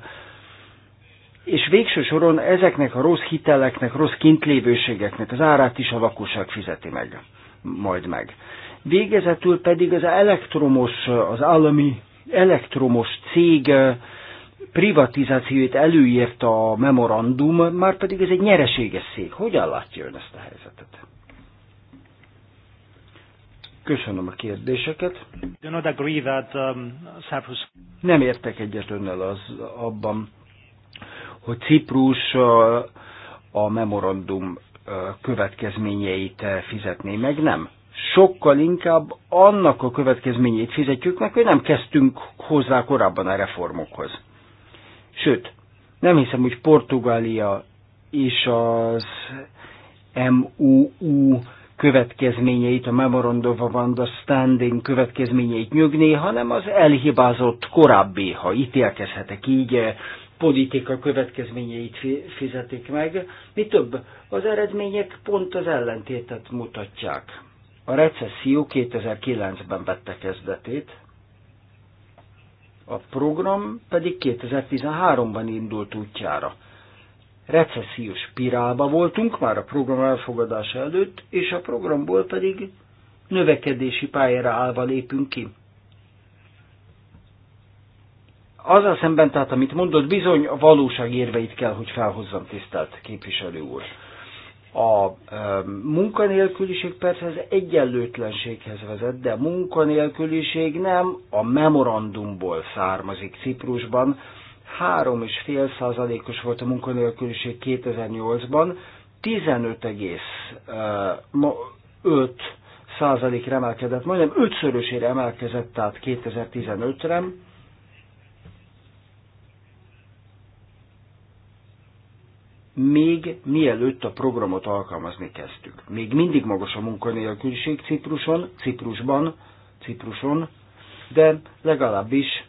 és végső soron ezeknek a rossz hiteleknek, rossz kintlévőségeknek az árát is a lakosság fizeti meg, majd meg. Végezetül pedig az elektromos, az állami elektromos cég Privatizációt előírta a memorandum, már pedig ez egy nyereséges szék. Hogyan látja ön ezt a helyzetet? Köszönöm a kérdéseket. Do not agree that, um, Cyprus... Nem értek egyet önnel az, abban, hogy Ciprus a, uh, a memorandum uh, következményeit uh, fizetné meg, nem. Sokkal inkább annak a következményeit fizetjük meg, hogy nem kezdtünk hozzá korábban a reformokhoz. Sőt, nem hiszem, hogy Portugália is az MUU következményeit, a Memorandum of Understanding következményeit nyugné, hanem az elhibázott korábbi, ha ítélkezhetek így, politika következményeit fizetik meg. Mi több, az eredmények pont az ellentétet mutatják. A recesszió 2009-ben vette kezdetét, a program pedig 2013-ban indult útjára. Recessziós spirálba voltunk már a program elfogadása előtt, és a programból pedig növekedési pályára állva lépünk ki. Azzal szemben, tehát amit mondott, bizony a valóság érveit kell, hogy felhozzam, tisztelt képviselő úr. A munkanélküliség persze az egyenlőtlenséghez vezet, de a munkanélküliség nem a memorandumból származik Ciprusban. 3,5 százalékos volt a munkanélküliség 2008-ban, 15,5 százalékra emelkedett, majdnem ötszörösére emelkezett, tehát 2015-re, még mielőtt a programot alkalmazni kezdtük. Még mindig magas a munkanélküliség Cipruson, Ciprusban, Cipruson, de legalábbis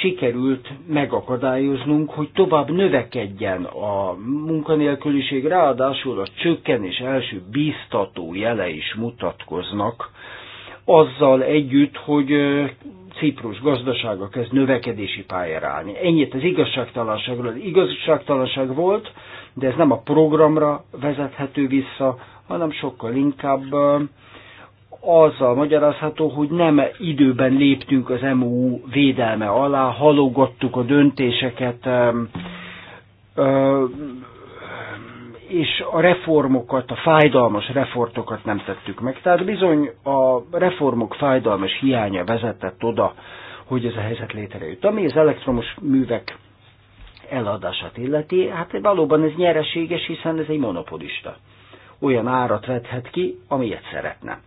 sikerült megakadályoznunk, hogy tovább növekedjen a munkanélküliség, ráadásul a csökkenés első bíztató jele is mutatkoznak, azzal együtt, hogy Ciprus gazdasága kezd növekedési pályára állni. Ennyit az igazságtalanságról. Az igazságtalanság volt, de ez nem a programra vezethető vissza, hanem sokkal inkább azzal magyarázható, hogy nem időben léptünk az MU védelme alá, halogattuk a döntéseket, és a reformokat, a fájdalmas reformokat nem tettük meg. Tehát bizony a reformok fájdalmas hiánya vezetett oda, hogy ez a helyzet létrejött. Ami az elektromos művek eladását illeti, hát valóban ez nyereséges, hiszen ez egy monopolista. Olyan árat vethet ki, amilyet szeretne.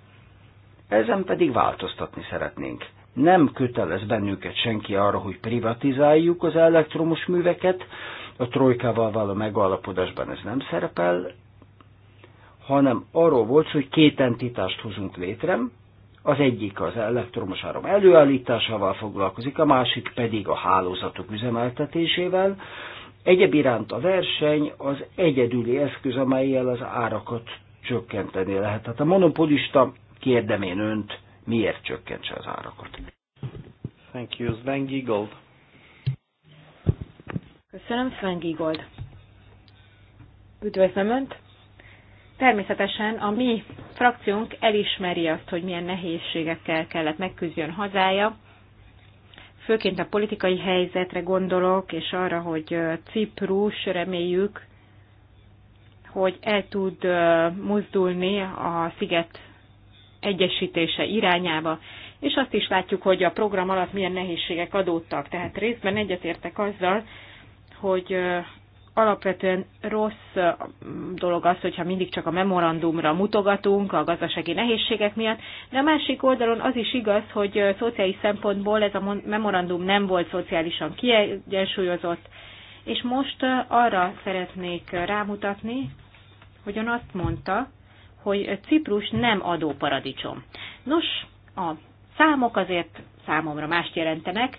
Ezen pedig változtatni szeretnénk. Nem kötelez bennünket senki arra, hogy privatizáljuk az elektromos műveket, a trojkával való megalapodásban ez nem szerepel, hanem arról volt hogy két entitást hozunk létre, az egyik az elektromos áram előállításával foglalkozik, a másik pedig a hálózatok üzemeltetésével. Egyéb iránt a verseny az egyedüli eszköz, amelyel az árakat csökkenteni lehet. Tehát a monopolista kérdem én önt, miért csökkentse az árakat. Thank you, Sven Giggold. Köszönöm, Sven Gigold. Üdvözlöm Önt. Természetesen a mi frakciónk elismeri azt, hogy milyen nehézségekkel kellett megküzdjön hazája. Főként a politikai helyzetre gondolok, és arra, hogy Ciprus reméljük, hogy el tud mozdulni a sziget egyesítése irányába, és azt is látjuk, hogy a program alatt milyen nehézségek adódtak. Tehát részben egyetértek azzal, hogy alapvetően rossz dolog az, hogyha mindig csak a memorandumra mutogatunk a gazdasági nehézségek miatt, de a másik oldalon az is igaz, hogy szociális szempontból ez a memorandum nem volt szociálisan kiegyensúlyozott, és most arra szeretnék rámutatni, hogy ön azt mondta, hogy Ciprus nem adóparadicsom. Nos, a számok azért számomra mást jelentenek,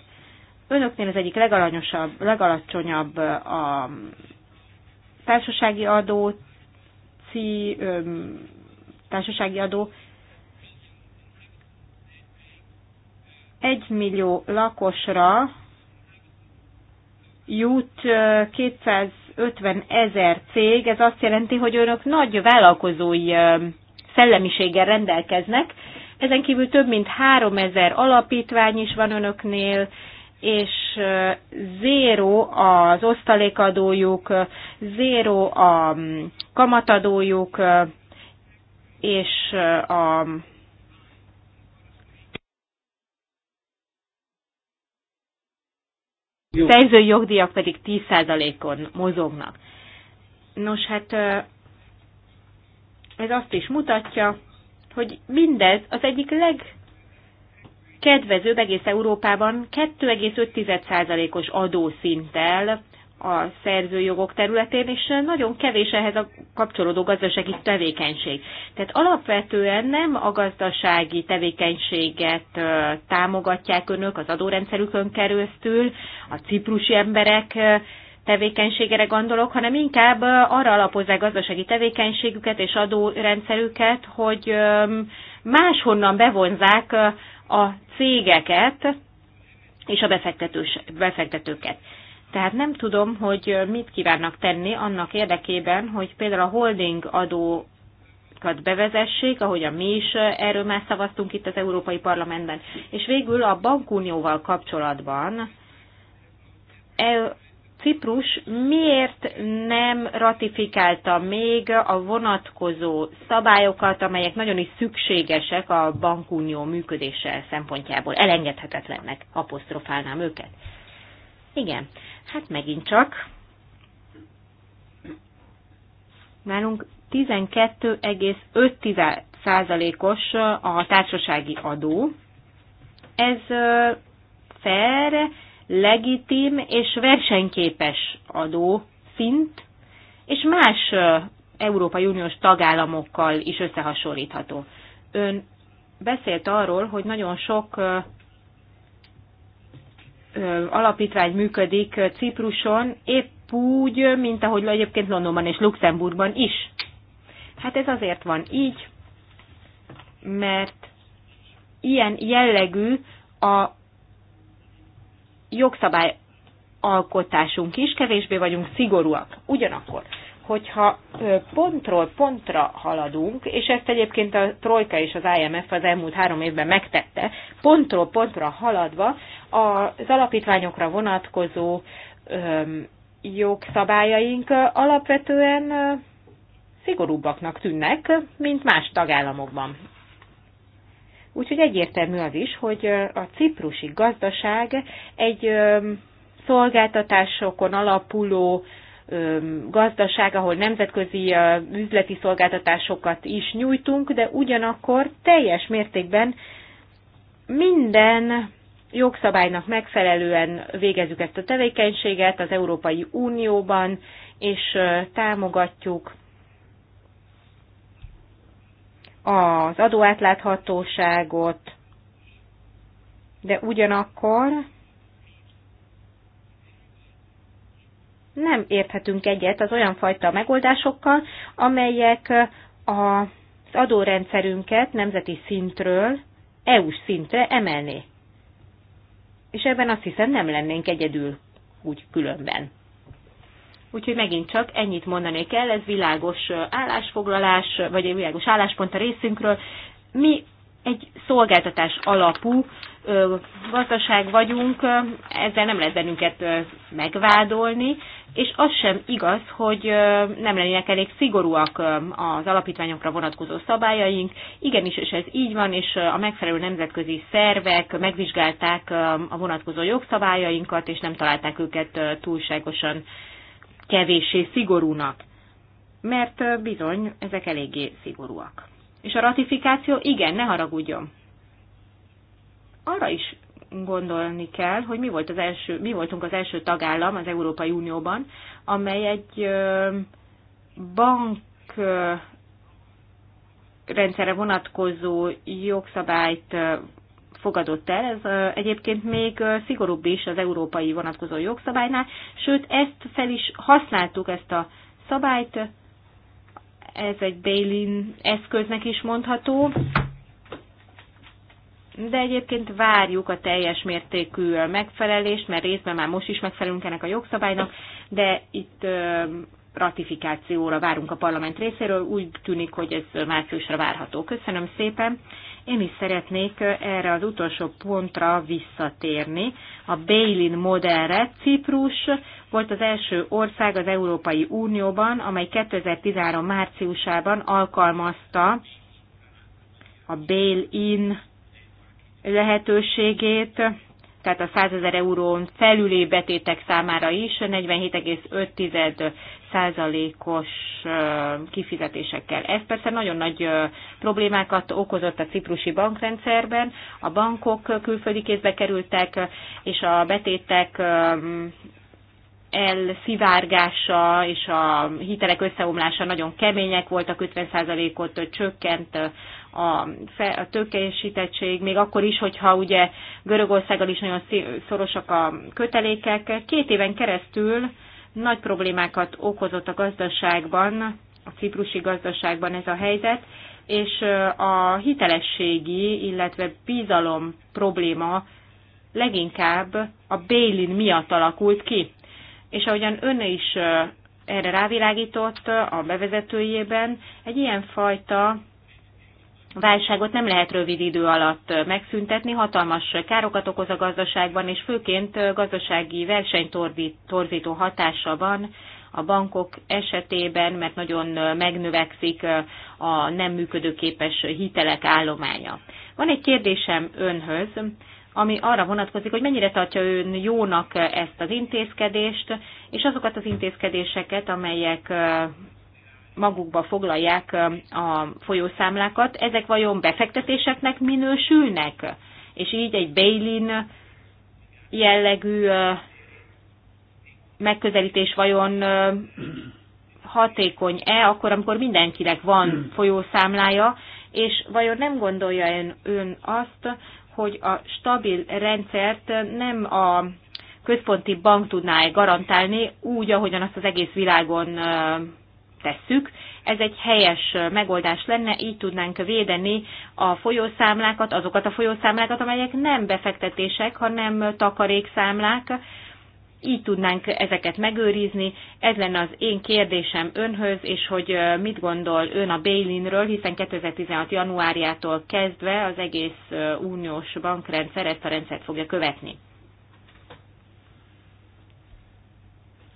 önöknél az egyik legalanyosabb, legalacsonyabb a társasági adó, ci, társasági adó, 1 millió lakosra jut 250 ezer cég, ez azt jelenti, hogy önök nagy vállalkozói szellemiséggel rendelkeznek. Ezen kívül több mint ezer alapítvány is van önöknél, és zéró az osztalékadójuk, zéró a mm, kamatadójuk, és a szerzői jogdíjak pedig 10%-on mozognak. Nos, hát ez azt is mutatja, hogy mindez az egyik leg kedvezőbb egész Európában 2,5%-os adószinttel a szerzőjogok területén, és nagyon kevés ehhez a kapcsolódó gazdasági tevékenység. Tehát alapvetően nem a gazdasági tevékenységet támogatják önök az adórendszerükön keresztül, a ciprusi emberek tevékenységére gondolok, hanem inkább arra alapozzák gazdasági tevékenységüket és adórendszerüket, hogy máshonnan bevonzák a cégeket és a befektetőket. Tehát nem tudom, hogy mit kívánnak tenni annak érdekében, hogy például a holding adó bevezessék, ahogy a mi is erről már szavaztunk itt az Európai Parlamentben. És végül a bankunióval kapcsolatban e, Ciprus miért nem ratifikálta még a vonatkozó szabályokat, amelyek nagyon is szükségesek a bankunió működése szempontjából. Elengedhetetlennek apostrofálnám őket. Igen, hát megint csak. Nálunk 12,5 os a társasági adó. Ez fair, legitim és versenyképes adó szint, és más Európai Uniós tagállamokkal is összehasonlítható. Ön beszélt arról, hogy nagyon sok alapítvány működik Cipruson, épp úgy, mint ahogy egyébként Londonban és Luxemburgban is. Hát ez azért van így, mert ilyen jellegű a jogszabály alkotásunk is, kevésbé vagyunk szigorúak. Ugyanakkor, hogyha pontról pontra haladunk, és ezt egyébként a Trojka és az IMF az elmúlt három évben megtette, pontról pontra haladva az alapítványokra vonatkozó jogszabályaink alapvetően szigorúbbaknak tűnnek, mint más tagállamokban. Úgyhogy egyértelmű az is, hogy a ciprusi gazdaság egy szolgáltatásokon alapuló gazdaság, ahol nemzetközi üzleti szolgáltatásokat is nyújtunk, de ugyanakkor teljes mértékben minden jogszabálynak megfelelően végezzük ezt a tevékenységet az Európai Unióban, és támogatjuk az adóátláthatóságot, de ugyanakkor nem érthetünk egyet az olyan fajta megoldásokkal, amelyek az adórendszerünket nemzeti szintről EU-s szintre emelné. És ebben azt hiszem nem lennénk egyedül úgy különben. Úgyhogy megint csak ennyit mondanék el, ez világos állásfoglalás, vagy egy világos álláspont a részünkről. Mi egy szolgáltatás alapú ö, gazdaság vagyunk, ö, ezzel nem lehet bennünket ö, megvádolni, és az sem igaz, hogy ö, nem lennének elég szigorúak ö, az alapítványokra vonatkozó szabályaink. Igenis, és ez így van, és a megfelelő nemzetközi szervek megvizsgálták ö, a vonatkozó jogszabályainkat, és nem találták őket ö, túlságosan kevéssé szigorúnak, mert bizony ezek eléggé szigorúak. És a ratifikáció, igen, ne haragudjon. Arra is gondolni kell, hogy mi, volt az első, mi voltunk az első tagállam az Európai Unióban, amely egy bank rendszere vonatkozó jogszabályt fogadott el. Ez egyébként még szigorúbb is az európai vonatkozó jogszabálynál, sőt ezt fel is használtuk, ezt a szabályt, ez egy Bélin eszköznek is mondható, de egyébként várjuk a teljes mértékű megfelelést, mert részben már most is megfelelünk ennek a jogszabálynak, de itt ratifikációra várunk a parlament részéről, úgy tűnik, hogy ez márciusra várható. Köszönöm szépen! Én is szeretnék erre az utolsó pontra visszatérni. A Bailin modellre Ciprus volt az első ország az Európai Unióban, amely 2013 márciusában alkalmazta a bail-in lehetőségét tehát a 100 ezer eurón felüli betétek számára is 47,5 százalékos kifizetésekkel. Ez persze nagyon nagy problémákat okozott a ciprusi bankrendszerben, a bankok külföldi kézbe kerültek, és a betétek elszivárgása és a hitelek összeomlása nagyon kemények voltak, 50%-ot csökkent a, fe, a tőkésítettség, még akkor is, hogyha ugye Görögországgal is nagyon szorosak a kötelékek, két éven keresztül nagy problémákat okozott a gazdaságban, a ciprusi gazdaságban ez a helyzet, és a hitelességi, illetve bizalom probléma leginkább a Bélin miatt alakult ki. És ahogyan ön is erre rávilágított a bevezetőjében, egy ilyenfajta válságot nem lehet rövid idő alatt megszüntetni, hatalmas károkat okoz a gazdaságban, és főként gazdasági versenytorzító hatása van a bankok esetében, mert nagyon megnövekszik a nem működőképes hitelek állománya. Van egy kérdésem önhöz, ami arra vonatkozik, hogy mennyire tartja ön jónak ezt az intézkedést, és azokat az intézkedéseket, amelyek magukba foglalják a folyószámlákat, ezek vajon befektetéseknek minősülnek? És így egy bailin jellegű megközelítés vajon hatékony-e, akkor, amikor mindenkinek van folyószámlája, és vajon nem gondolja ön, ön azt, hogy a stabil rendszert nem a központi bank tudná -e garantálni úgy, ahogyan azt az egész világon tesszük. Ez egy helyes megoldás lenne, így tudnánk védeni a folyószámlákat, azokat a folyószámlákat, amelyek nem befektetések, hanem takarékszámlák, így tudnánk ezeket megőrizni. Ez lenne az én kérdésem önhöz, és hogy mit gondol ön a Bélinről, hiszen 2016. januárjától kezdve az egész uniós bankrendszer ezt a rendszert fogja követni.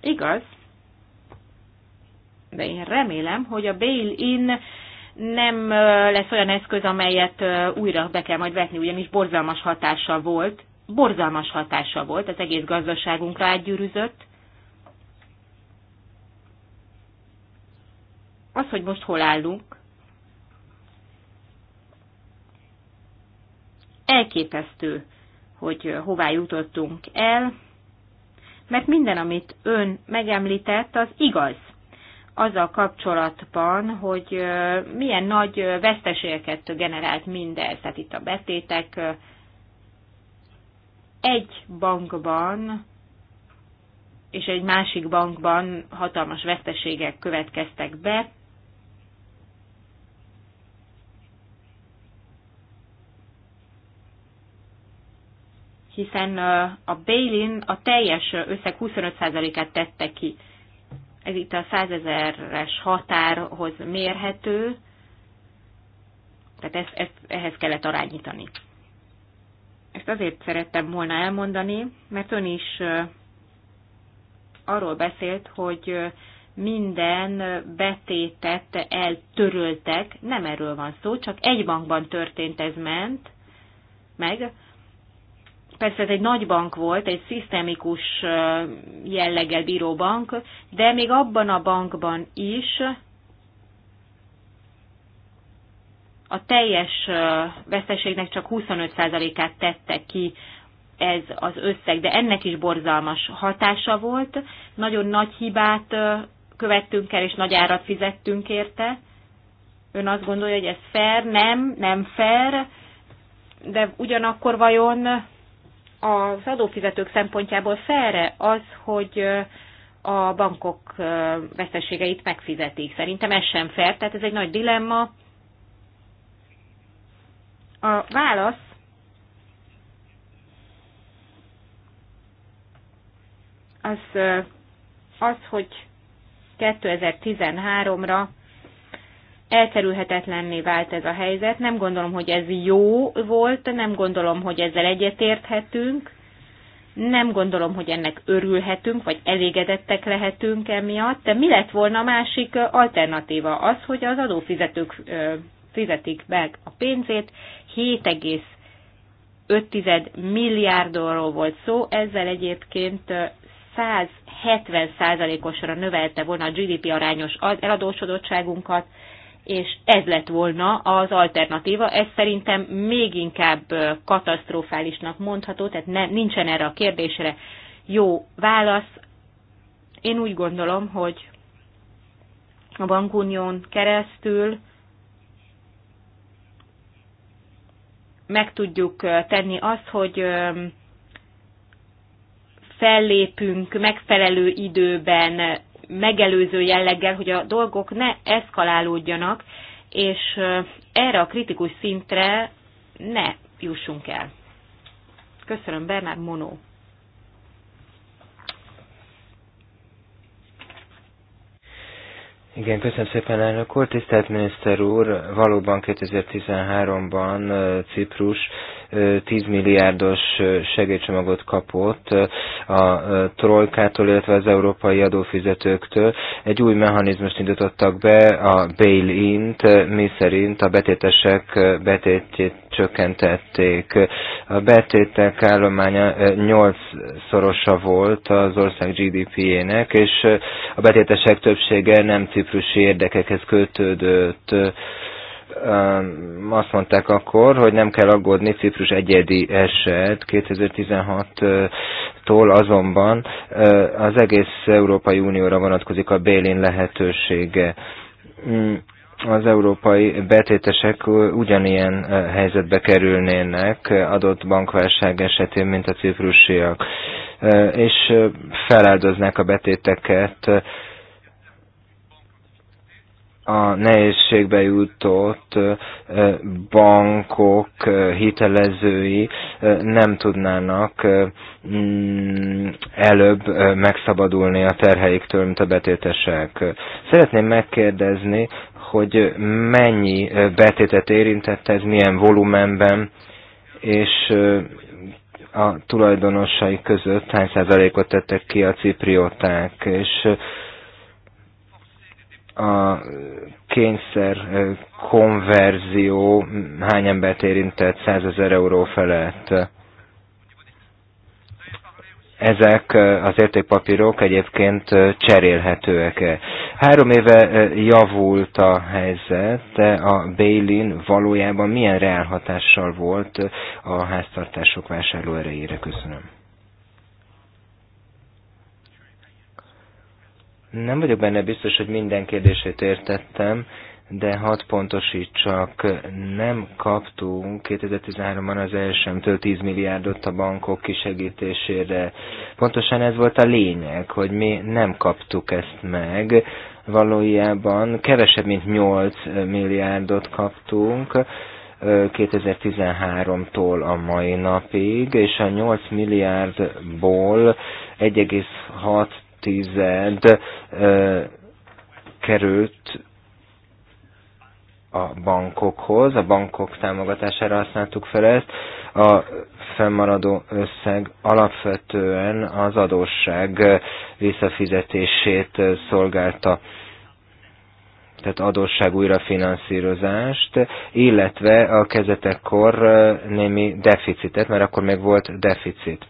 Igaz, de én remélem, hogy a bail-in nem lesz olyan eszköz, amelyet újra be kell majd vetni, ugyanis borzalmas hatása volt, borzalmas hatása volt, az egész gazdaságunkra átgyűrűzött. Az, hogy most hol állunk, elképesztő, hogy hová jutottunk el, mert minden, amit ön megemlített, az igaz azzal kapcsolatban, hogy milyen nagy veszteségeket generált mindez. Tehát itt a betétek egy bankban és egy másik bankban hatalmas veszteségek következtek be, hiszen a Bailin a teljes összeg 25%-át tette ki ez itt a százezeres határhoz mérhető, tehát ezt, ezt, ehhez kellett arányítani. Ezt azért szerettem volna elmondani, mert ön is arról beszélt, hogy minden betétet eltöröltek, nem erről van szó, csak egy bankban történt ez ment, meg, persze ez egy nagy bank volt, egy szisztemikus jelleggel bíró bank, de még abban a bankban is a teljes veszteségnek csak 25%-át tette ki ez az összeg, de ennek is borzalmas hatása volt. Nagyon nagy hibát követtünk el, és nagy árat fizettünk érte. Ön azt gondolja, hogy ez fair, nem, nem fair, de ugyanakkor vajon az adófizetők szempontjából felre az, hogy a bankok veszteségeit megfizetik. Szerintem ez sem fel, tehát ez egy nagy dilemma. A válasz az, az hogy 2013-ra elkerülhetetlenné vált ez a helyzet. Nem gondolom, hogy ez jó volt, nem gondolom, hogy ezzel egyetérthetünk, nem gondolom, hogy ennek örülhetünk, vagy elégedettek lehetünk emiatt, de mi lett volna a másik alternatíva? Az, hogy az adófizetők fizetik meg a pénzét, 7,5 milliárdról volt szó, ezzel egyébként 170 százalékosra növelte volna a GDP arányos eladósodottságunkat, és ez lett volna az alternatíva. Ez szerintem még inkább katasztrofálisnak mondható, tehát ne, nincsen erre a kérdésre jó válasz. Én úgy gondolom, hogy a bankunión keresztül meg tudjuk tenni azt, hogy fellépünk megfelelő időben megelőző jelleggel, hogy a dolgok ne eszkalálódjanak, és erre a kritikus szintre ne jussunk el. Köszönöm, Bernard Monó. Igen, köszönöm szépen, elnök úr. Tisztelt miniszter úr, valóban 2013-ban Ciprus 10 milliárdos segélycsomagot kapott a trojkától, illetve az európai adófizetőktől. Egy új mechanizmust indítottak be, a bail-int, mi szerint a betétesek betétjét csökkentették. A betétek állománya 8-szorosa volt az ország gdp ének és a betétesek többsége nem ciprusi érdekekhez kötődött azt mondták akkor, hogy nem kell aggódni, Ciprus egyedi eset 2016-tól azonban az egész Európai Unióra vonatkozik a Bélin lehetősége. Mm, az európai betétesek ugyanilyen helyzetbe kerülnének adott bankválság esetén, mint a ciprusiak, és feláldoznák a betéteket a nehézségbe jutott bankok hitelezői nem tudnának mm, előbb megszabadulni a terheiktől, mint a betétesek. Szeretném megkérdezni, hogy mennyi betétet érintett ez, milyen volumenben, és a tulajdonosai között hány százalékot tettek ki a ciprioták, és a kényszer konverzió hány embert érintett 100 ezer euró felett. Ezek az értékpapírok egyébként cserélhetőek-e. Három éve javult a helyzet, de a Bailin valójában milyen reálhatással volt a háztartások vásárlóerejére? Köszönöm. Nem vagyok benne biztos, hogy minden kérdését értettem, de pontosít pontosítsak, nem kaptunk 2013-ban az elsőmtől 10 milliárdot a bankok kisegítésére. Pontosan ez volt a lényeg, hogy mi nem kaptuk ezt meg. Valójában kevesebb, mint 8 milliárdot kaptunk 2013-tól a mai napig, és a 8 milliárdból 1,6 tized került a bankokhoz, a bankok támogatására használtuk fel ezt. A fennmaradó összeg alapvetően az adósság visszafizetését szolgálta tehát adósság újrafinanszírozást, illetve a kezetekkor némi deficitet, mert akkor még volt deficit.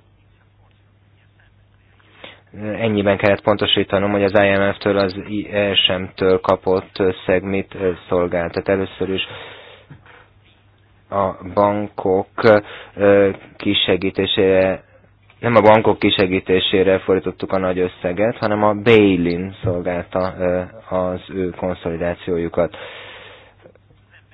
Ennyiben kellett pontosítanom, hogy az IMF-től, az ISM-től kapott összeg mit szolgált. Tehát először is a bankok kisegítésére, nem a bankok kisegítésére fordítottuk a nagy összeget, hanem a bail-in szolgálta az ő konszolidációjukat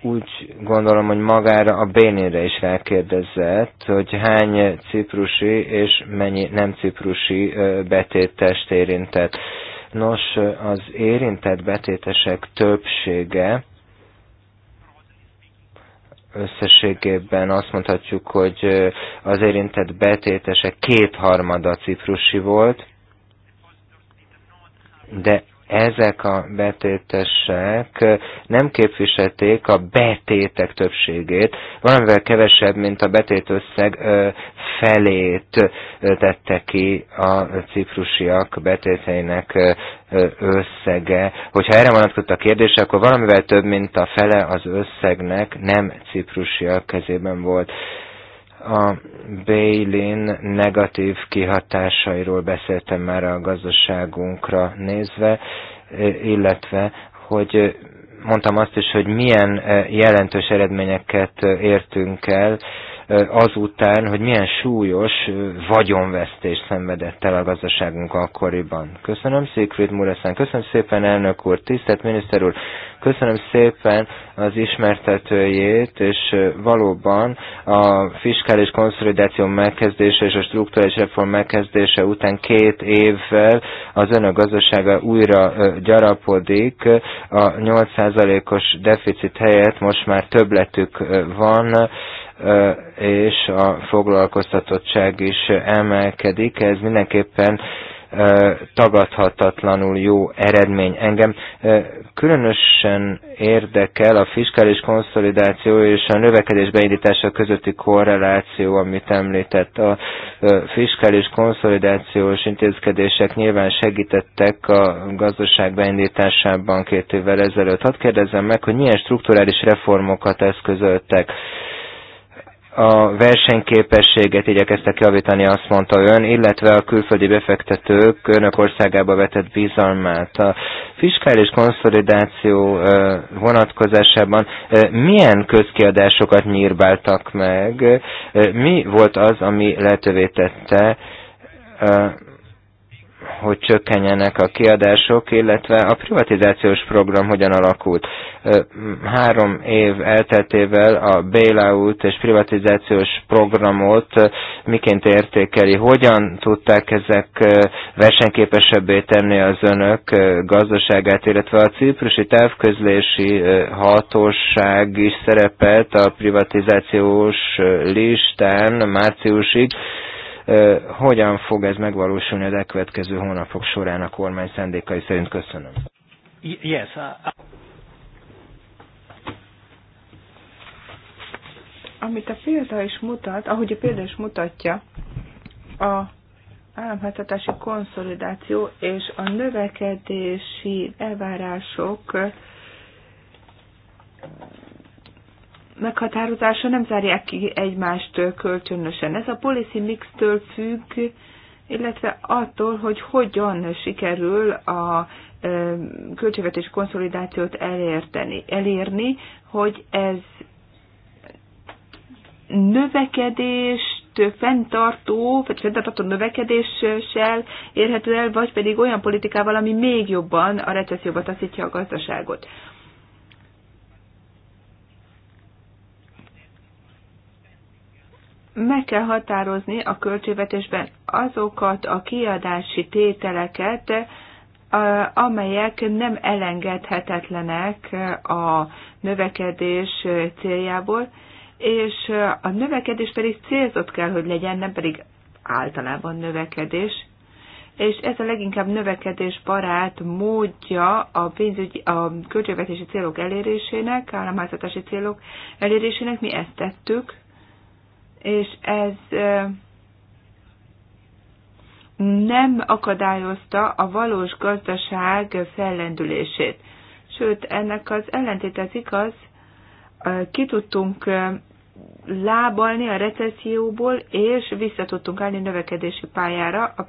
úgy gondolom, hogy magára a Bénére is rákérdezett, hogy hány ciprusi és mennyi nem ciprusi betétest érintett. Nos, az érintett betétesek többsége összességében azt mondhatjuk, hogy az érintett betétesek kétharmada ciprusi volt, de ezek a betétesek nem képviselték a betétek többségét, valamivel kevesebb, mint a betét összeg felét tette ki a ciprusiak betéteinek összege. Hogyha erre vonatkozott a kérdés, akkor valamivel több, mint a fele az összegnek nem ciprusiak kezében volt a Bailin negatív kihatásairól beszéltem már a gazdaságunkra nézve, eh, illetve, hogy eh, mondtam azt is, hogy milyen eh, jelentős eredményeket értünk el azután, hogy milyen súlyos vagyonvesztést szenvedett el a gazdaságunk akkoriban. Köszönöm Siegfried Mureszen, köszönöm szépen elnök úr, tisztelt miniszter úr, köszönöm szépen az ismertetőjét, és valóban a fiskális konszolidáció megkezdése és a struktúrális reform megkezdése után két évvel az önök gazdasága újra gyarapodik, a 8%-os deficit helyett most már többletük van, és a foglalkoztatottság is emelkedik. Ez mindenképpen tagadhatatlanul jó eredmény. Engem különösen érdekel a fiskális konszolidáció és a növekedés beindítása közötti korreláció, amit említett. A fiskális konszolidációs intézkedések nyilván segítettek a gazdaság beindításában két évvel ezelőtt. Hadd kérdezzem meg, hogy milyen strukturális reformokat eszközöltek a versenyképességet igyekeztek javítani, azt mondta ön, illetve a külföldi befektetők önök országába vetett bizalmát. A fiskális konszolidáció vonatkozásában milyen közkiadásokat nyírbáltak meg? Mi volt az, ami lehetővé tette hogy csökkenjenek a kiadások, illetve a privatizációs program hogyan alakult. Három év elteltével a bailout és privatizációs programot miként értékeli, hogyan tudták ezek versenyképesebbé tenni az önök gazdaságát, illetve a ciprusi távközlési hatóság is szerepelt a privatizációs listán márciusig, hogyan fog ez megvalósulni az elkövetkező hónapok során a kormány szendékai szerint? Köszönöm. Yes, I... Amit a példa is mutat, ahogy a példa is mutatja, a államháztartási konszolidáció és a növekedési elvárások meghatározása nem zárják ki egymást kölcsönösen. Ez a policy mix-től függ, illetve attól, hogy hogyan sikerül a költségvetés konszolidációt elérteni, elérni, hogy ez növekedést fenntartó, vagy fenntartó növekedéssel érhető el, vagy pedig olyan politikával, ami még jobban a recesszióba taszítja a gazdaságot. meg kell határozni a költségvetésben azokat a kiadási tételeket, amelyek nem elengedhetetlenek a növekedés céljából, és a növekedés pedig célzott kell, hogy legyen, nem pedig általában növekedés, és ez a leginkább növekedés barát módja a, pénzügyi, a költségvetési célok elérésének, államháztatási célok elérésének, mi ezt tettük, és ez nem akadályozta a valós gazdaság fellendülését. Sőt, ennek az ellentétes az igaz, ki tudtunk lábalni a recesszióból, és vissza tudtunk állni növekedési pályára a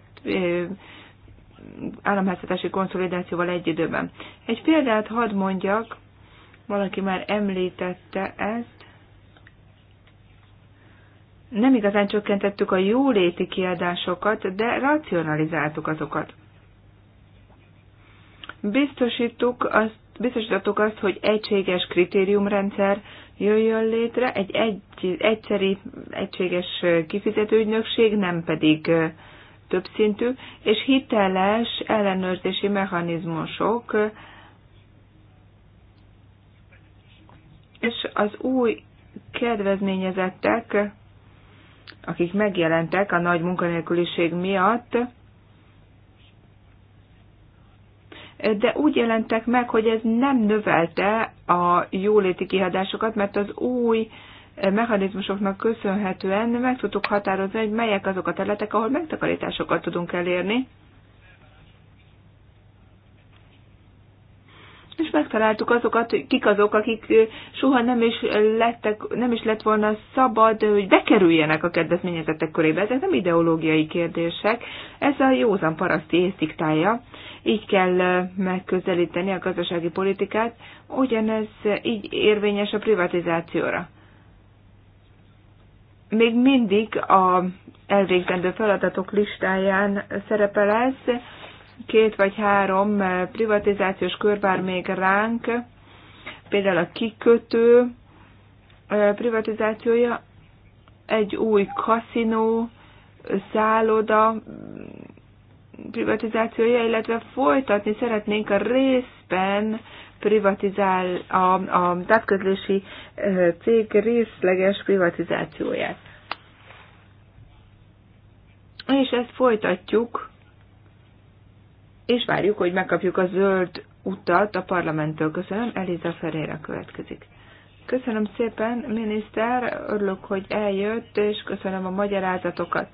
államháztatási konszolidációval egy időben. Egy példát hadd mondjak, valaki már említette ezt, nem igazán csökkentettük a jóléti kiadásokat, de racionalizáltuk azokat. Biztosítottuk azt, biztosítottuk azt, hogy egységes kritériumrendszer jöjjön létre, egy, egy egyszeri egységes kifizetőügynökség, nem pedig többszintű, és hiteles ellenőrzési mechanizmusok, és az új kedvezményezettek akik megjelentek a nagy munkanélküliség miatt, de úgy jelentek meg, hogy ez nem növelte a jóléti kihadásokat, mert az új mechanizmusoknak köszönhetően meg tudtuk határozni, hogy melyek azok a területek, ahol megtakarításokat tudunk elérni. és megtaláltuk azokat, kik azok, akik soha nem is, lettek, nem is lett volna szabad, hogy bekerüljenek a kedvezményezettek körébe. Ezek nem ideológiai kérdések, ez a józan paraszti észiktája. Így kell megközelíteni a gazdasági politikát, ugyanez így érvényes a privatizációra. Még mindig a elvégzendő feladatok listáján szerepel ez, két vagy három eh, privatizációs körvár még ránk, például a kikötő eh, privatizációja, egy új kaszinó, szálloda mm, privatizációja, illetve folytatni szeretnénk a részben privatizál a, a távközlési eh, cég részleges privatizációját. És ezt folytatjuk és várjuk, hogy megkapjuk a zöld utat a parlamenttől. Köszönöm, Eliza Ferreira következik. Köszönöm szépen, miniszter, örülök, hogy eljött, és köszönöm a magyarázatokat.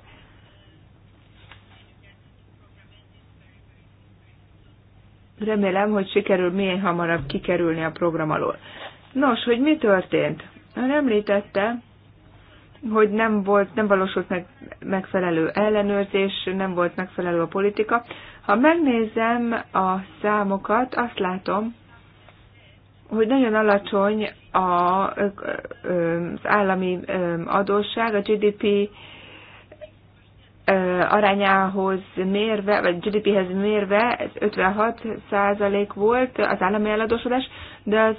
Remélem, hogy sikerül milyen hamarabb kikerülni a program alól. Nos, hogy mi történt? Ön említette, hogy nem volt, nem valósult meg megfelelő ellenőrzés, nem volt megfelelő a politika. Ha megnézem a számokat, azt látom, hogy nagyon alacsony a, az állami adósság, a GDP arányához mérve, vagy GDP-hez mérve ez 56 százalék volt az állami eladósodás, de az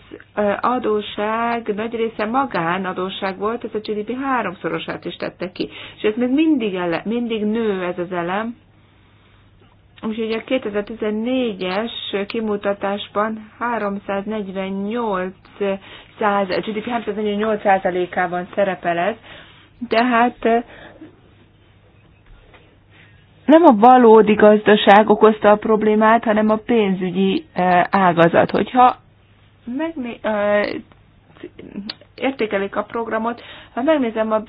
adóság nagy része magánadóság volt, ez a GDP háromszorosát is tette ki. És ez még mindig, ele, mindig nő ez az elem, Úgyhogy a 2014-es kimutatásban 348 GDP 348 százalékában szerepel ez, tehát nem a valódi gazdaság okozta a problémát, hanem a pénzügyi ágazat. Hogyha meg, értékelik a programot, ha megnézem a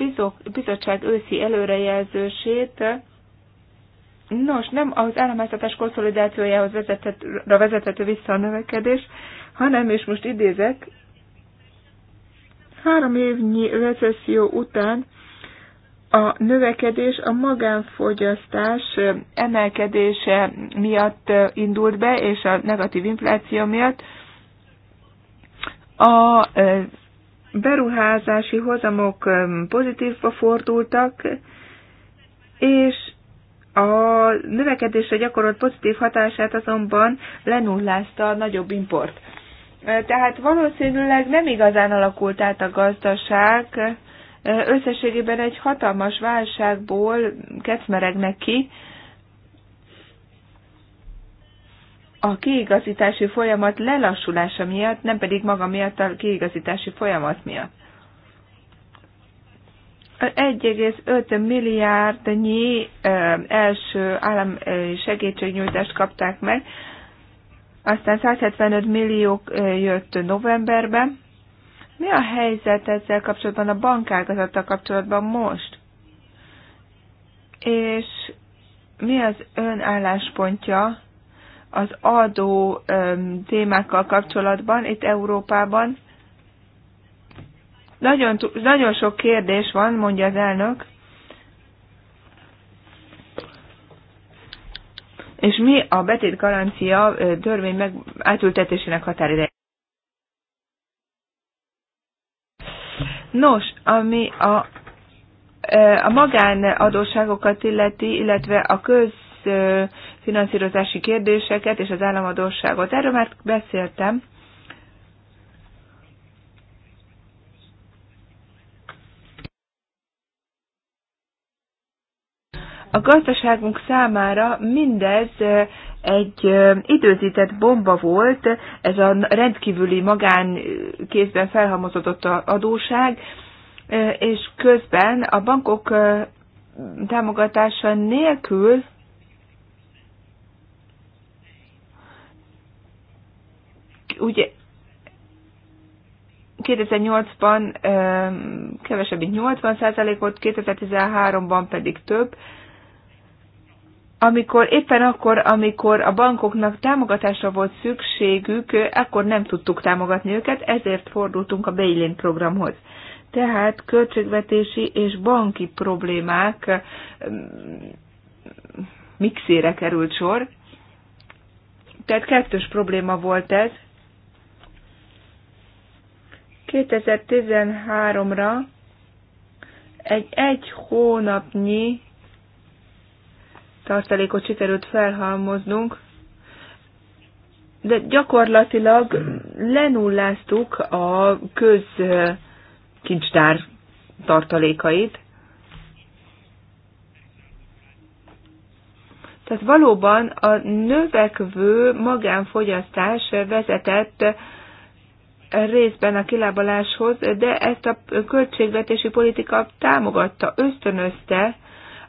bizottság őszi előrejelzősét, Nos, nem az államháztatás konszolidációjához vezetett, vezethető vissza a növekedés, hanem, és most idézek, három évnyi recesszió után a növekedés a magánfogyasztás emelkedése miatt indult be, és a negatív infláció miatt a beruházási hozamok pozitívba fordultak, és a növekedésre gyakorolt pozitív hatását azonban lenullázta a nagyobb import. Tehát valószínűleg nem igazán alakult át a gazdaság, összességében egy hatalmas válságból kecmeregnek ki, a kiigazítási folyamat lelassulása miatt, nem pedig maga miatt a kiigazítási folyamat miatt. 1,5 milliárdnyi első állam segítségnyújtást kapták meg, aztán 175 millió jött novemberben. Mi a helyzet ezzel kapcsolatban, a bankágazattal kapcsolatban most? És mi az ön álláspontja az adó témákkal kapcsolatban itt Európában? Nagyon, nagyon sok kérdés van, mondja az elnök. És mi a betét garancia törvény meg átültetésének határideje? Nos, ami a, a magánadóságokat illeti, illetve a közfinanszírozási kérdéseket és az államadóságot, erről már beszéltem. A gazdaságunk számára mindez egy időzített bomba volt, ez a rendkívüli magánkézben felhamozott adóság, és közben a bankok támogatása nélkül ugye 2008-ban kevesebb, mint 80 százalékot, 2013-ban pedig több, amikor éppen akkor, amikor a bankoknak támogatásra volt szükségük, akkor nem tudtuk támogatni őket, ezért fordultunk a Bailin programhoz. Tehát költségvetési és banki problémák mm, mixére került sor. Tehát kettős probléma volt ez. 2013-ra egy egy hónapnyi tartalékot sikerült felhalmoznunk, de gyakorlatilag lenulláztuk a közkincstár tartalékait. Tehát valóban a növekvő magánfogyasztás vezetett részben a kilábaláshoz, de ezt a költségvetési politika támogatta, ösztönözte,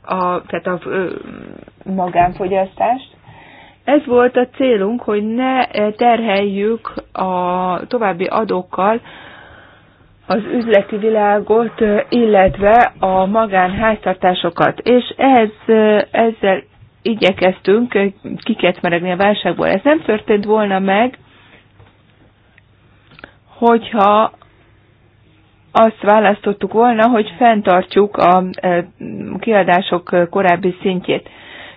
a, tehát a ö, magánfogyasztást. Ez volt a célunk, hogy ne terheljük a további adókkal az üzleti világot, illetve a magánháztartásokat. És ez, ezzel igyekeztünk kiketmeregni a válságból. Ez nem történt volna meg, hogyha azt választottuk volna, hogy fenntartjuk a e, kiadások korábbi szintjét.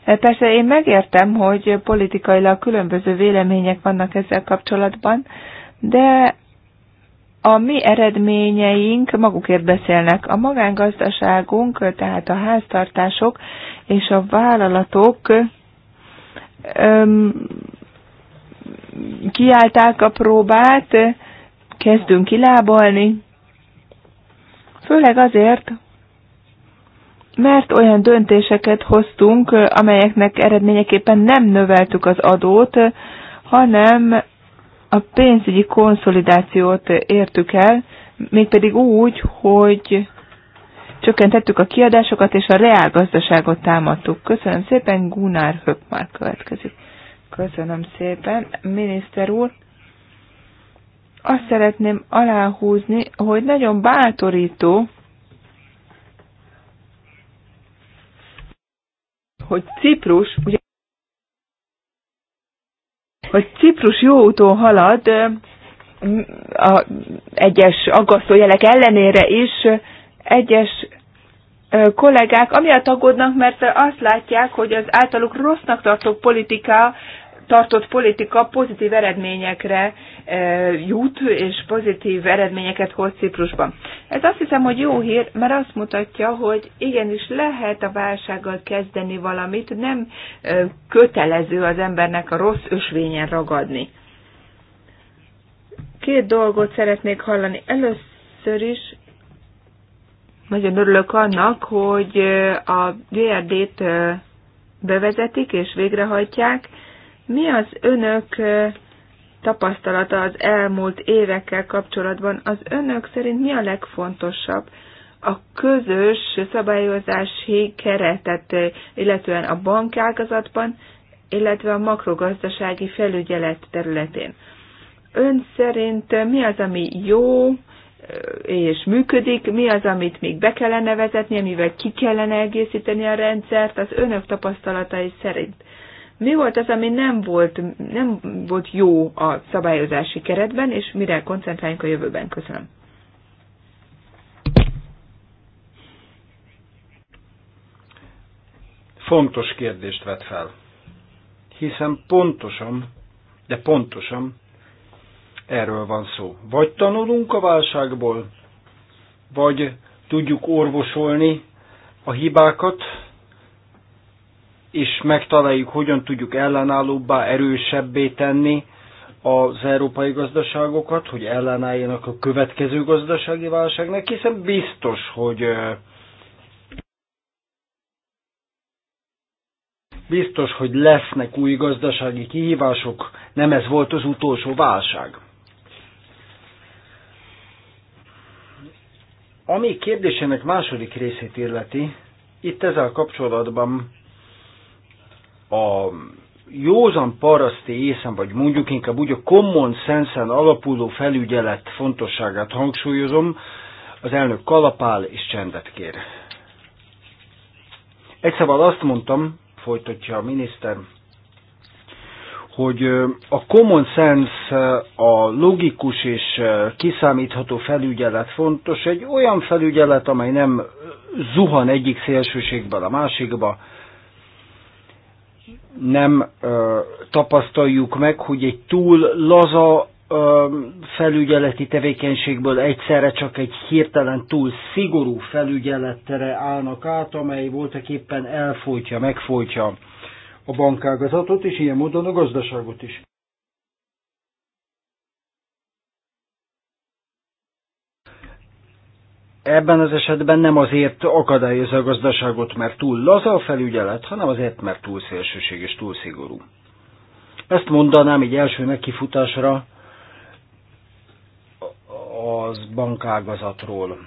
E, persze én megértem, hogy politikailag különböző vélemények vannak ezzel kapcsolatban, de a mi eredményeink magukért beszélnek. A magángazdaságunk, tehát a háztartások és a vállalatok öm, kiállták a próbát, kezdünk kilábalni, Főleg azért, mert olyan döntéseket hoztunk, amelyeknek eredményeképpen nem növeltük az adót, hanem a pénzügyi konszolidációt értük el, mégpedig úgy, hogy csökkentettük a kiadásokat és a reálgazdaságot támadtuk. Köszönöm szépen, Gunnar Höppmark következik. Köszönöm szépen, miniszter úr azt szeretném aláhúzni, hogy nagyon bátorító, hogy Ciprus, ugye, hogy Ciprus jó úton halad, a egyes aggasztó jelek ellenére is egyes kollégák amiatt aggódnak, mert azt látják, hogy az általuk rossznak tartó politika tartott politika pozitív eredményekre e, jut, és pozitív eredményeket hoz Ciprusban. Ez azt hiszem, hogy jó hír, mert azt mutatja, hogy igenis lehet a válsággal kezdeni valamit, nem e, kötelező az embernek a rossz ösvényen ragadni. Két dolgot szeretnék hallani. Először is nagyon örülök annak, hogy e, a drd t bevezetik és végrehajtják. Mi az önök tapasztalata az elmúlt évekkel kapcsolatban? Az önök szerint mi a legfontosabb? A közös szabályozási keretet, illetően a bankágazatban, illetve a makrogazdasági felügyelet területén. Ön szerint mi az, ami jó és működik, mi az, amit még be kellene vezetni, amivel ki kellene egészíteni a rendszert az önök tapasztalatai szerint? mi volt az, ami nem volt, nem volt jó a szabályozási keretben, és mire koncentráljunk a jövőben? Köszönöm. Fontos kérdést vet fel, hiszen pontosan, de pontosan erről van szó. Vagy tanulunk a válságból, vagy tudjuk orvosolni a hibákat, és megtaláljuk, hogyan tudjuk ellenállóbbá, erősebbé tenni az európai gazdaságokat, hogy ellenálljanak a következő gazdasági válságnak, hiszen biztos, hogy biztos, hogy lesznek új gazdasági kihívások, nem ez volt az utolsó válság. Ami kérdésének második részét illeti, itt ezzel kapcsolatban a józan paraszti észem, vagy mondjuk inkább úgy a common sense-en alapuló felügyelet fontosságát hangsúlyozom, az elnök kalapál és csendet kér. Egy szóval azt mondtam, folytatja a miniszter, hogy a common sense, a logikus és kiszámítható felügyelet fontos, egy olyan felügyelet, amely nem zuhan egyik szélsőségből a másikba, nem ö, tapasztaljuk meg, hogy egy túl laza ö, felügyeleti tevékenységből egyszerre csak egy hirtelen túl szigorú felügyeletre állnak át, amely voltak éppen elfolytja, megfolytja a bankágazatot, és ilyen módon a gazdaságot is. ebben az esetben nem azért akadályozza a gazdaságot, mert túl laza a felügyelet, hanem azért, mert túl szélsőség és túl szigorú. Ezt mondanám egy első megkifutásra az bankágazatról,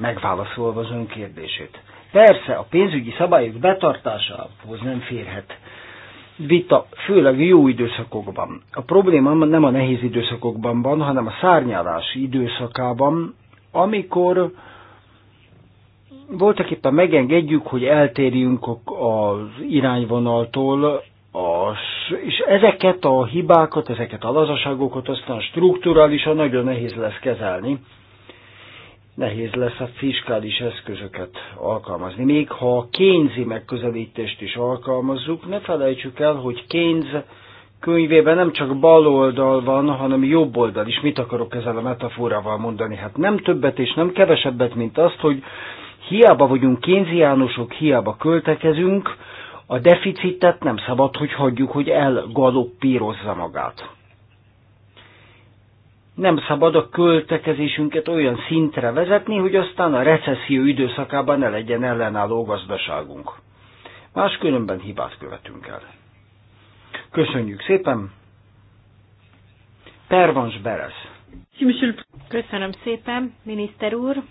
megválaszolva az ön kérdését. Persze a pénzügyi szabályok betartásához nem férhet vita, főleg jó időszakokban. A probléma nem a nehéz időszakokban van, hanem a szárnyalás időszakában, amikor voltak éppen megengedjük, hogy eltérjünk az irányvonaltól, az, és ezeket a hibákat, ezeket a lazaságokat aztán strukturálisan nagyon nehéz lesz kezelni. Nehéz lesz a fiskális eszközöket alkalmazni. Még ha a kénzi megközelítést is alkalmazzuk, ne felejtsük el, hogy Keynes könyvében nem csak bal oldal van, hanem jobb oldal is. Mit akarok ezzel a metaforával mondani? Hát nem többet és nem kevesebbet, mint azt, hogy hiába vagyunk kénziánosok, hiába költekezünk, a deficitet nem szabad, hogy hagyjuk, hogy elgaloppírozza magát. Nem szabad a költekezésünket olyan szintre vezetni, hogy aztán a recesszió időszakában ne legyen ellenálló gazdaságunk. Máskülönben hibát követünk el. Köszönjük szépen. Pervans Beres. Köszönöm szépen, miniszter úr.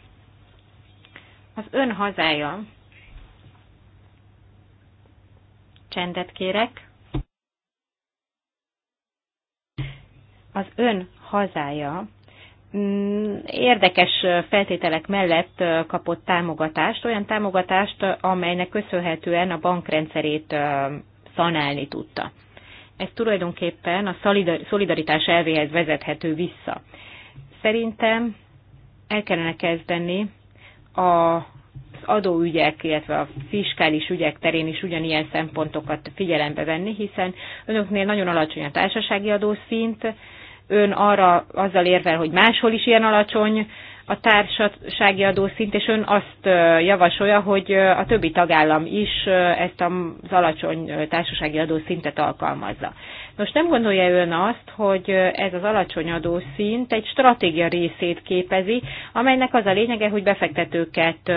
Az ön hazája. Csendet kérek. Az ön hazája mm, érdekes feltételek mellett kapott támogatást, olyan támogatást, amelynek köszönhetően a bankrendszerét szanálni tudta ez tulajdonképpen a szolidaritás elvéhez vezethető vissza. Szerintem el kellene kezdeni az adóügyek, illetve a fiskális ügyek terén is ugyanilyen szempontokat figyelembe venni, hiszen önöknél nagyon alacsony a társasági adószint, ön arra azzal érvel, hogy máshol is ilyen alacsony a társasági adószint, és ön azt javasolja, hogy a többi tagállam is ezt az alacsony társasági adószintet alkalmazza. Most nem gondolja ön azt, hogy ez az alacsony adószint egy stratégia részét képezi, amelynek az a lényege, hogy befektetőket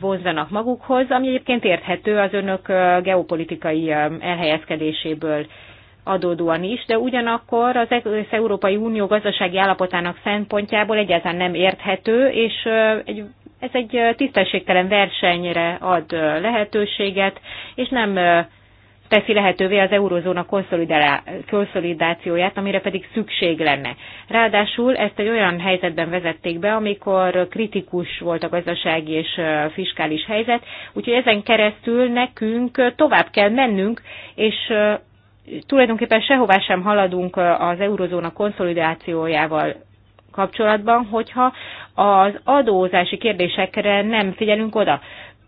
vonzanak magukhoz, ami egyébként érthető az önök geopolitikai elhelyezkedéséből adódóan is, de ugyanakkor e- az Európai Unió gazdasági állapotának szempontjából egyáltalán nem érthető, és egy ez egy tisztességtelen versenyre ad lehetőséget, és nem teszi lehetővé az eurozóna konszolidációját, amire pedig szükség lenne. Ráadásul ezt egy olyan helyzetben vezették be, amikor kritikus volt a gazdasági és fiskális helyzet, úgyhogy ezen keresztül nekünk tovább kell mennünk, és tulajdonképpen sehová sem haladunk az eurozóna konszolidációjával kapcsolatban, hogyha az adózási kérdésekre nem figyelünk oda.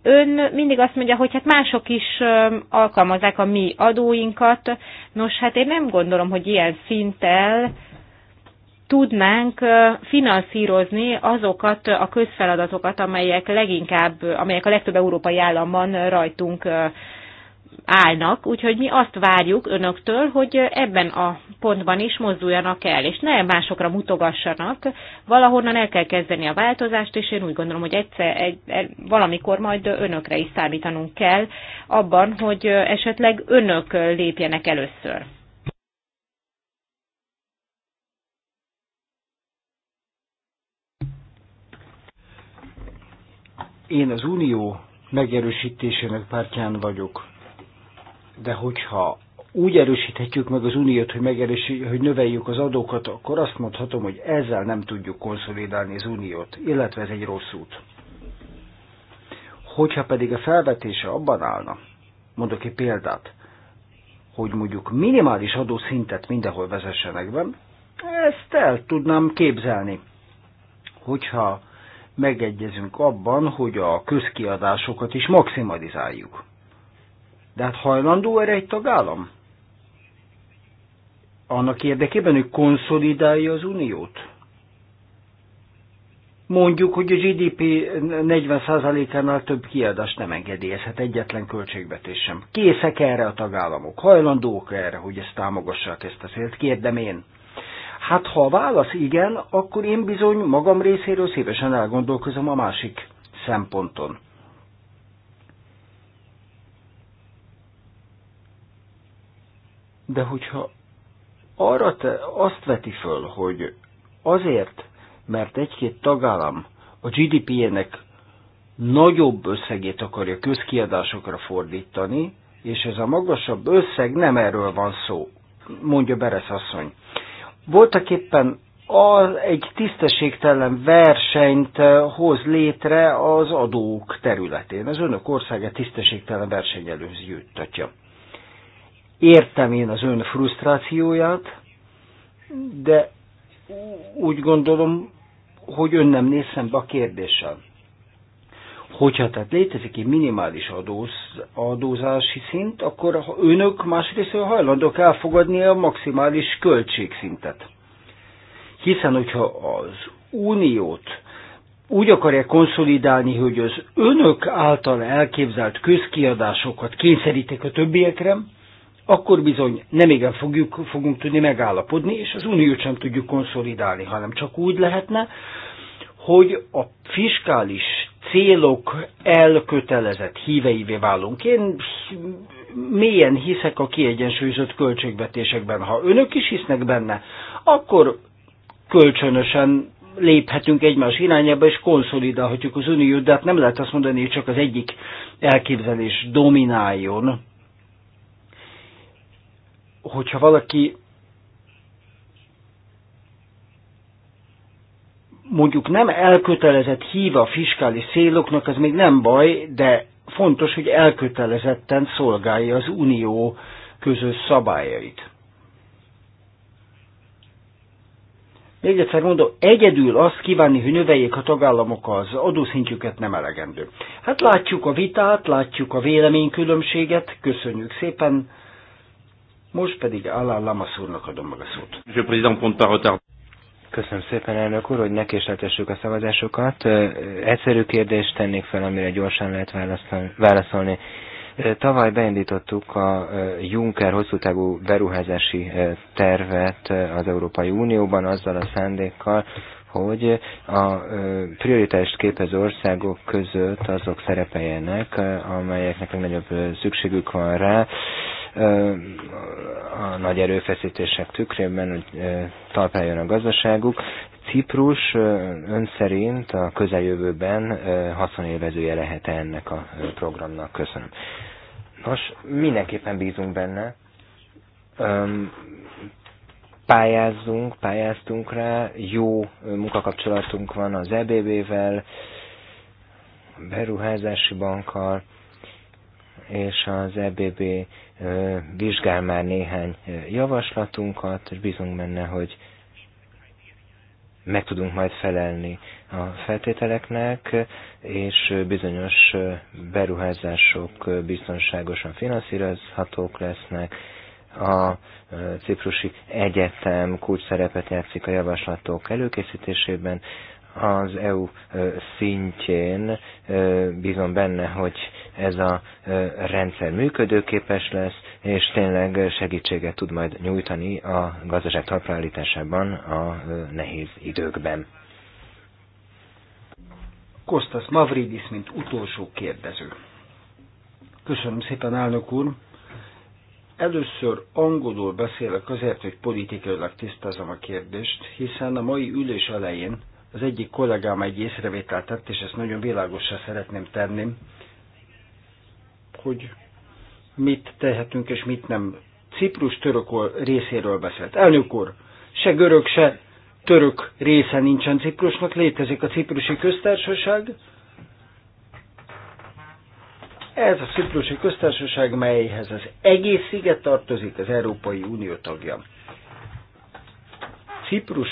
Ön mindig azt mondja, hogy hát mások is alkalmazzák a mi adóinkat. Nos, hát én nem gondolom, hogy ilyen szinttel tudnánk finanszírozni azokat a közfeladatokat, amelyek leginkább, amelyek a legtöbb európai államban rajtunk állnak, úgyhogy mi azt várjuk önöktől, hogy ebben a pontban is mozduljanak el, és ne másokra mutogassanak, valahonnan el kell kezdeni a változást, és én úgy gondolom, hogy egyszer, egy, egy, valamikor majd önökre is számítanunk kell abban, hogy esetleg önök lépjenek először. Én az Unió megerősítésének pártján vagyok de hogyha úgy erősíthetjük meg az uniót, hogy, hogy növeljük az adókat, akkor azt mondhatom, hogy ezzel nem tudjuk konszolidálni az uniót, illetve ez egy rossz út. Hogyha pedig a felvetése abban állna, mondok egy példát, hogy mondjuk minimális adószintet mindenhol vezessenek be, ezt el tudnám képzelni. Hogyha megegyezünk abban, hogy a közkiadásokat is maximalizáljuk. De hát hajlandó erre egy tagállam? Annak érdekében, hogy konszolidálja az uniót? Mondjuk, hogy a GDP 40%-ánál több kiadást nem engedélyezhet egyetlen költségvetés sem. Készek erre a tagállamok, hajlandók erre, hogy ezt támogassák ezt a szélt? kérdem én. Hát ha a válasz igen, akkor én bizony magam részéről szívesen elgondolkozom a másik szemponton. De hogyha arra te azt veti föl, hogy azért, mert egy-két tagállam a GDP-jének nagyobb összegét akarja közkiadásokra fordítani, és ez a magasabb összeg nem erről van szó, mondja Beresz asszony. Voltak éppen a, egy tisztességtelen versenyt eh, hoz létre az adók területén. Az önök országa tisztességtelen versenyelőz juttatja. Értem én az ön frusztrációját, de úgy gondolom, hogy ön nem néz szembe a kérdéssel. Hogyha tehát létezik egy minimális adóz, adózási szint, akkor önök másrészt hajlandók elfogadni a maximális költségszintet. Hiszen, hogyha az uniót úgy akarja konszolidálni, hogy az önök által elképzelt közkiadásokat kényszerítik a többiekre, akkor bizony nem igen fogjuk, fogunk tudni megállapodni, és az uniót sem tudjuk konszolidálni, hanem csak úgy lehetne, hogy a fiskális célok elkötelezett híveivé válunk. Én mélyen hiszek a kiegyensúlyozott költségvetésekben. Ha önök is hisznek benne, akkor kölcsönösen léphetünk egymás irányába, és konszolidálhatjuk az uniót, de hát nem lehet azt mondani, hogy csak az egyik elképzelés domináljon hogyha valaki mondjuk nem elkötelezett híve a fiskáli széloknak, az még nem baj, de fontos, hogy elkötelezetten szolgálja az unió közös szabályait. Még egyszer mondom, egyedül azt kívánni, hogy növeljék a tagállamok az adószintjüket nem elegendő. Hát látjuk a vitát, látjuk a véleménykülönbséget, köszönjük szépen, most pedig Alá Lamasz úrnak adom meg a szót. Köszönöm szépen, elnök úr, hogy ne késleltessük a szavazásokat. Egyszerű kérdést tennék fel, amire gyorsan lehet válaszolni. Tavaly beindítottuk a Juncker hosszútávú beruházási tervet az Európai Unióban azzal a szándékkal, hogy a prioritást képező országok között azok szerepeljenek, amelyeknek legnagyobb szükségük van rá, a nagy erőfeszítések tükrében, hogy talpáljon a gazdaságuk. Ciprus ön szerint a közeljövőben haszonélvezője lehet -e ennek a programnak? Köszönöm. Nos, mindenképpen bízunk benne. Pályázzunk, pályáztunk rá, jó munkakapcsolatunk van az EBB-vel, beruházási bankkal, és az EBB vizsgál már néhány javaslatunkat, és bízunk benne, hogy meg tudunk majd felelni a feltételeknek, és bizonyos beruházások biztonságosan finanszírozhatók lesznek. A Ciprusi Egyetem kulcs szerepet játszik a javaslatok előkészítésében, az EU szintjén. Bízom benne, hogy ez a rendszer működőképes lesz, és tényleg segítséget tud majd nyújtani a gazdaság talpraállításában a nehéz időkben. Kostas Mavridis, mint utolsó kérdező. Köszönöm szépen, elnök úr! Először angolul beszélek azért, hogy politikailag tisztázom a kérdést, hiszen a mai ülés elején az egyik kollégám egy észrevételt tett, és ezt nagyon világosan szeretném tenni, hogy mit tehetünk és mit nem. Ciprus török részéről beszélt. Elnök úr, se görög, se török része nincsen Ciprusnak, létezik a ciprusi köztársaság. Ez a ciprusi köztársaság, melyhez az egész sziget tartozik, az Európai Unió tagja. Ciprus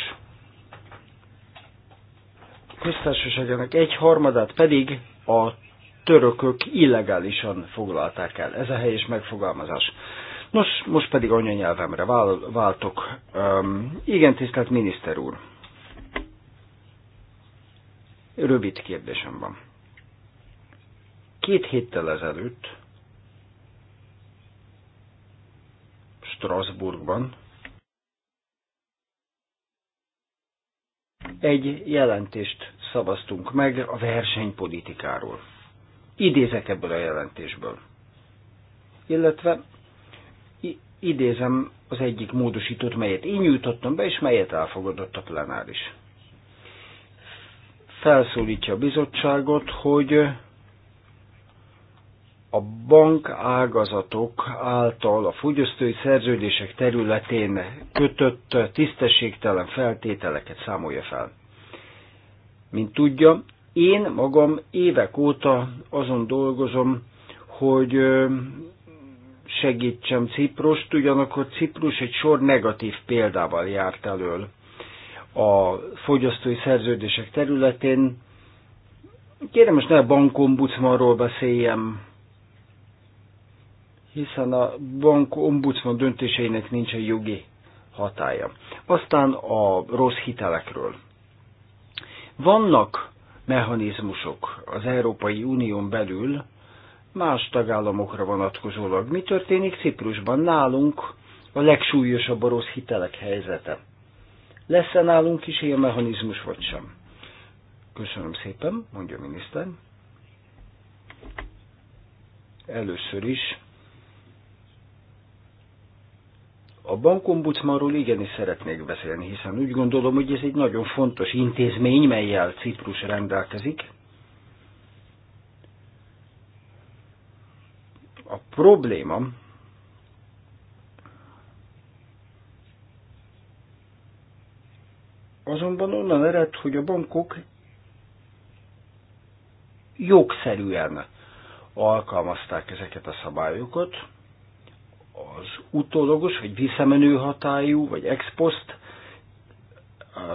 köztársaságának egy harmadát pedig a törökök illegálisan foglalták el. Ez a helyes megfogalmazás. Nos, most pedig anyanyelvemre vál, váltok. Um, igen, tisztelt miniszter úr. Rövid kérdésem van. Két héttel ezelőtt Strasbourgban egy jelentést szavaztunk meg a versenypolitikáról. Idézek ebből a jelentésből. Illetve idézem az egyik módosítót, melyet én nyújtottam be, és melyet elfogadott a plenáris. Felszólítja a bizottságot, hogy a bank ágazatok által a fogyasztói szerződések területén kötött tisztességtelen feltételeket számolja fel. Mint tudja, én magam évek óta azon dolgozom, hogy segítsem Ciprust, ugyanakkor Ciprus egy sor negatív példával járt elől a fogyasztói szerződések területén. Kérem, most ne a bankombudsmanról beszéljem, hiszen a bank ombudsman döntéseinek nincsen jogi hatája. Aztán a rossz hitelekről. Vannak mechanizmusok az Európai Unión belül más tagállamokra vonatkozólag. Mi történik Ciprusban? Nálunk a legsúlyosabb a rossz hitelek helyzete. Lesz-e nálunk is ilyen mechanizmus, vagy sem? Köszönöm szépen, mondja a miniszter. Először is A bankombudsmanról igenis szeretnék beszélni, hiszen úgy gondolom, hogy ez egy nagyon fontos intézmény, melyel Ciprus rendelkezik. A probléma, azonban onnan ered, hogy a bankok jogszerűen alkalmazták ezeket a szabályokat, az utólagos, vagy visszamenő hatályú, vagy ex post,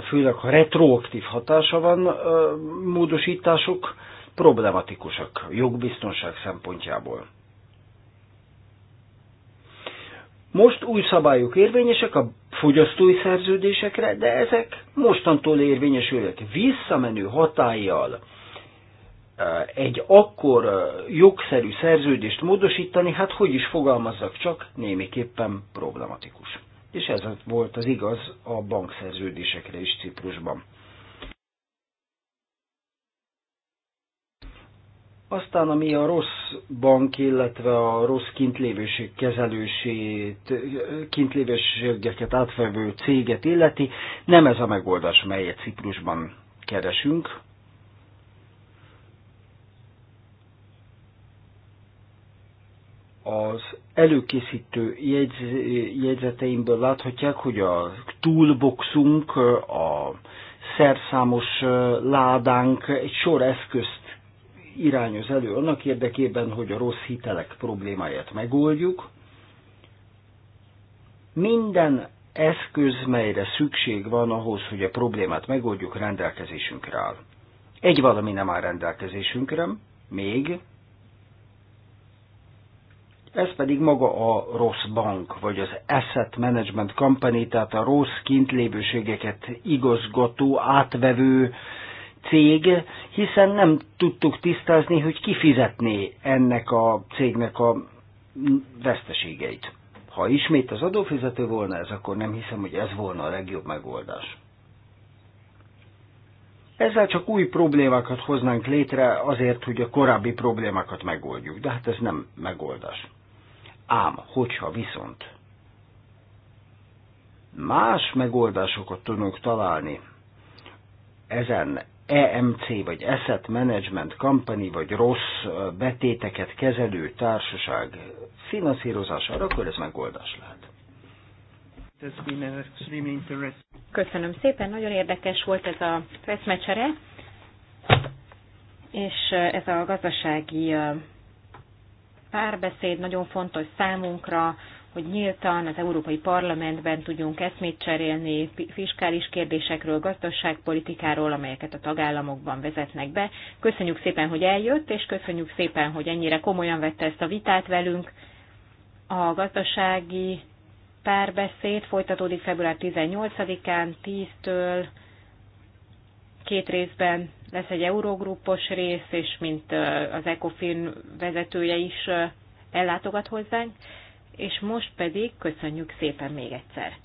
főleg ha retroaktív hatása van módosítások, problematikusak jogbiztonság szempontjából. Most új szabályok érvényesek a fogyasztói szerződésekre, de ezek mostantól érvényesülnek. Visszamenő hatállyal egy akkor jogszerű szerződést módosítani, hát hogy is fogalmazzak csak, némiképpen problematikus. És ez volt az igaz a bankszerződésekre is Ciprusban. Aztán, ami a rossz bank, illetve a rossz kintlévőség kezelősét, kintlévőségeket átvevő céget illeti, nem ez a megoldás, melyet Ciprusban keresünk, az előkészítő jegyz, jegyzeteimből láthatják, hogy a toolboxunk, a szerszámos ládánk egy sor eszközt irányoz elő annak érdekében, hogy a rossz hitelek problémáját megoldjuk. Minden eszköz, melyre szükség van ahhoz, hogy a problémát megoldjuk, rendelkezésünkre áll. Egy valami nem áll rendelkezésünkre, még ez pedig maga a rossz bank, vagy az Asset Management Company, tehát a rossz kintlévőségeket igazgató, átvevő cég, hiszen nem tudtuk tisztázni, hogy ki fizetné ennek a cégnek a veszteségeit. Ha ismét az adófizető volna ez, akkor nem hiszem, hogy ez volna a legjobb megoldás. Ezzel csak új problémákat hoznánk létre azért, hogy a korábbi problémákat megoldjuk, de hát ez nem megoldás. Ám, hogyha viszont más megoldásokat tudunk találni ezen EMC vagy Asset Management Company vagy rossz betéteket kezelő társaság finanszírozására, akkor ez megoldás lehet. Köszönöm szépen, nagyon érdekes volt ez a feszmecsere, és ez a gazdasági párbeszéd nagyon fontos számunkra, hogy nyíltan az Európai Parlamentben tudjunk eszmét cserélni fiskális kérdésekről, gazdaságpolitikáról, amelyeket a tagállamokban vezetnek be. Köszönjük szépen, hogy eljött, és köszönjük szépen, hogy ennyire komolyan vette ezt a vitát velünk. A gazdasági párbeszéd folytatódik február 18-án, 10-től két részben lesz egy eurogrupos rész, és mint az ECOFIN vezetője is ellátogat hozzánk, és most pedig köszönjük szépen még egyszer.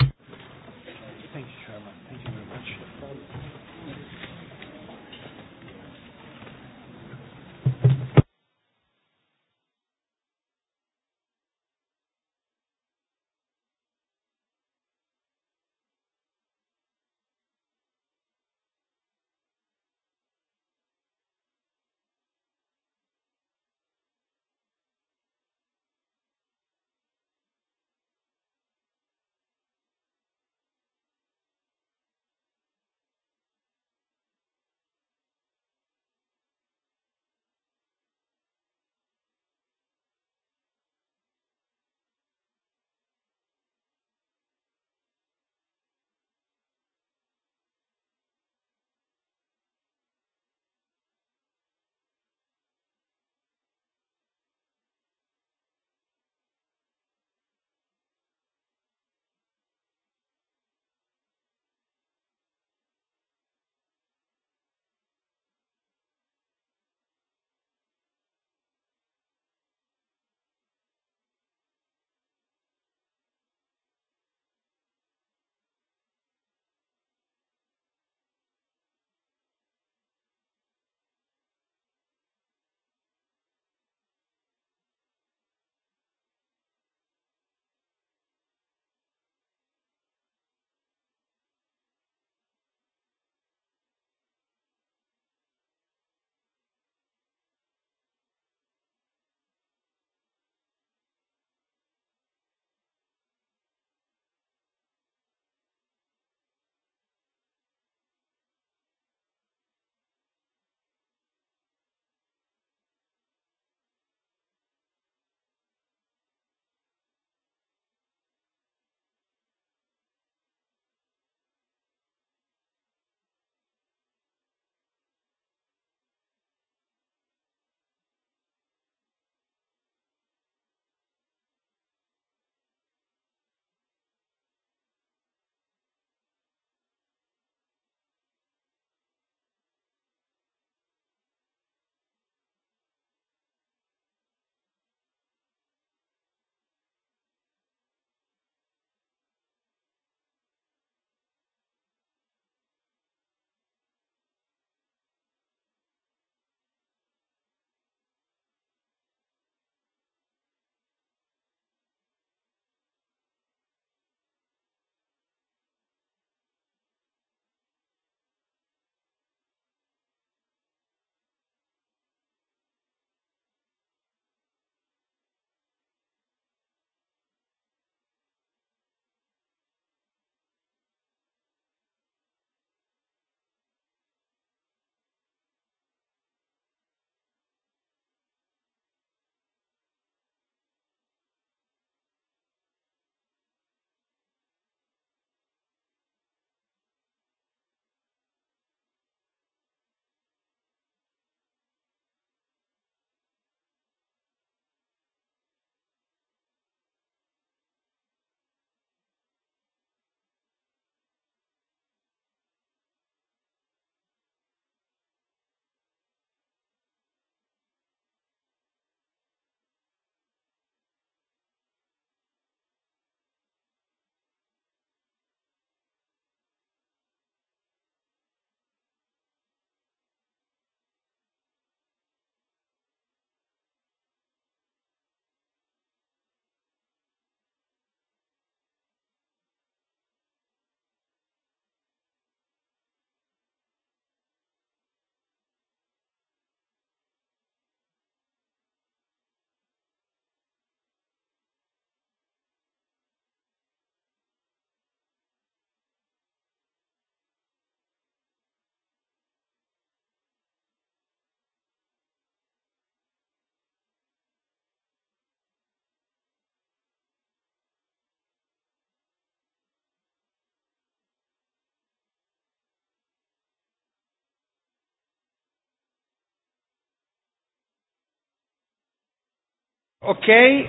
Okay,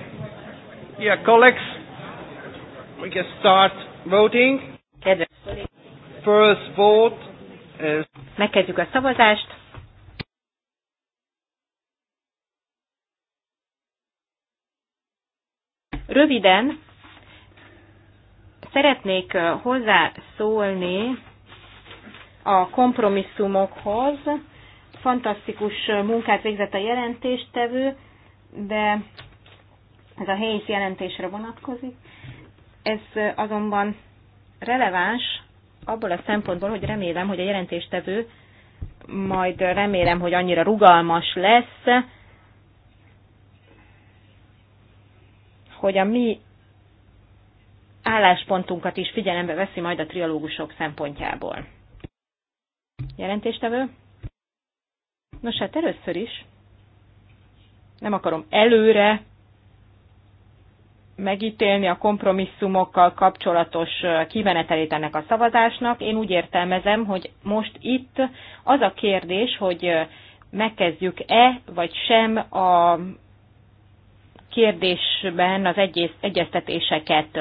yeah, colleagues, we can start voting. First vote is... Megkezdjük a szavazást. Röviden szeretnék uh, hozzászólni a kompromisszumokhoz. Fantasztikus uh, munkát végzett a jelentéstevő, de ez a helyi jelentésre vonatkozik. Ez azonban releváns abból a szempontból, hogy remélem, hogy a jelentéstevő majd remélem, hogy annyira rugalmas lesz, hogy a mi álláspontunkat is figyelembe veszi majd a trialógusok szempontjából. Jelentéstevő? Nos hát először is nem akarom előre megítélni a kompromisszumokkal kapcsolatos kimenetelét ennek a szavazásnak. Én úgy értelmezem, hogy most itt az a kérdés, hogy megkezdjük-e vagy sem a kérdésben az egyes egyeztetéseket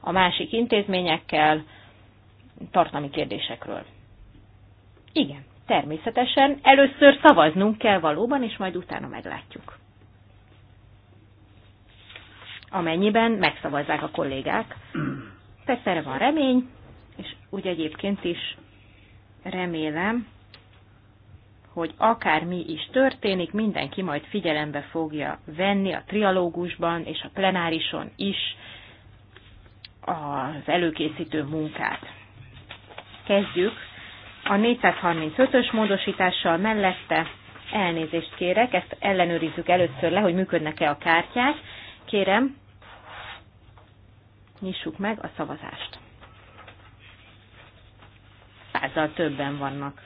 a másik intézményekkel, tartalmi kérdésekről. Igen, természetesen először szavaznunk kell valóban, és majd utána meglátjuk amennyiben megszavazzák a kollégák. Persze erre van remény, és úgy egyébként is remélem, hogy akármi is történik, mindenki majd figyelembe fogja venni a trialógusban és a plenárison is az előkészítő munkát. Kezdjük a 435-ös módosítással mellette elnézést kérek, ezt ellenőrizzük először le, hogy működnek-e a kártyák. Kérem, Nyissuk meg a szavazást. Százal többen vannak.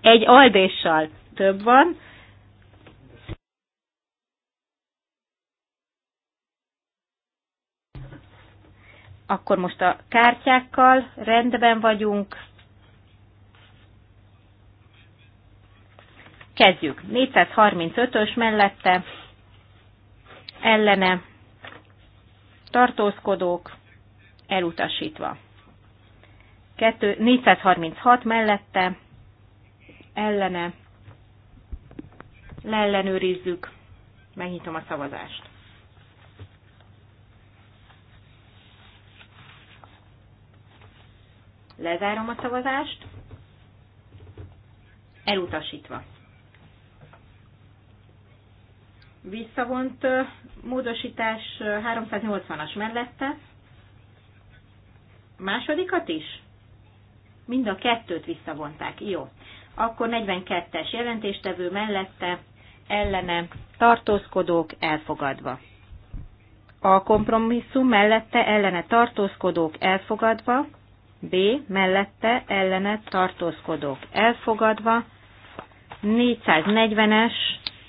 Egy aldéssal több van, akkor most a kártyákkal rendben vagyunk, Kezdjük. 435-ös mellette ellene tartózkodók elutasítva. 436 mellette ellene leellenőrizzük, megnyitom a szavazást. Lezárom a szavazást, elutasítva. visszavont módosítás 380-as mellette. Másodikat is? Mind a kettőt visszavonták. Jó. Akkor 42-es jelentéstevő mellette ellene tartózkodók elfogadva. A kompromisszum mellette ellene tartózkodók elfogadva. B. Mellette ellene tartózkodók elfogadva. 440-es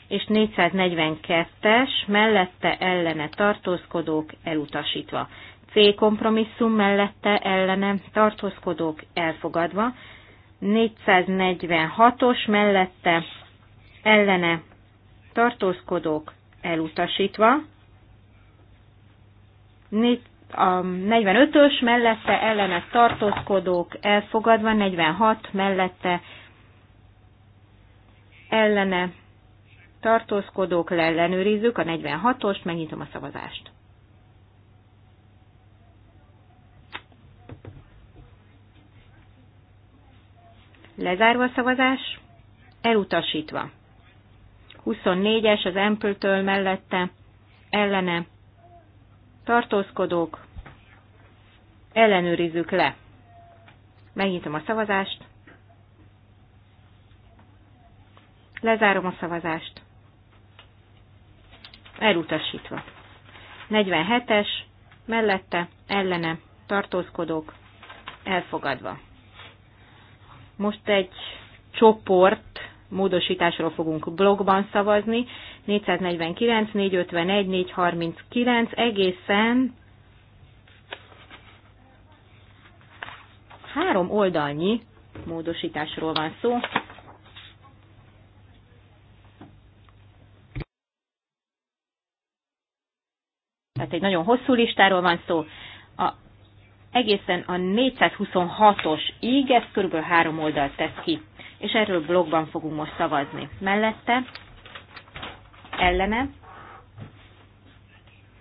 és 442-es mellette ellene tartózkodók elutasítva. C kompromisszum mellette ellene tartózkodók elfogadva, 446-os mellette ellene tartózkodók elutasítva, a 45-ös mellette ellene tartózkodók elfogadva, 46 mellette ellene tartózkodók leellenőrizzük a 46-ost, megnyitom a szavazást. Lezárva a szavazás, elutasítva. 24-es az Ample-től mellette, ellene, tartózkodók, ellenőrizzük le. Megnyitom a szavazást. Lezárom a szavazást elutasítva. 47-es, mellette, ellene, tartózkodók, elfogadva. Most egy csoport módosításról fogunk blogban szavazni, 449, 451, 439, egészen három oldalnyi módosításról van szó, tehát egy nagyon hosszú listáról van szó. A, egészen a 426-os íg, ez kb. három oldalt tesz ki, és erről blogban fogunk most szavazni. Mellette, ellene,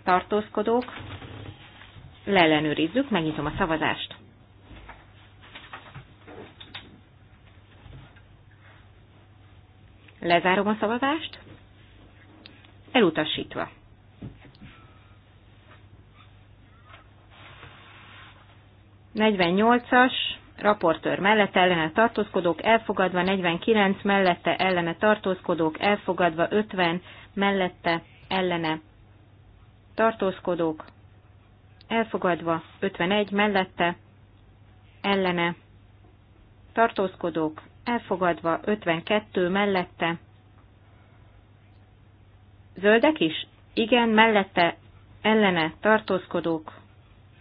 tartózkodók, leellenőrizzük, megnyitom a szavazást. Lezárom a szavazást, elutasítva. 48-as, raportőr mellette ellene tartózkodók elfogadva, 49 mellette ellene tartózkodók elfogadva, 50 mellette ellene tartózkodók elfogadva, 51 mellette ellene tartózkodók elfogadva, 52 mellette zöldek is, igen, mellette ellene tartózkodók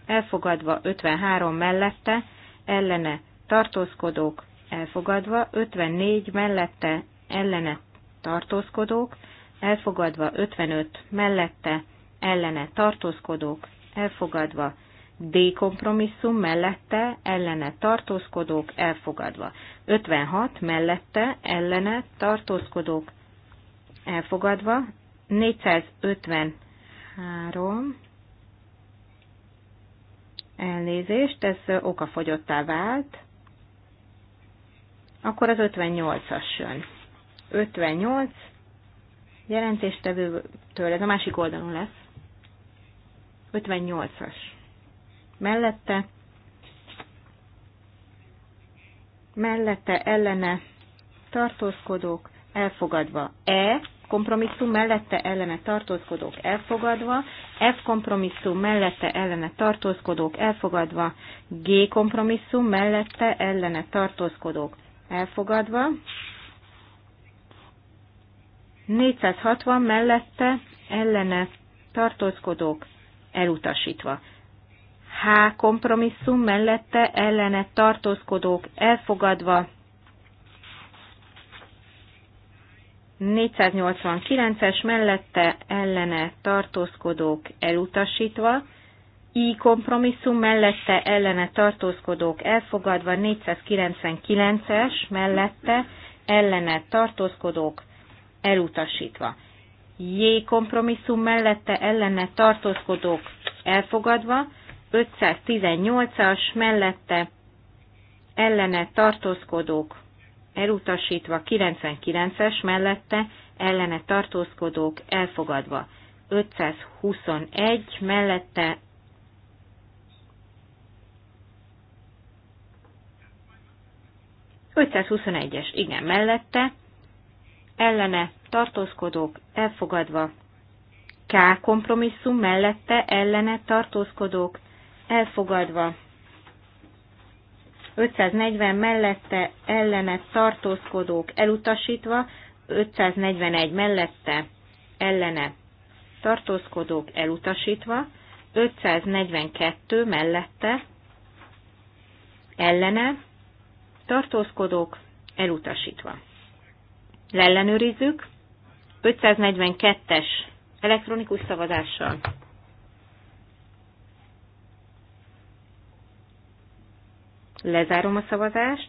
elfogadva 53 mellette, ellene tartózkodók, elfogadva 54 mellette, ellene tartózkodók, elfogadva 55 mellette, ellene tartózkodók, elfogadva D kompromisszum mellette, ellene tartózkodók, elfogadva 56 mellette, ellene tartózkodók, elfogadva 453 elnézést, ez okafogyottá vált, akkor az 58-as jön. 58 jelentéstevőtől, ez a másik oldalon lesz. 58-as. Mellette, mellette ellene tartózkodók elfogadva E, kompromisszum mellette ellene tartózkodók elfogadva, F kompromisszum mellette ellene tartózkodók elfogadva, G kompromisszum mellette ellene tartózkodók elfogadva, 460 mellette ellene tartózkodók elutasítva. H kompromisszum mellette ellene tartózkodók elfogadva, 489-es mellette ellene tartózkodók elutasítva, I kompromisszum mellette ellene tartózkodók elfogadva, 499-es mellette ellene tartózkodók elutasítva. J kompromisszum mellette ellene tartózkodók elfogadva, 518-as mellette ellene tartózkodók elutasítva 99-es mellette ellene tartózkodók elfogadva 521 mellette es igen, mellette, ellene tartózkodók elfogadva, K kompromisszum mellette ellene tartózkodók elfogadva, 540 mellette ellene tartózkodók elutasítva, 541 mellette ellene tartózkodók elutasítva, 542 mellette ellene tartózkodók elutasítva. Leellenőrizzük 542-es elektronikus szavazással. Lezárom a szavazást.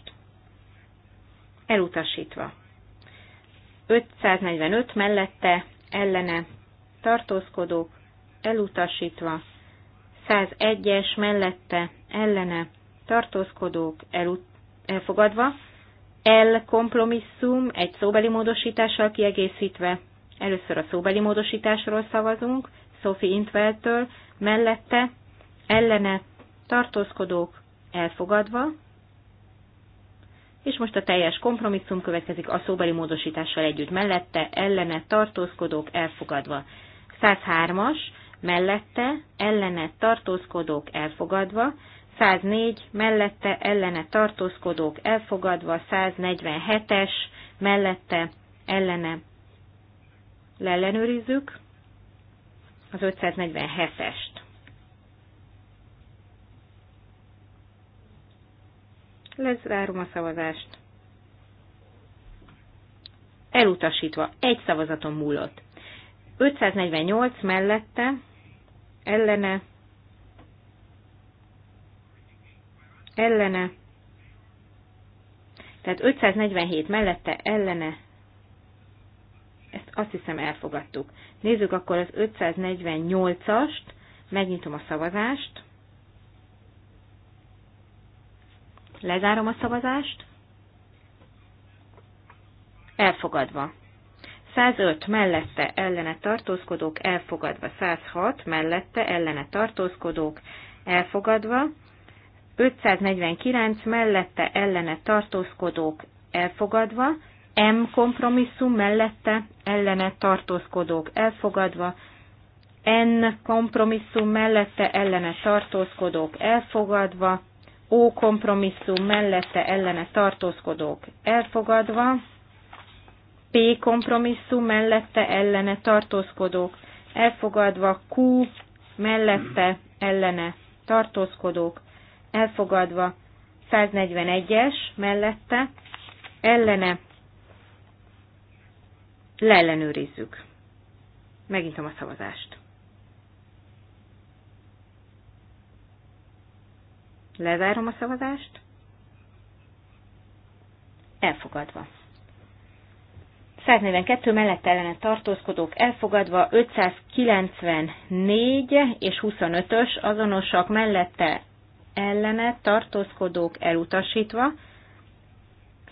Elutasítva. 545 mellette, ellene, tartózkodók, elutasítva. 101-es mellette, ellene, tartózkodók, elut- elfogadva. El kompromisszum egy szóbeli módosítással kiegészítve. Először a szóbeli módosításról szavazunk, Sophie Intveltől, mellette, ellene, tartózkodók, elfogadva, és most a teljes kompromisszum következik a szóbeli módosítással együtt mellette, ellene tartózkodók elfogadva. 103-as mellette, ellene tartózkodók elfogadva, 104 mellette, ellene tartózkodók elfogadva, 147-es mellette, ellene leellenőrizzük az 547-est. Lezárom a szavazást. Elutasítva. Egy szavazaton múlott. 548 mellette, ellene, ellene, tehát 547 mellette, ellene, ezt azt hiszem elfogadtuk. Nézzük akkor az 548-ast, megnyitom a szavazást, Lezárom a szavazást. Elfogadva. 105 mellette ellene tartózkodók, elfogadva 106 mellette ellene tartózkodók, elfogadva 549 mellette ellene tartózkodók, elfogadva M kompromisszum mellette ellene tartózkodók, elfogadva N kompromisszum mellette ellene tartózkodók, elfogadva O kompromisszum mellette ellene tartózkodók elfogadva, P kompromisszum mellette ellene tartózkodók elfogadva, Q mellette ellene tartózkodók elfogadva, 141-es mellette ellene leellenőrizzük. Megintom a szavazást. Lezárom a szavazást. Elfogadva. 142 mellett ellene tartózkodók elfogadva, 594 és 25-ös azonosak mellette ellene tartózkodók elutasítva,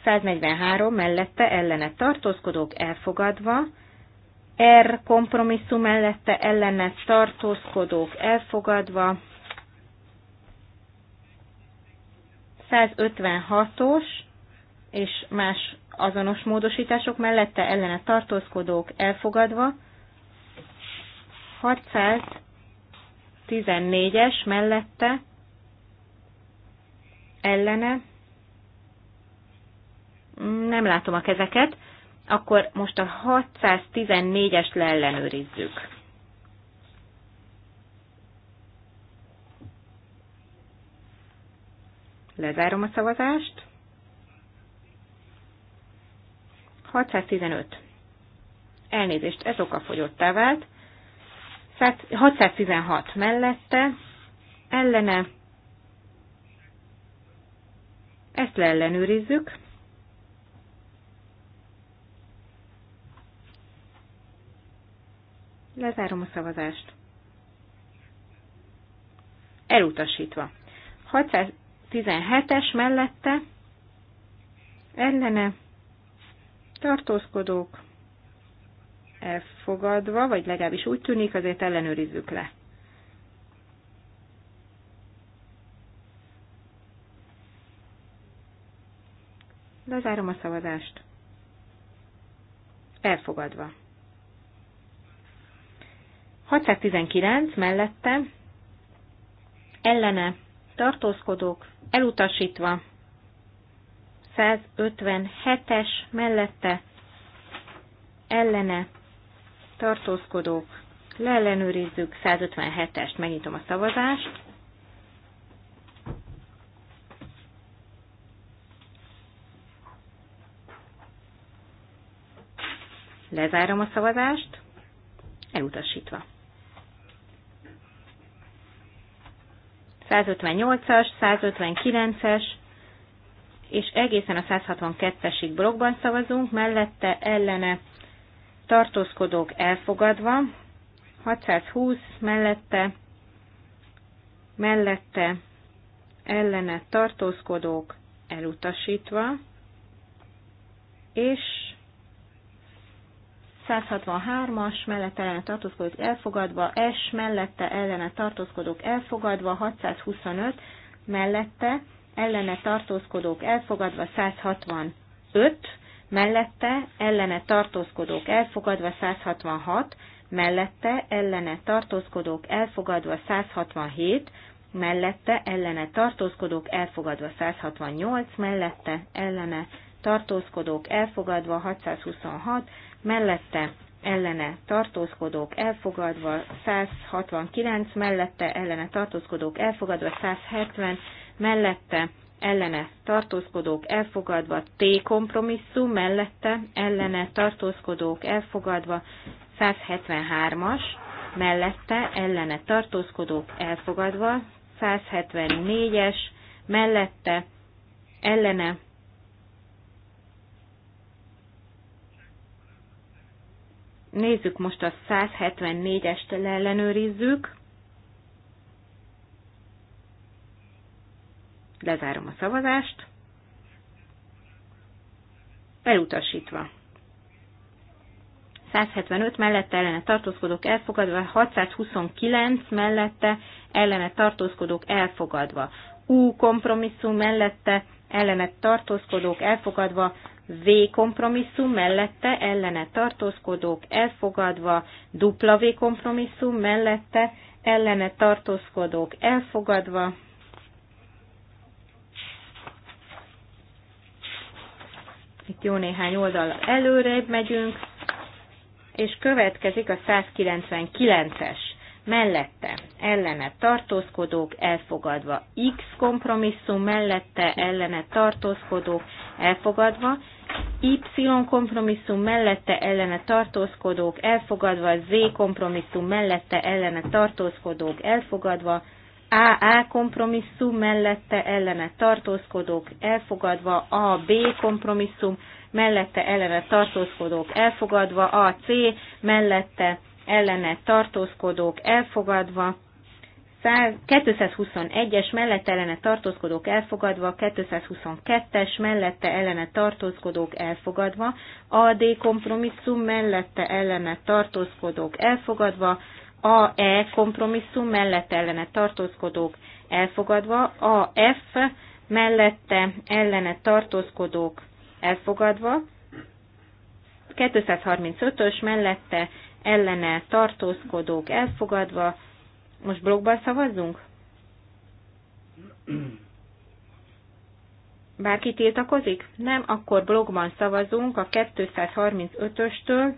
143 mellette ellene tartózkodók elfogadva, R kompromisszum mellette ellene tartózkodók elfogadva, 156-os és más azonos módosítások mellette ellene tartózkodók elfogadva, 614-es mellette ellene, nem látom a kezeket, akkor most a 614-est leellenőrizzük. Lezárom a szavazást. 615. Elnézést, ez fogyottá vált. 616 mellette, ellene, ezt leellenőrizzük. Lezárom a szavazást. Elutasítva. 600 17-es mellette ellene tartózkodók elfogadva, vagy legalábbis úgy tűnik, azért ellenőrizzük le. Lezárom a szavazást. Elfogadva. 619 mellette ellene tartózkodók elutasítva. 157-es mellette ellene tartózkodók. Leellenőrizzük 157-est, megnyitom a szavazást. Lezárom a szavazást, elutasítva. 158-as, 159-es, és egészen a 162-esig blogban szavazunk, mellette ellene tartózkodók elfogadva, 620 mellette, mellette ellene tartózkodók elutasítva, és 163-as mellette ellene tartózkodók elfogadva, S mellette ellene tartózkodók elfogadva, 625 mellette ellene tartózkodók elfogadva, 165 mellette ellene tartózkodók elfogadva, 166 mellette ellene tartózkodók elfogadva, 167 mellette ellene tartózkodók elfogadva 168, mellette ellene tartózkodók elfogadva 626, mellette ellene tartózkodók elfogadva 169, mellette ellene tartózkodók elfogadva 170, mellette ellene tartózkodók elfogadva T kompromisszum, mellette ellene tartózkodók elfogadva 173-as, mellette ellene tartózkodók elfogadva 174-es, mellette ellene Nézzük most a 174-est ellenőrizzük. Lezárom a szavazást. Elutasítva. 175 mellette ellene tartózkodók elfogadva, 629 mellette ellene tartózkodók elfogadva. Ú. kompromisszum mellette ellene tartózkodók elfogadva, V kompromisszum mellette ellene tartózkodók elfogadva, dupla v kompromisszum mellette ellene tartózkodók elfogadva, itt jó néhány oldal előrébb megyünk, és következik a 199-es mellette ellene tartózkodók elfogadva, X kompromisszum mellette ellene tartózkodók elfogadva, Y kompromisszum mellette ellene tartózkodók elfogadva, Z kompromisszum mellette ellene tartózkodók elfogadva, AA kompromisszum mellette ellene tartózkodók elfogadva, AB kompromisszum mellette ellene tartózkodók elfogadva, AC mellette ellene tartózkodók elfogadva, 221-es mellette ellene tartózkodók elfogadva, 222-es mellette ellene tartózkodók elfogadva, AD kompromisszum mellette ellene tartózkodók elfogadva, AE kompromisszum mellette ellene tartózkodók elfogadva, AF mellette ellene tartózkodók elfogadva, 235-ös mellette ellene tartózkodók elfogadva. Most blogban szavazzunk? Bárki tiltakozik? Nem, akkor blogban szavazunk a 235-östől.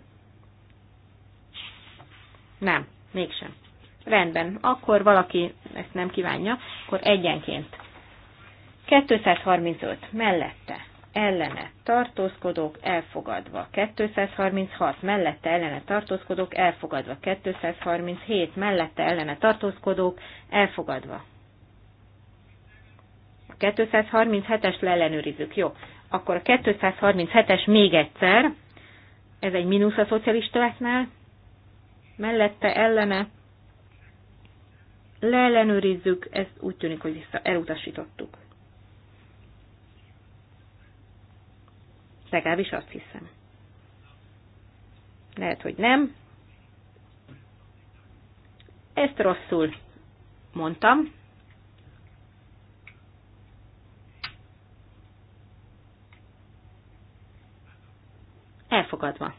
Nem, mégsem. Rendben, akkor valaki ezt nem kívánja, akkor egyenként. 235 mellette ellene tartózkodók elfogadva, 236 mellette ellene tartózkodók elfogadva, 237 mellette ellene tartózkodók elfogadva. A 237-es leellenőrizzük, jó. Akkor a 237-es még egyszer, ez egy mínusz a szocialistáknál, mellette ellene leellenőrizzük, ezt úgy tűnik, hogy vissza elutasítottuk. Legalábbis azt hiszem. Lehet, hogy nem. Ezt rosszul mondtam. Elfogadva.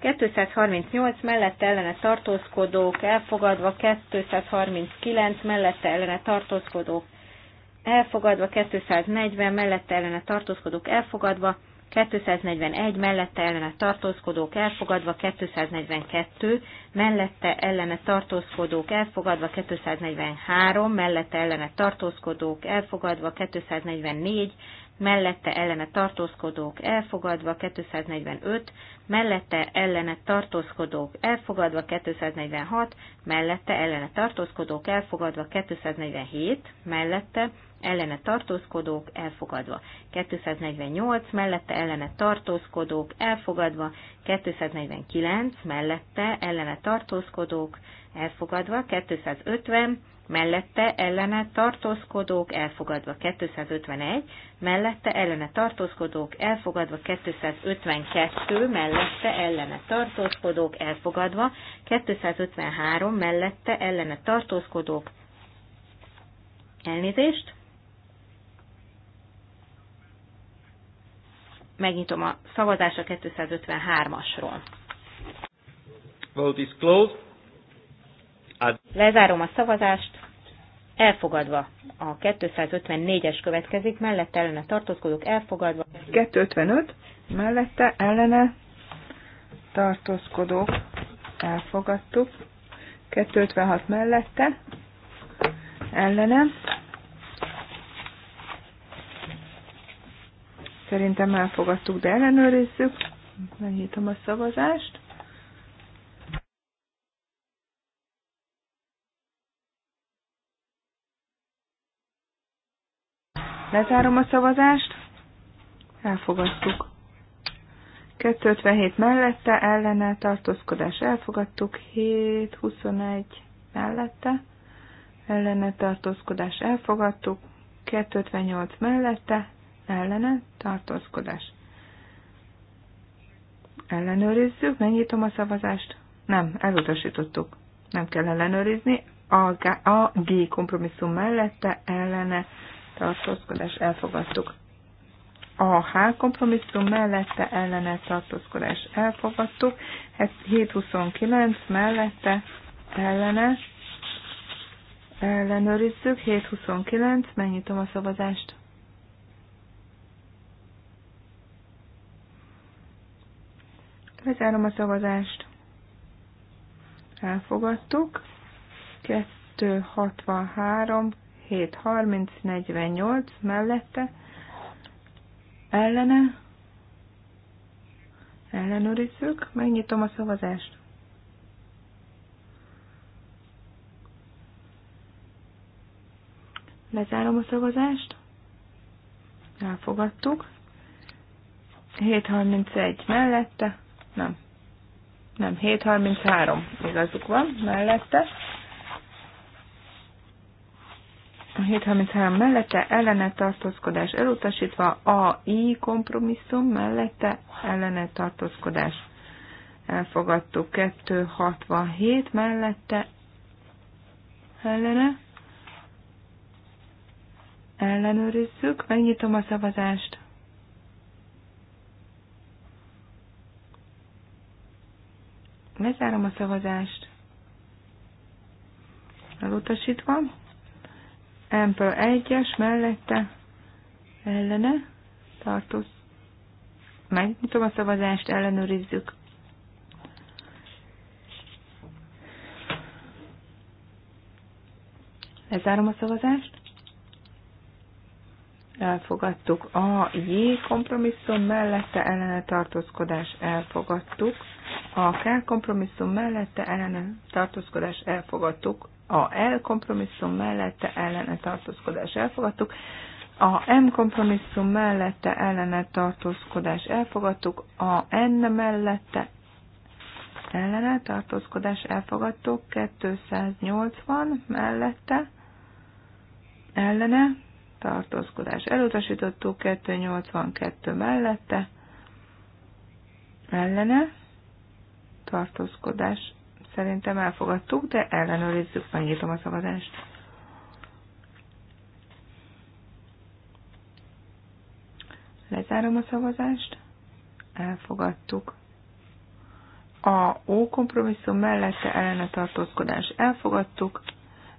238 mellette ellene tartózkodók elfogadva, 239 mellette ellene tartózkodók elfogadva, 240 mellette ellene tartózkodók elfogadva, 241 mellette ellene tartózkodók elfogadva, 242 mellette ellene tartózkodók elfogadva, 243 mellette ellene tartózkodók elfogadva, 244 mellette ellene tartózkodók elfogadva 245, mellette ellene tartózkodók elfogadva 246, mellette ellene tartózkodók elfogadva 247, mellette ellene tartózkodók elfogadva 248, mellette ellene tartózkodók elfogadva 249, mellette ellene tartózkodók elfogadva 250, mellette ellene tartózkodók elfogadva 251, mellette ellene tartózkodók elfogadva 252, mellette ellene tartózkodók elfogadva 253, mellette ellene tartózkodók elnézést. Megnyitom a szavazás a 253-asról. Vote is closed. Lezárom a szavazást. Elfogadva. A 254-es következik, mellette ellene tartózkodók elfogadva. 255, mellette ellene tartózkodók elfogadtuk. 256 mellette ellene. Szerintem elfogadtuk, de ellenőrizzük. Megnyitom a szavazást. Lezárom a szavazást. Elfogadtuk. 257 mellette, ellene, tartózkodás elfogadtuk. 721 mellette, ellene, tartózkodás elfogadtuk. 258 mellette, ellene, tartózkodás. Ellenőrizzük, megnyitom a szavazást. Nem, elutasítottuk. Nem kell ellenőrizni. A G, kompromisszum mellette, ellene, tartózkodás elfogadtuk. A H kompromisszum mellette ellene tartózkodás elfogadtuk, 729 mellette ellene ellenőrizzük, 729, megnyitom a szavazást. Lezárom a szavazást. Elfogadtuk. 263 30, 48 mellette ellene ellenőrizzük, megnyitom a szavazást. Lezárom a szavazást. Elfogadtuk. 7.31 mellette. Nem. Nem, 7.33 igazuk van mellette. 733 mellette ellene tartózkodás elutasítva, a i kompromisszum mellette ellene tartózkodás elfogadtuk, 267 mellette ellene ellenőrizzük, megnyitom a szavazást. Lezárom a szavazást. Elutasítva. Ample 1-es mellette ellene tartoz. Megnyitom a szavazást, ellenőrizzük. Lezárom a szavazást. Elfogadtuk a J kompromisszum mellette ellene tartózkodás elfogadtuk. A K kompromisszum mellette ellene tartózkodás elfogadtuk. A L kompromisszum mellette ellene tartózkodás elfogadtuk. A M kompromisszum mellette ellene tartózkodás elfogadtuk. A N mellette ellene tartózkodás elfogadtuk. 280 mellette ellene tartózkodás elutasítottuk. 282 mellette ellene tartózkodás Szerintem elfogadtuk, de ellenőrizzük, megnyitom a szavazást. Lezárom a szavazást. Elfogadtuk. A O kompromisszum mellette ellene tartózkodás elfogadtuk.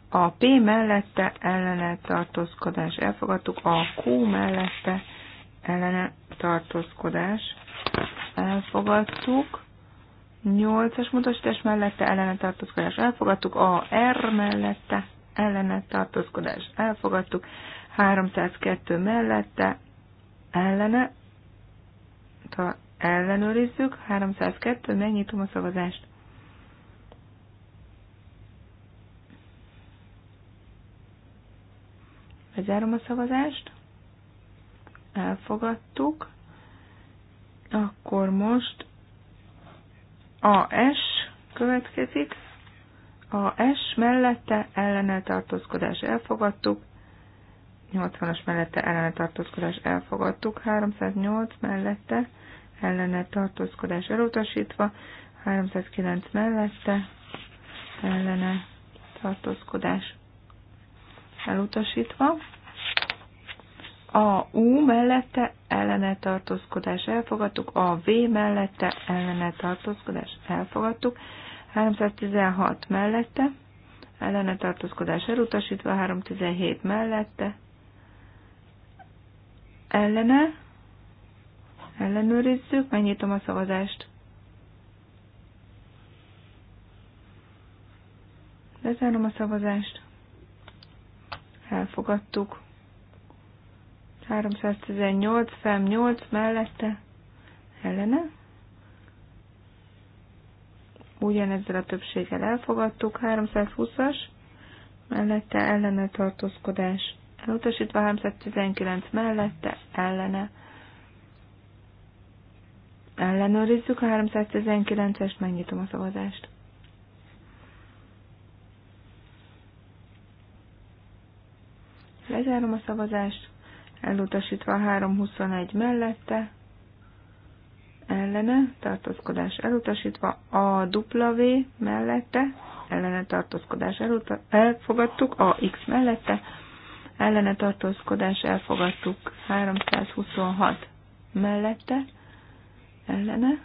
A P mellette ellene tartózkodás elfogadtuk. A Q mellette ellene tartózkodás elfogadtuk. 8-as módosítás mellette ellene tartózkodás elfogadtuk, R mellette ellene tartózkodás elfogadtuk, 302 mellette ellene, ha ellenőrizzük, 302, megnyitom a szavazást. Bezárom a szavazást. Elfogadtuk. Akkor most AS következik. AS mellette ellene tartózkodás elfogadtuk. 80-as mellette ellene tartózkodás elfogadtuk. 308 mellette ellene tartózkodás elutasítva. 309 mellette ellene tartózkodás elutasítva. A U mellette ellene tartózkodás elfogadtuk, a V mellette ellene tartózkodás elfogadtuk, 316 mellette ellene tartózkodás elutasítva, 317 mellette ellene ellenőrizzük, megnyitom a szavazást. Lezárom a szavazást. Elfogadtuk. 318, FEM 8 mellette ellene. Ugyanezzel a többséggel elfogadtuk. 320-as mellette ellene tartózkodás. Elutasítva 319 mellette ellene. Ellenőrizzük a 319-est, megnyitom a szavazást. Lezárom a szavazást elutasítva 321 mellette, ellene, tartózkodás elutasítva, a V mellette, ellene tartózkodás eluta, elfogadtuk, a X mellette, ellene tartózkodás elfogadtuk, 326 mellette, ellene,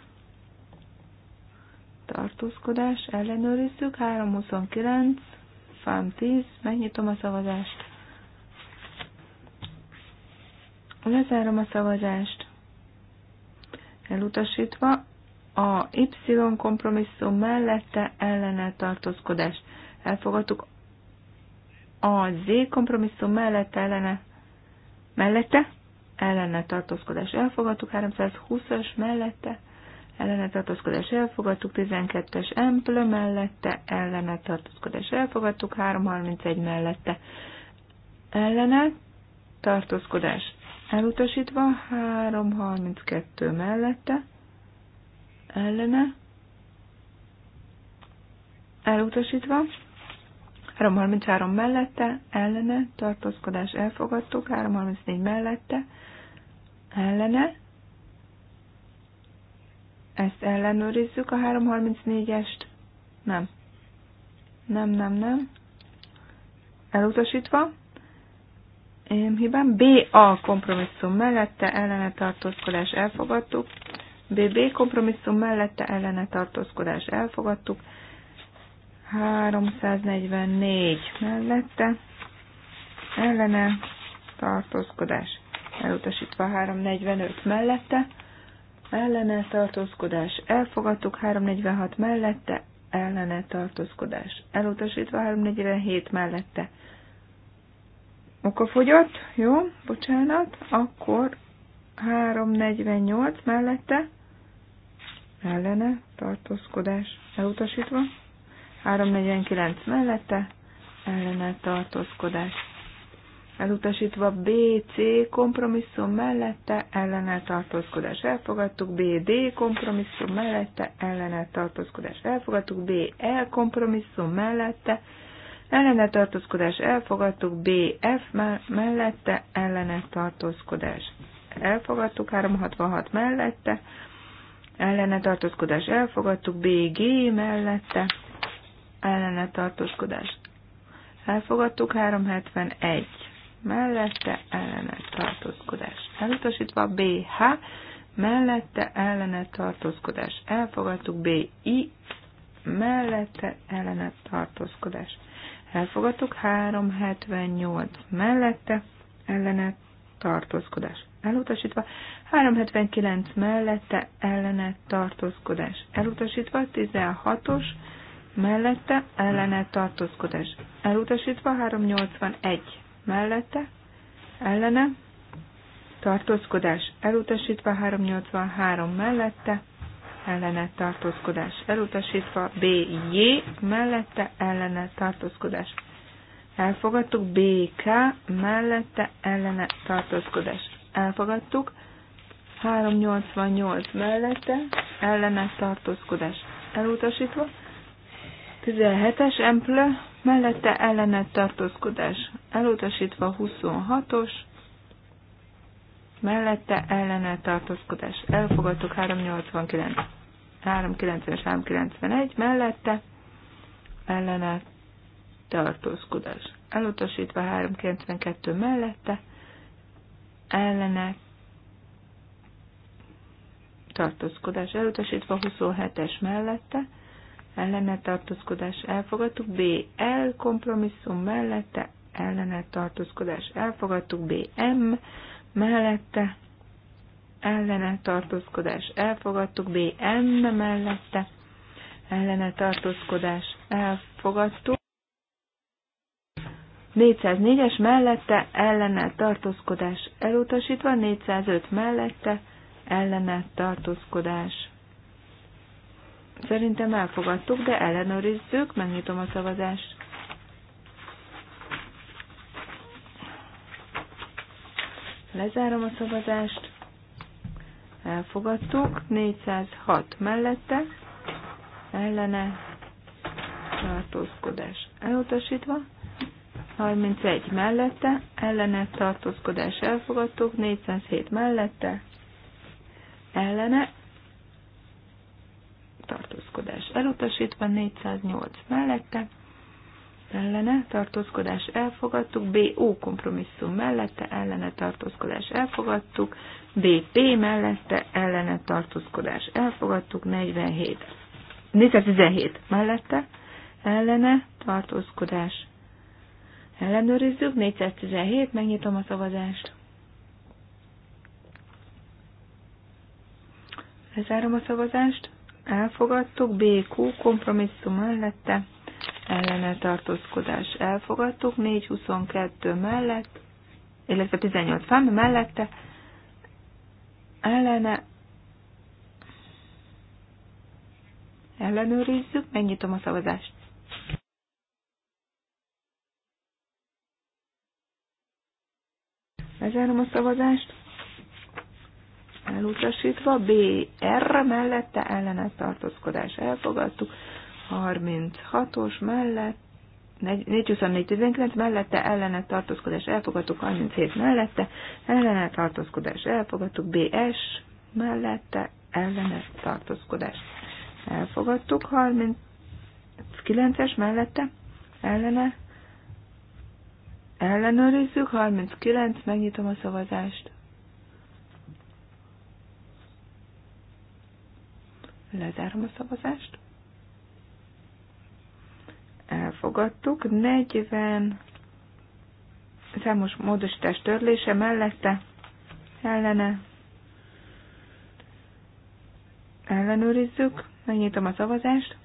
tartózkodás ellenőrizzük, 329, fám 10, megnyitom a szavazást, Lezárom a szavazást. Elutasítva a Y kompromisszum mellette ellene tartózkodást. Elfogadtuk a Z kompromisszum mellette ellene mellette ellene tartózkodást. Elfogadtuk 320-as mellette ellene tartózkodás. Elfogadtuk 12-es emplő mellette ellene tartózkodás. Elfogadtuk 331 mellette ellene tartózkodást elutasítva, 332 mellette, ellene, elutasítva, 333 mellette, ellene, tartózkodás elfogadtuk, 334 mellette, ellene, ezt ellenőrizzük a 334-est, nem, nem, nem, nem, elutasítva, hibám. B a kompromisszum mellette ellene tartózkodás elfogadtuk. BB kompromisszum mellette ellene tartózkodás elfogadtuk. 344 mellette ellene tartózkodás elutasítva 345 mellette ellene tartózkodás elfogadtuk 346 mellette ellene tartózkodás elutasítva 347 mellette okafogyott, jó, bocsánat, akkor 348 mellette ellene tartózkodás elutasítva, 349 mellette ellene tartózkodás elutasítva, BC kompromisszum mellette ellene tartózkodás elfogadtuk, BD kompromisszum mellette ellene tartózkodás elfogadtuk, BE kompromisszum mellette ellene tartózkodás elfogadtuk, BF mellette ellene tartózkodás elfogadtuk, 366 mellette ellene tartózkodás elfogadtuk, BG mellette ellene tartózkodás elfogadtuk, 371 mellette ellene tartózkodás elutasítva, BH mellette ellene tartózkodás elfogadtuk, BI mellette ellene tartózkodás elfogadtuk, 378 mellette ellene tartózkodás elutasítva, 379 mellette ellene tartózkodás elutasítva, 16-os mellette ellene tartózkodás elutasítva, 381 mellette ellene tartózkodás elutasítva, 383 mellette ellene tartózkodás elutasítva, B J. mellette ellene tartózkodás elfogadtuk, B K mellette ellene tartózkodás elfogadtuk, 388 mellette ellene tartózkodás elutasítva, 17-es emplő mellette ellene tartózkodás elutasítva, 26-os mellette ellene tartózkodás elfogadtuk, 389 390-es, 391 mellette ellene tartózkodás. Elutasítva 392 mellette ellene tartózkodás. Elutasítva 27-es mellette ellene tartózkodás elfogadtuk. BL kompromisszum mellette ellene tartózkodás elfogadtuk. BM mellette ellene tartózkodás elfogadtuk, BM mellette ellene tartózkodás elfogadtuk. 404-es mellette ellene tartózkodás elutasítva, 405 mellette ellene tartózkodás. Szerintem elfogadtuk, de ellenőrizzük, megnyitom a szavazást. Lezárom a szavazást elfogadtuk, 406 mellette, ellene tartózkodás elutasítva, 31 mellette, ellene tartózkodás elfogadtuk, 407 mellette, ellene tartózkodás elutasítva, 408 mellette, ellene tartózkodás elfogadtuk, O. kompromisszum mellette ellene tartózkodás elfogadtuk, BP mellette ellene tartózkodás elfogadtuk, 47. 417 mellette ellene tartózkodás ellenőrizzük, 417, megnyitom a szavazást. Lezárom a szavazást, elfogadtuk, BQ kompromisszum mellette ellene tartózkodás elfogadtuk, 422 mellett, illetve 18 fám mellette, ellene ellenőrizzük, megnyitom a szavazást. Lezárom a szavazást. Elutasítva, BR mellette ellenet tartózkodás elfogadtuk. 36-os mellett, 424-19 mellette ellene tartózkodás elfogadtuk, 37 mellette ellene tartózkodás elfogadtuk, BS mellette ellene tartózkodás elfogadtuk, 39-es mellette ellene ellenőrizzük, 39, megnyitom a szavazást. Lezárom a szavazást elfogadtuk. 40 számos módosítás törlése mellette ellene ellenőrizzük, megnyitom a szavazást.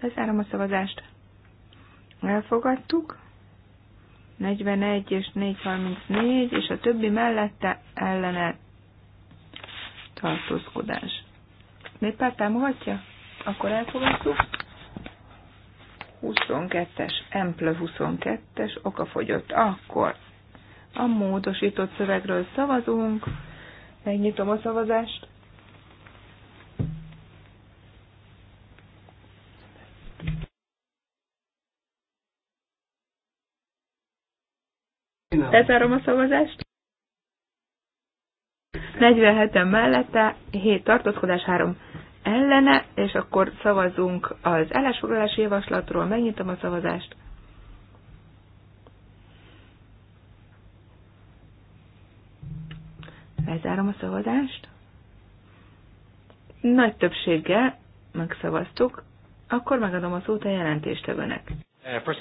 Lezárom a szavazást. Elfogadtuk. 41 és 434, és a többi mellette ellenet tartózkodás. Néppárt támogatja? Akkor elfogadjuk. 22-es, M 22-es, okafogyott. Akkor a módosított szövegről szavazunk. Megnyitom a szavazást. Lezárom a szavazást. 47-en mellette, 7 tartózkodás, 3 ellene, és akkor szavazunk az elásfoglalási javaslatról. Megnyitom a szavazást. Lezárom a szavazást. Nagy többséggel megszavaztuk, akkor megadom a szót a jelentéstevőnek. Uh,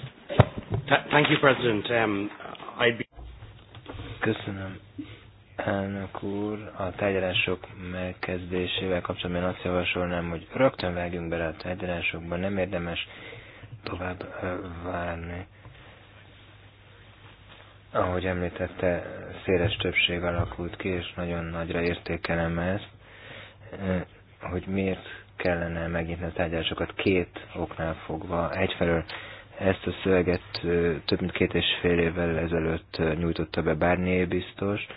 um, Köszönöm, Elnök úr, a tárgyalások megkezdésével kapcsolatban azt javasolnám, hogy rögtön vágjunk bele a tárgyalásokba, nem érdemes tovább várni. Ahogy említette, széles többség alakult ki, és nagyon nagyra értékelem ezt, hogy miért kellene megnyitni a tárgyalásokat két oknál fogva. Egyfelől ezt a szöveget több mint két és fél évvel ezelőtt nyújtotta be bármilyen biztos,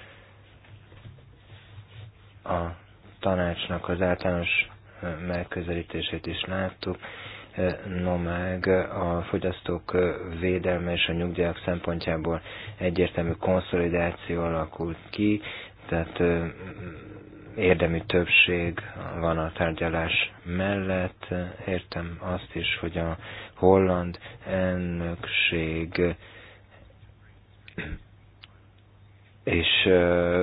a tanácsnak az általános megközelítését is láttuk, no meg a fogyasztók védelme és a nyugdíjak szempontjából egyértelmű konszolidáció alakult ki, tehát érdemi többség van a tárgyalás mellett. Értem azt is, hogy a holland elnökség és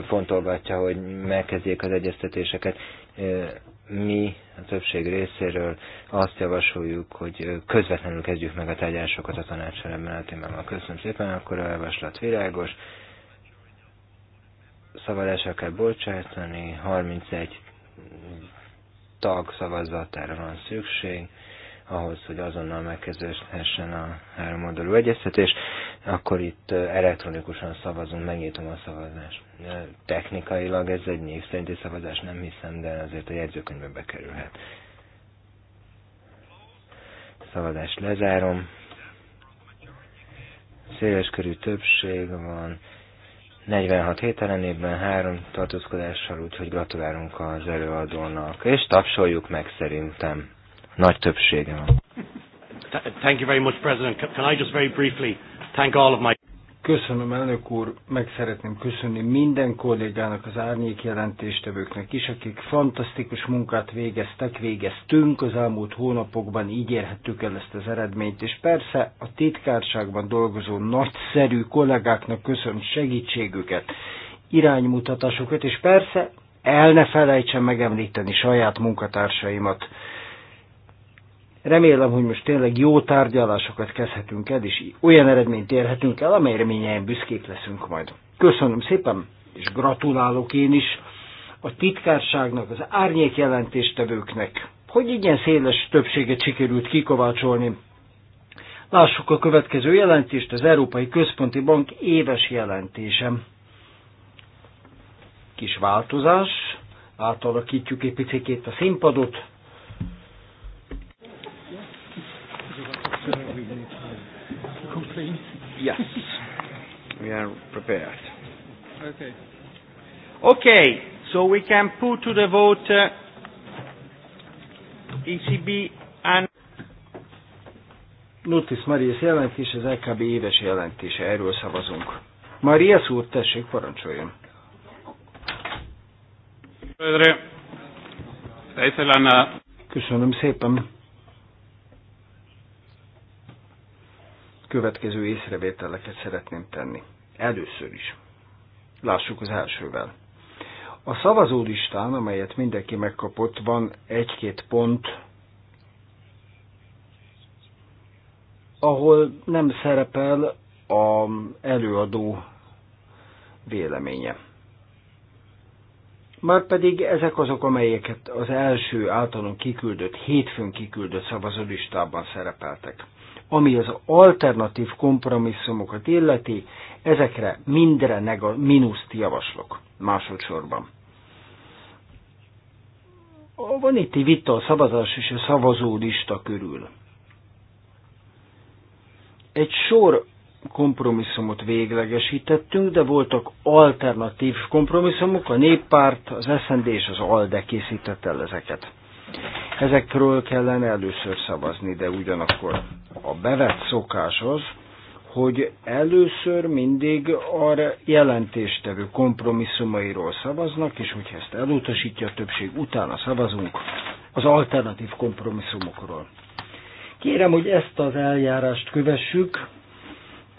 fontolgatja, hogy megkezdjék az egyeztetéseket. Mi a többség részéről azt javasoljuk, hogy közvetlenül kezdjük meg a tárgyalásokat a tanácsal ebben a témában. Köszönöm szépen, akkor a javaslat világos. Szavazásra kell bocsájtani, 31 tag szavazatára van szükség ahhoz, hogy azonnal megkezdődhessen a háromoldalú egyeztetés, akkor itt elektronikusan szavazunk, megnyitom a szavazást. Technikailag ez egy név szerinti szavazás, nem hiszem, de azért a jegyzőkönyvbe bekerülhet. Szavazást lezárom. Széleskörű többség van. 46 hét ellenében három tartózkodással, úgyhogy gratulálunk az előadónak, és tapsoljuk meg szerintem nagy többsége van. Thank you very much, President. Can I just very briefly thank all of my... Köszönöm, elnök úr, meg szeretném köszönni minden kollégának, az árnyék jelentéstevőknek is, akik fantasztikus munkát végeztek, végeztünk az elmúlt hónapokban, így érhettük el ezt az eredményt, és persze a titkárságban dolgozó nagyszerű kollégáknak köszönöm segítségüket, iránymutatásokat, és persze el ne felejtsen megemlíteni saját munkatársaimat, Remélem, hogy most tényleg jó tárgyalásokat kezdhetünk el, és olyan eredményt érhetünk el, amelyre minnyáján büszkék leszünk majd. Köszönöm szépen, és gratulálok én is a titkárságnak, az árnyék jelentéstevőknek, hogy ilyen széles többséget sikerült kikovácsolni. Lássuk a következő jelentést, az Európai Központi Bank éves jelentésem. Kis változás, átalakítjuk egy picit a színpadot, everything? Yes. [LAUGHS] we are prepared. Okay. Okay, so we can put to the vote uh, ECB and... Lutis Marias jelentés, az LKB e éves jelentése, erről szavazunk. Marias úr, tessék, parancsoljon. Köszönöm szépen. következő észrevételeket szeretném tenni. Először is. Lássuk az elsővel. A szavazólistán, amelyet mindenki megkapott, van egy-két pont, ahol nem szerepel a előadó véleménye. Márpedig ezek azok, amelyeket az első általunk kiküldött, hétfőn kiküldött szavazólistában szerepeltek. Ami az alternatív kompromisszumokat illeti, ezekre mindre nega, minuszt javaslok másodszorban. Van itt egy vita a szavazás és a szavazó lista körül. Egy sor kompromisszumot véglegesítettünk, de voltak alternatív kompromisszumok, a néppárt, az SZND és az ALDE készített el ezeket. Ezekről kellene először szavazni, de ugyanakkor a bevett szokás az, hogy először mindig a jelentéstevő kompromisszumairól szavaznak, és hogyha ezt elutasítja a többség, utána szavazunk az alternatív kompromisszumokról. Kérem, hogy ezt az eljárást kövessük,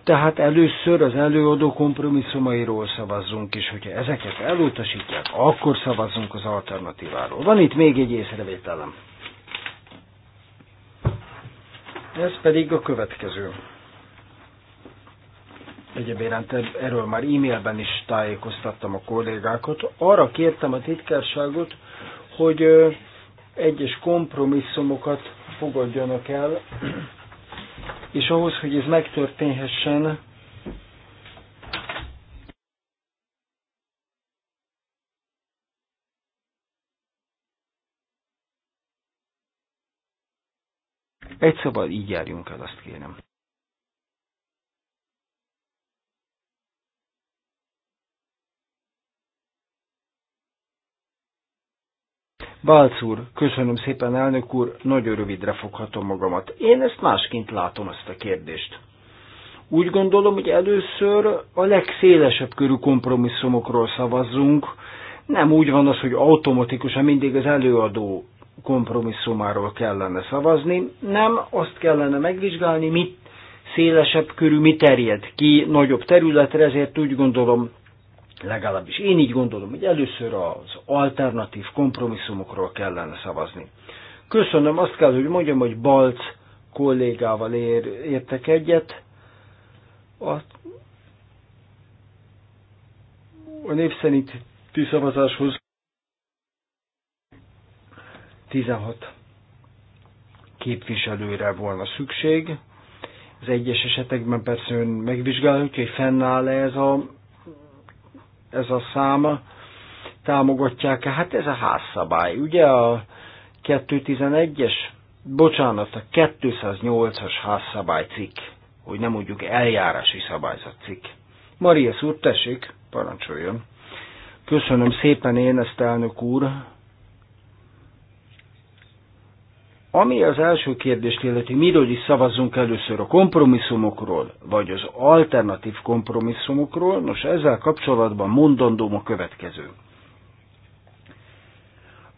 tehát először az előadó kompromisszumairól szavazzunk, és hogyha ezeket elutasítják, akkor szavazzunk az alternatíváról. Van itt még egy észrevételem. Ez pedig a következő. Egyébként hát erről már e-mailben is tájékoztattam a kollégákat. Arra kértem a titkárságot, hogy egyes kompromisszumokat fogadjanak el, és ahhoz, hogy ez megtörténhessen, Egy szóval így járjunk el, azt kérem. Balc úr, köszönöm szépen, elnök úr, nagyon rövidre foghatom magamat. Én ezt másként látom, ezt a kérdést. Úgy gondolom, hogy először a legszélesebb körű kompromisszumokról szavazzunk. Nem úgy van az, hogy automatikusan mindig az előadó kompromisszumáról kellene szavazni, nem azt kellene megvizsgálni, mit szélesebb körű, mi terjed ki nagyobb területre, ezért úgy gondolom Legalábbis én így gondolom, hogy először az alternatív kompromisszumokról kellene szavazni. Köszönöm, azt kell, hogy mondjam, hogy Balc kollégával ér, értek egyet. A, a népszerinti szavazáshoz 16 képviselőre volna szükség. Az egyes esetekben persze ön megvizsgálhatja, hogy fennáll -e ez a ez a száma támogatják-e? Hát ez a házszabály. Ugye a 211-es, bocsánat, a 208-as házszabály cikk, hogy nem mondjuk eljárási szabályzat cikk. Maria Szúr, tessék, parancsoljon. Köszönöm szépen én ezt, elnök úr. Ami az első kérdést illeti, miről is szavazzunk először a kompromisszumokról, vagy az alternatív kompromisszumokról, nos ezzel kapcsolatban mondandóm a következő.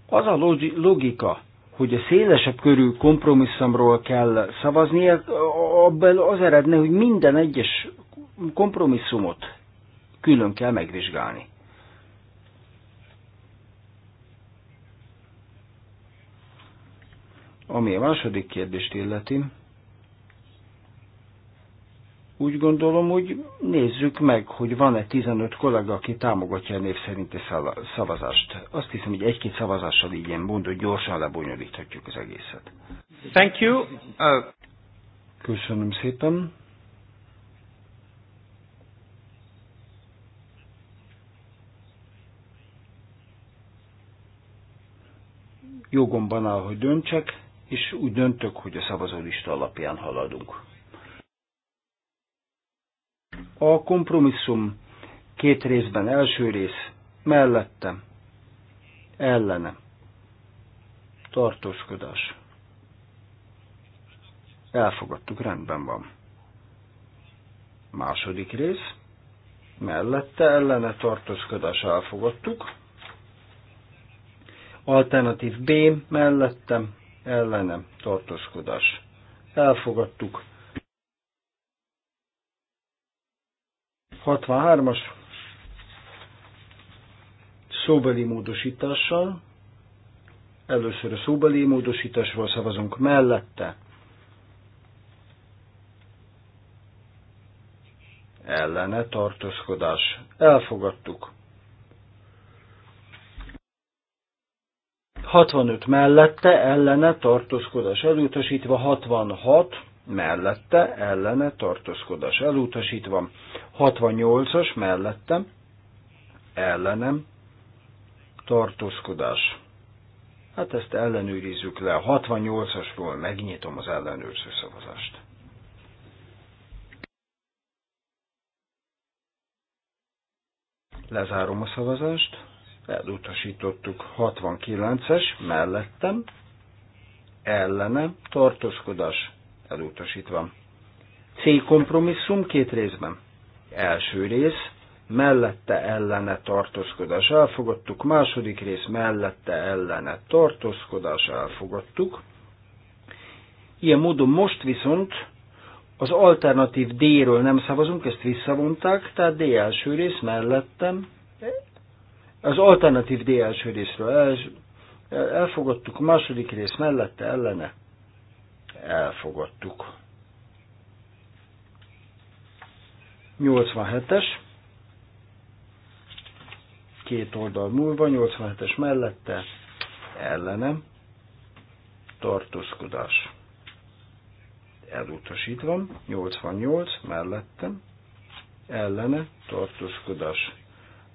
Az a logika, hogy a szélesebb körű kompromisszumról kell szavazni, abban az eredne, hogy minden egyes kompromisszumot külön kell megvizsgálni. Ami a második kérdést illeti, úgy gondolom, hogy nézzük meg, hogy van-e 15 kollega, aki támogatja a név szerinti szavazást. Azt hiszem, hogy egy-két szavazással így ilyen mondod, gyorsan lebonyolíthatjuk az egészet. Thank you. Uh... Köszönöm szépen. Jogomban áll, hogy döntsek és úgy döntök, hogy a szavazólista alapján haladunk. A kompromisszum két részben első rész, mellette, ellene, tartózkodás. Elfogadtuk, rendben van. Második rész, mellette, ellene, tartózkodás, elfogadtuk. Alternatív B, mellette, ellenem tartózkodás. Elfogadtuk. 63-as szóbeli módosítással. Először a szóbeli módosításról szavazunk mellette. Ellene tartózkodás. Elfogadtuk. 65 mellette, ellene, tartózkodás elutasítva, 66 mellette, ellene, tartózkodás elutasítva, 68-as mellette, ellenem, tartózkodás. Hát ezt ellenőrizzük le. 68-asról megnyitom az ellenőrző szavazást. Lezárom a szavazást elutasítottuk 69-es, mellettem, ellenem, tartózkodás, elutasítva. C kompromisszum két részben. Első rész, mellette ellene tartózkodás elfogadtuk, második rész mellette ellene tartózkodás elfogadtuk. Ilyen módon most viszont az alternatív D-ről nem szavazunk, ezt visszavonták, tehát D első rész mellettem az alternatív D első részről el, elfogadtuk, második rész mellette ellene elfogadtuk. 87-es, két oldal múlva, 87-es mellette ellenem tartózkodás. Elutasítva, 88 mellettem ellene tartózkodás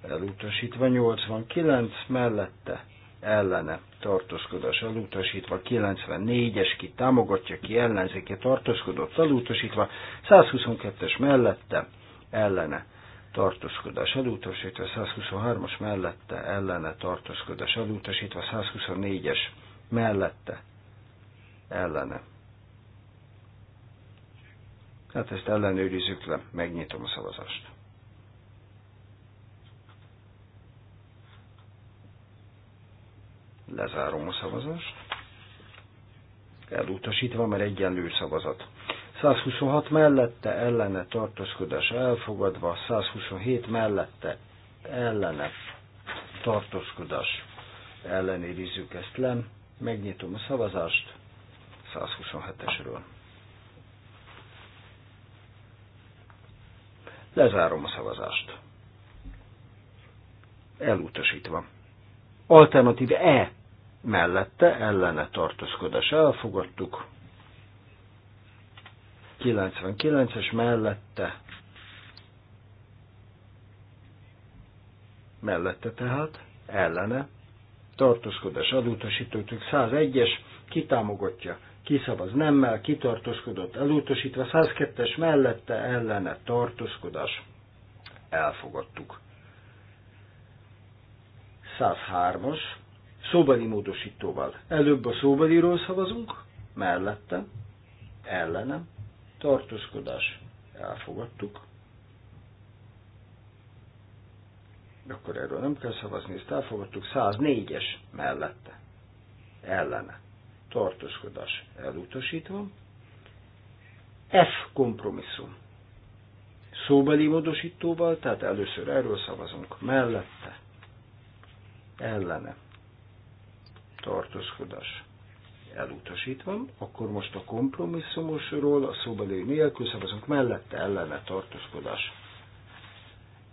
elutasítva 89 mellette ellene tartózkodás elutasítva, 94-es ki támogatja, ki ellenzéke tartózkodott elutasítva, 122-es mellette ellene tartózkodás elutasítva, 123-as mellette ellene tartózkodás elutasítva, 124-es mellette ellene. Hát ezt ellenőrizzük le, megnyitom a szavazást. Lezárom a szavazást. Elutasítva, mert egyenlő szavazat. 126 mellette ellene tartózkodás elfogadva, 127 mellette ellene tartózkodás ellenérizzük ezt le. Megnyitom a szavazást 127-esről. Lezárom a szavazást. Elutasítva. Alternatív E mellette ellene tartózkodás elfogadtuk, 99-es mellette, mellette tehát, ellene, tartózkodás adótosítótők 101-es, kitámogatja, kiszavaz nemmel, kitartózkodott, elutasítva 102-es mellette, ellene, tartózkodás, elfogadtuk. 103-as, szóbeli módosítóval. Előbb a szóbeliről szavazunk, mellette, ellenem, tartózkodás. Elfogadtuk. Akkor erről nem kell szavazni, ezt elfogadtuk. 104-es mellette, ellene, tartózkodás elutasítva. F kompromisszum. Szóbeli módosítóval, tehát először erről szavazunk, mellette, ellene, tartózkodás elutasítva, akkor most a kompromisszumosról, a szóbeli nélkül szavazunk mellette ellene tartózkodás.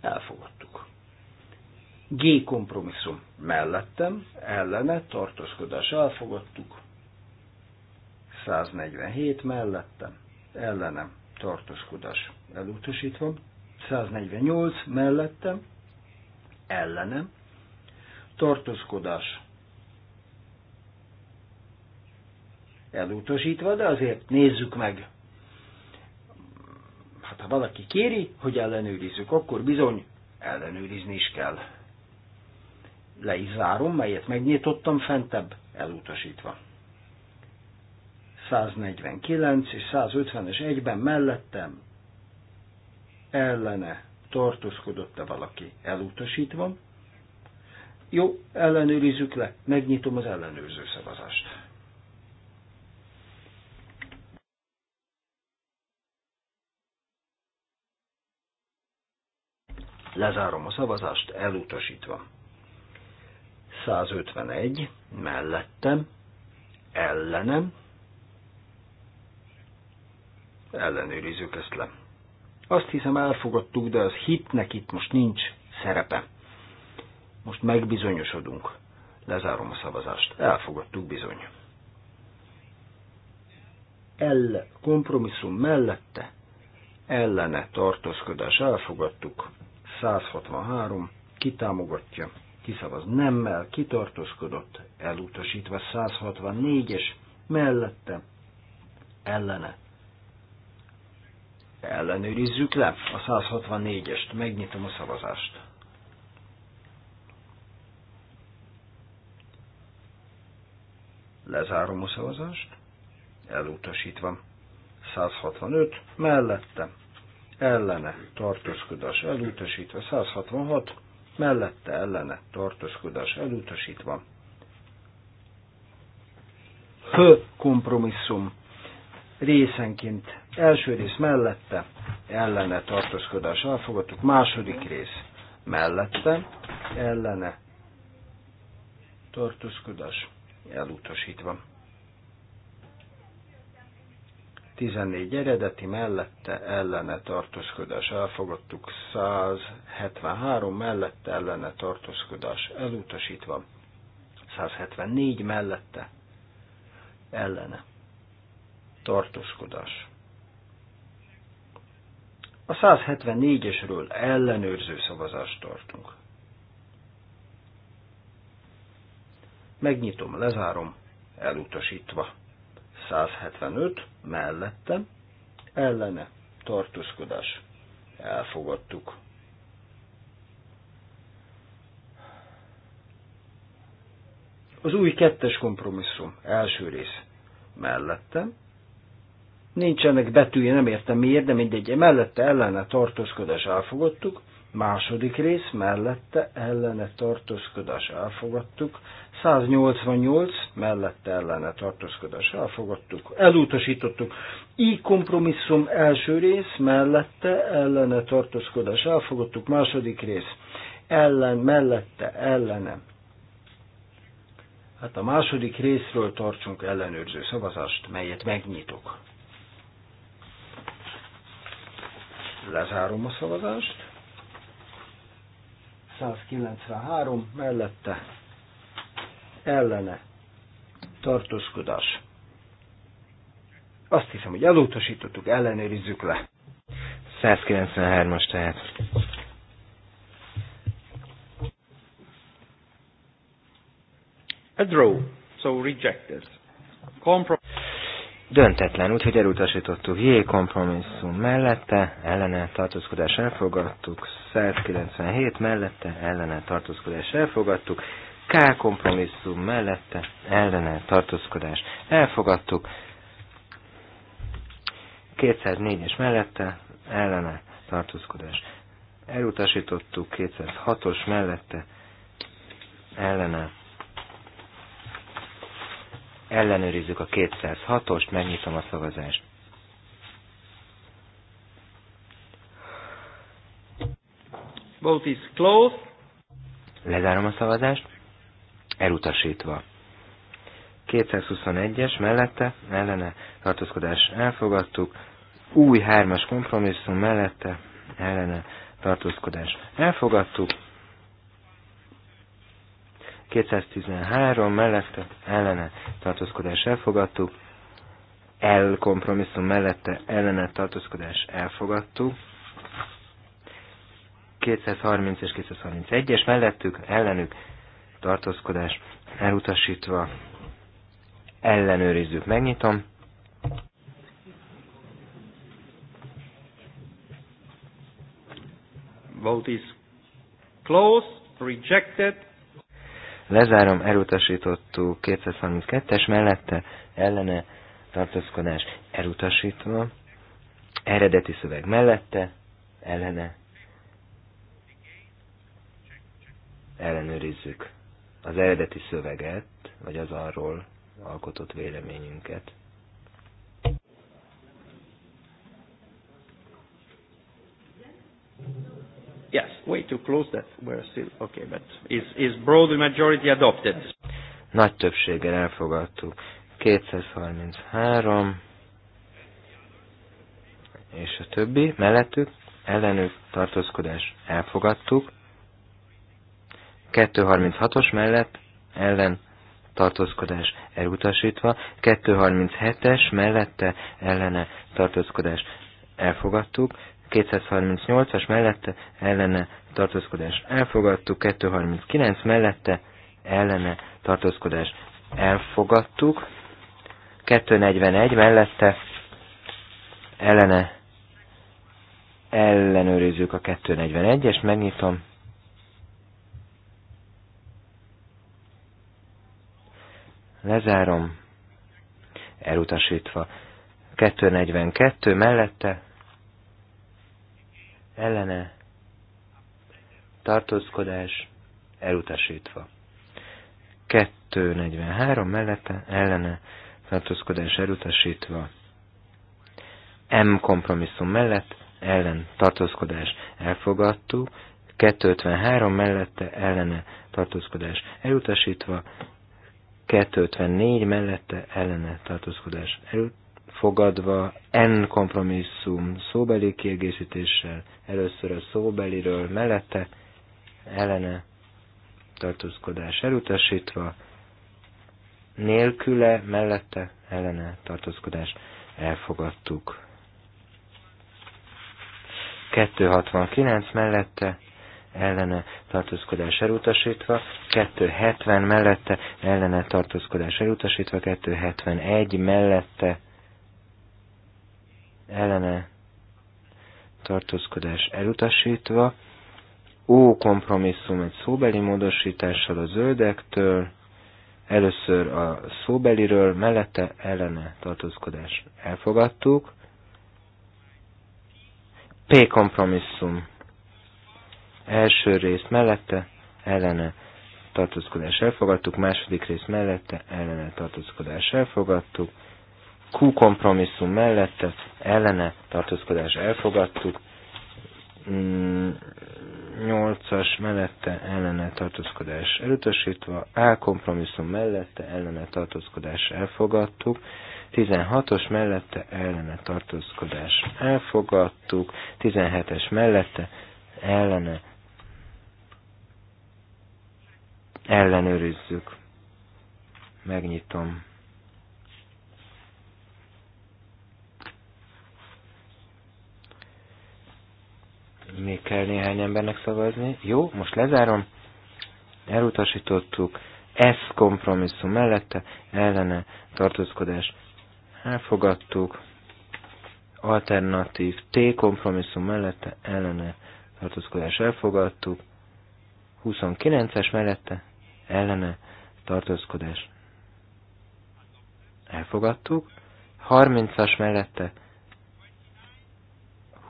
Elfogadtuk. G kompromisszum mellettem, ellene tartózkodás elfogadtuk. 147 mellettem, ellenem tartózkodás elutasítva. 148 mellettem, ellenem tartózkodás elutasítva, de azért nézzük meg. Hát ha valaki kéri, hogy ellenőrizzük, akkor bizony ellenőrizni is kell. Le is zárom, melyet megnyitottam fentebb, elutasítva. 149 és 150-es egyben mellettem ellene tartózkodott-e valaki elutasítva. Jó, ellenőrizzük le, megnyitom az ellenőrző szavazást. Lezárom a szavazást, elutasítva. 151 mellettem, ellenem, ellenőrizzük ezt le. Azt hiszem elfogadtuk, de az hitnek itt most nincs szerepe. Most megbizonyosodunk. Lezárom a szavazást. Elfogadtuk bizony. Elle kompromisszum mellette, ellene tartózkodás elfogadtuk. 163, kitámogatja, kiszavaz nemmel, kitartózkodott, elutasítva 164-es, mellette, ellene. Ellenőrizzük le a 164-est, megnyitom a szavazást. Lezárom a szavazást, elutasítva. 165, mellette, ellene tartózkodás elutasítva, 166 mellette ellene tartózkodás elutasítva. H kompromisszum részenként első rész mellette ellene tartózkodás elfogadtuk, második rész mellette ellene tartózkodás elutasítva. 14 eredeti mellette ellene tartózkodás elfogadtuk, 173 mellette ellene tartózkodás elutasítva, 174 mellette ellene tartózkodás. A 174-esről ellenőrző szavazást tartunk. Megnyitom, lezárom, elutasítva. 175 mellette ellene tartózkodás. Elfogadtuk. Az új kettes kompromisszum, első rész mellette. Nincsenek betűje, nem értem miért, de mindegy, mellette ellene tartózkodás elfogadtuk. Második rész mellette ellene tartózkodás elfogadtuk. 188 mellette ellene tartózkodás elfogadtuk. Elutasítottuk. I kompromisszum első rész mellette ellene tartózkodás elfogadtuk. Második rész ellen, mellette, ellenem. Hát a második részről tartsunk ellenőrző szavazást, melyet megnyitok. Lezárom a szavazást. 193 mellette ellene tartózkodás. Azt hiszem, hogy elutasítottuk, ellenőrizzük le. 193-as tehát. A draw, so rejected. compromise döntetlen, úgyhogy elutasítottuk J kompromisszum mellette, ellene tartózkodás elfogadtuk, 197 mellette, ellene tartózkodás elfogadtuk, K kompromisszum mellette, ellene tartózkodás elfogadtuk, 204-es mellette, ellene tartózkodás elutasítottuk, 206-os mellette, ellene ellenőrizzük a 206-ost, megnyitom a szavazást. Vote is closed. Lezárom a szavazást. Elutasítva. 221-es mellette, ellene tartózkodás elfogadtuk. Új hármas kompromisszum mellette, ellene tartózkodás elfogadtuk. 213 mellette ellene tartózkodás elfogadtuk, L kompromisszum mellette ellene tartózkodás elfogadtuk, 230 és 231-es mellettük ellenük tartózkodás elutasítva ellenőrizzük, megnyitom. Vote is closed, rejected, lezárom, elutasítottuk 232-es mellette, ellene tartózkodás elutasítva, eredeti szöveg mellette, ellene ellenőrizzük az eredeti szöveget, vagy az arról alkotott véleményünket. Thank you. Yes, way too close that we're still okay, but is, is broad majority adopted. Nagy többséggel elfogadtuk. 233 és a többi mellettük ellenük tartózkodás elfogadtuk. 236-os mellett ellen tartózkodás elutasítva, 237-es mellette ellene tartózkodás elfogadtuk, 238-as mellette ellene tartózkodás elfogadtuk, 239 mellette ellene tartózkodás elfogadtuk, 241 mellette ellene ellenőrizzük a 241-es, megnyitom. Lezárom, elutasítva. 242 mellette ellene tartózkodás elutasítva. 243 mellette ellene tartózkodás elutasítva. M kompromisszum mellett ellen tartózkodás elfogadtuk, 253 mellette ellene tartózkodás elutasítva, 254 mellette ellene tartózkodás elutasítva, fogadva, en kompromisszum szóbeli kiegészítéssel, először a szóbeliről mellette, ellene tartózkodás elutasítva, nélküle, mellette, ellene tartózkodás elfogadtuk. 269 mellette, ellene tartózkodás elutasítva, 270 mellette ellene tartózkodás elutasítva, 271 mellette ellene tartózkodás elutasítva, ó kompromisszum egy szóbeli módosítással a zöldektől, először a szóbeliről, mellette ellene tartózkodás elfogadtuk, P kompromisszum első rész mellette ellene tartózkodás elfogadtuk, második rész mellette ellene tartózkodás elfogadtuk, Q kompromisszum mellette ellene tartózkodás elfogadtuk, 8-as mm, mellette ellene tartózkodás elutasítva, A kompromisszum mellette ellene tartózkodás elfogadtuk, 16-os mellette ellene tartózkodás elfogadtuk, 17-es mellette ellene ellenőrizzük. Megnyitom. még kell néhány embernek szavazni. Jó, most lezárom. Elutasítottuk. Ez kompromisszum mellette, ellene tartózkodás. Elfogadtuk. Alternatív T kompromisszum mellette, ellene tartózkodás. Elfogadtuk. 29-es mellette, ellene tartózkodás. Elfogadtuk. 30-as mellette,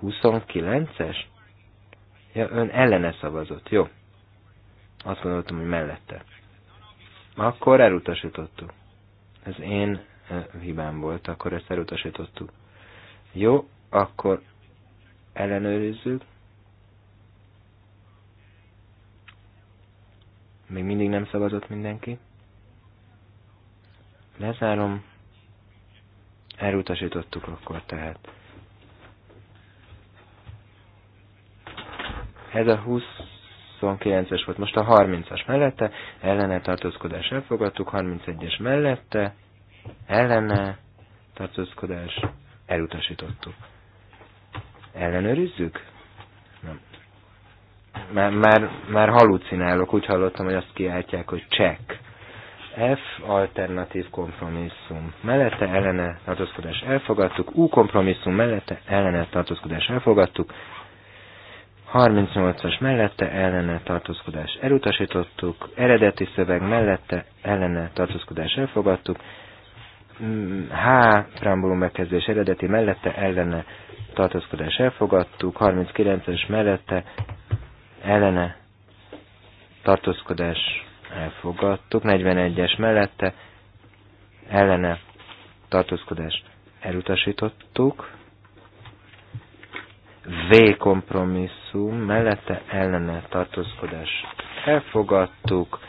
29-es? Ja, ön ellene szavazott. Jó. Azt gondoltam, hogy mellette. Akkor elutasítottuk. Ez én hibám volt, akkor ezt elutasítottuk. Jó, akkor ellenőrizzük. Még mindig nem szavazott mindenki. Lezárom. Elutasítottuk akkor tehát. Ez a 29-es volt, most a 30-as mellette, ellene tartózkodás elfogadtuk, 31-es mellette, ellene tartózkodás elutasítottuk. Ellenőrizzük? Nem. Már, már, már halucinálok, úgy hallottam, hogy azt kiáltják, hogy check. F alternatív kompromisszum mellette ellene tartózkodás elfogadtuk, U kompromisszum mellette ellene tartózkodás elfogadtuk, 38-as mellette ellene tartózkodás elutasítottuk, eredeti szöveg mellette ellene tartózkodás elfogadtuk, mm, H. preambulum bekezdés eredeti mellette ellene tartózkodás elfogadtuk, 39-es mellette ellene tartózkodás elfogadtuk, 41-es mellette ellene tartózkodás elutasítottuk, V kompromisszum mellette ellene tartózkodás elfogadtuk,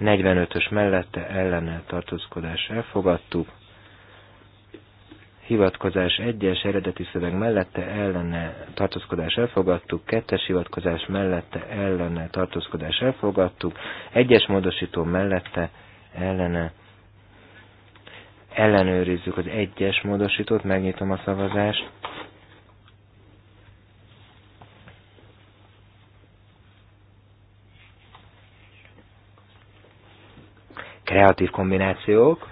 45-ös mellette ellene tartózkodás elfogadtuk, hivatkozás 1-es eredeti szöveg mellette ellene tartózkodás elfogadtuk, 2-es hivatkozás mellette ellene tartózkodás elfogadtuk, 1-es módosító mellette ellene ellenőrizzük az 1-es módosítót, megnyitom a szavazást, kreatív kombinációk.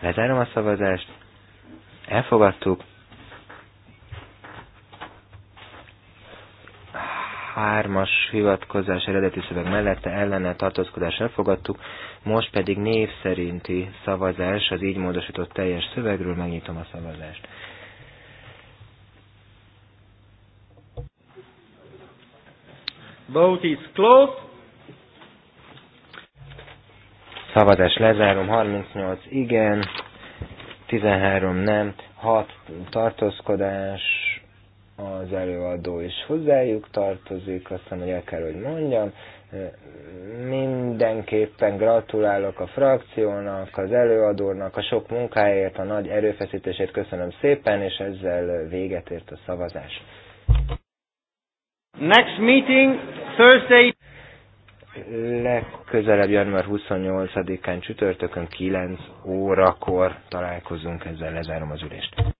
Lezárom a szavazást. Elfogadtuk. hármas hivatkozás eredeti szöveg mellette ellene tartózkodás elfogadtuk, most pedig név szerinti szavazás az így módosított teljes szövegről, megnyitom a szavazást. Vote is closed. Szavazás lezárom, 38 igen, 13 nem, 6 tartózkodás, az előadó is hozzájuk tartozik, aztán, hogy el kell, hogy mondjam. Mindenképpen gratulálok a frakciónak, az előadónak, a sok munkáért, a nagy erőfeszítését köszönöm szépen, és ezzel véget ért a szavazás. Next meeting Thursday legközelebb január 28-án csütörtökön 9 órakor találkozunk, ezzel lezárom az ülést.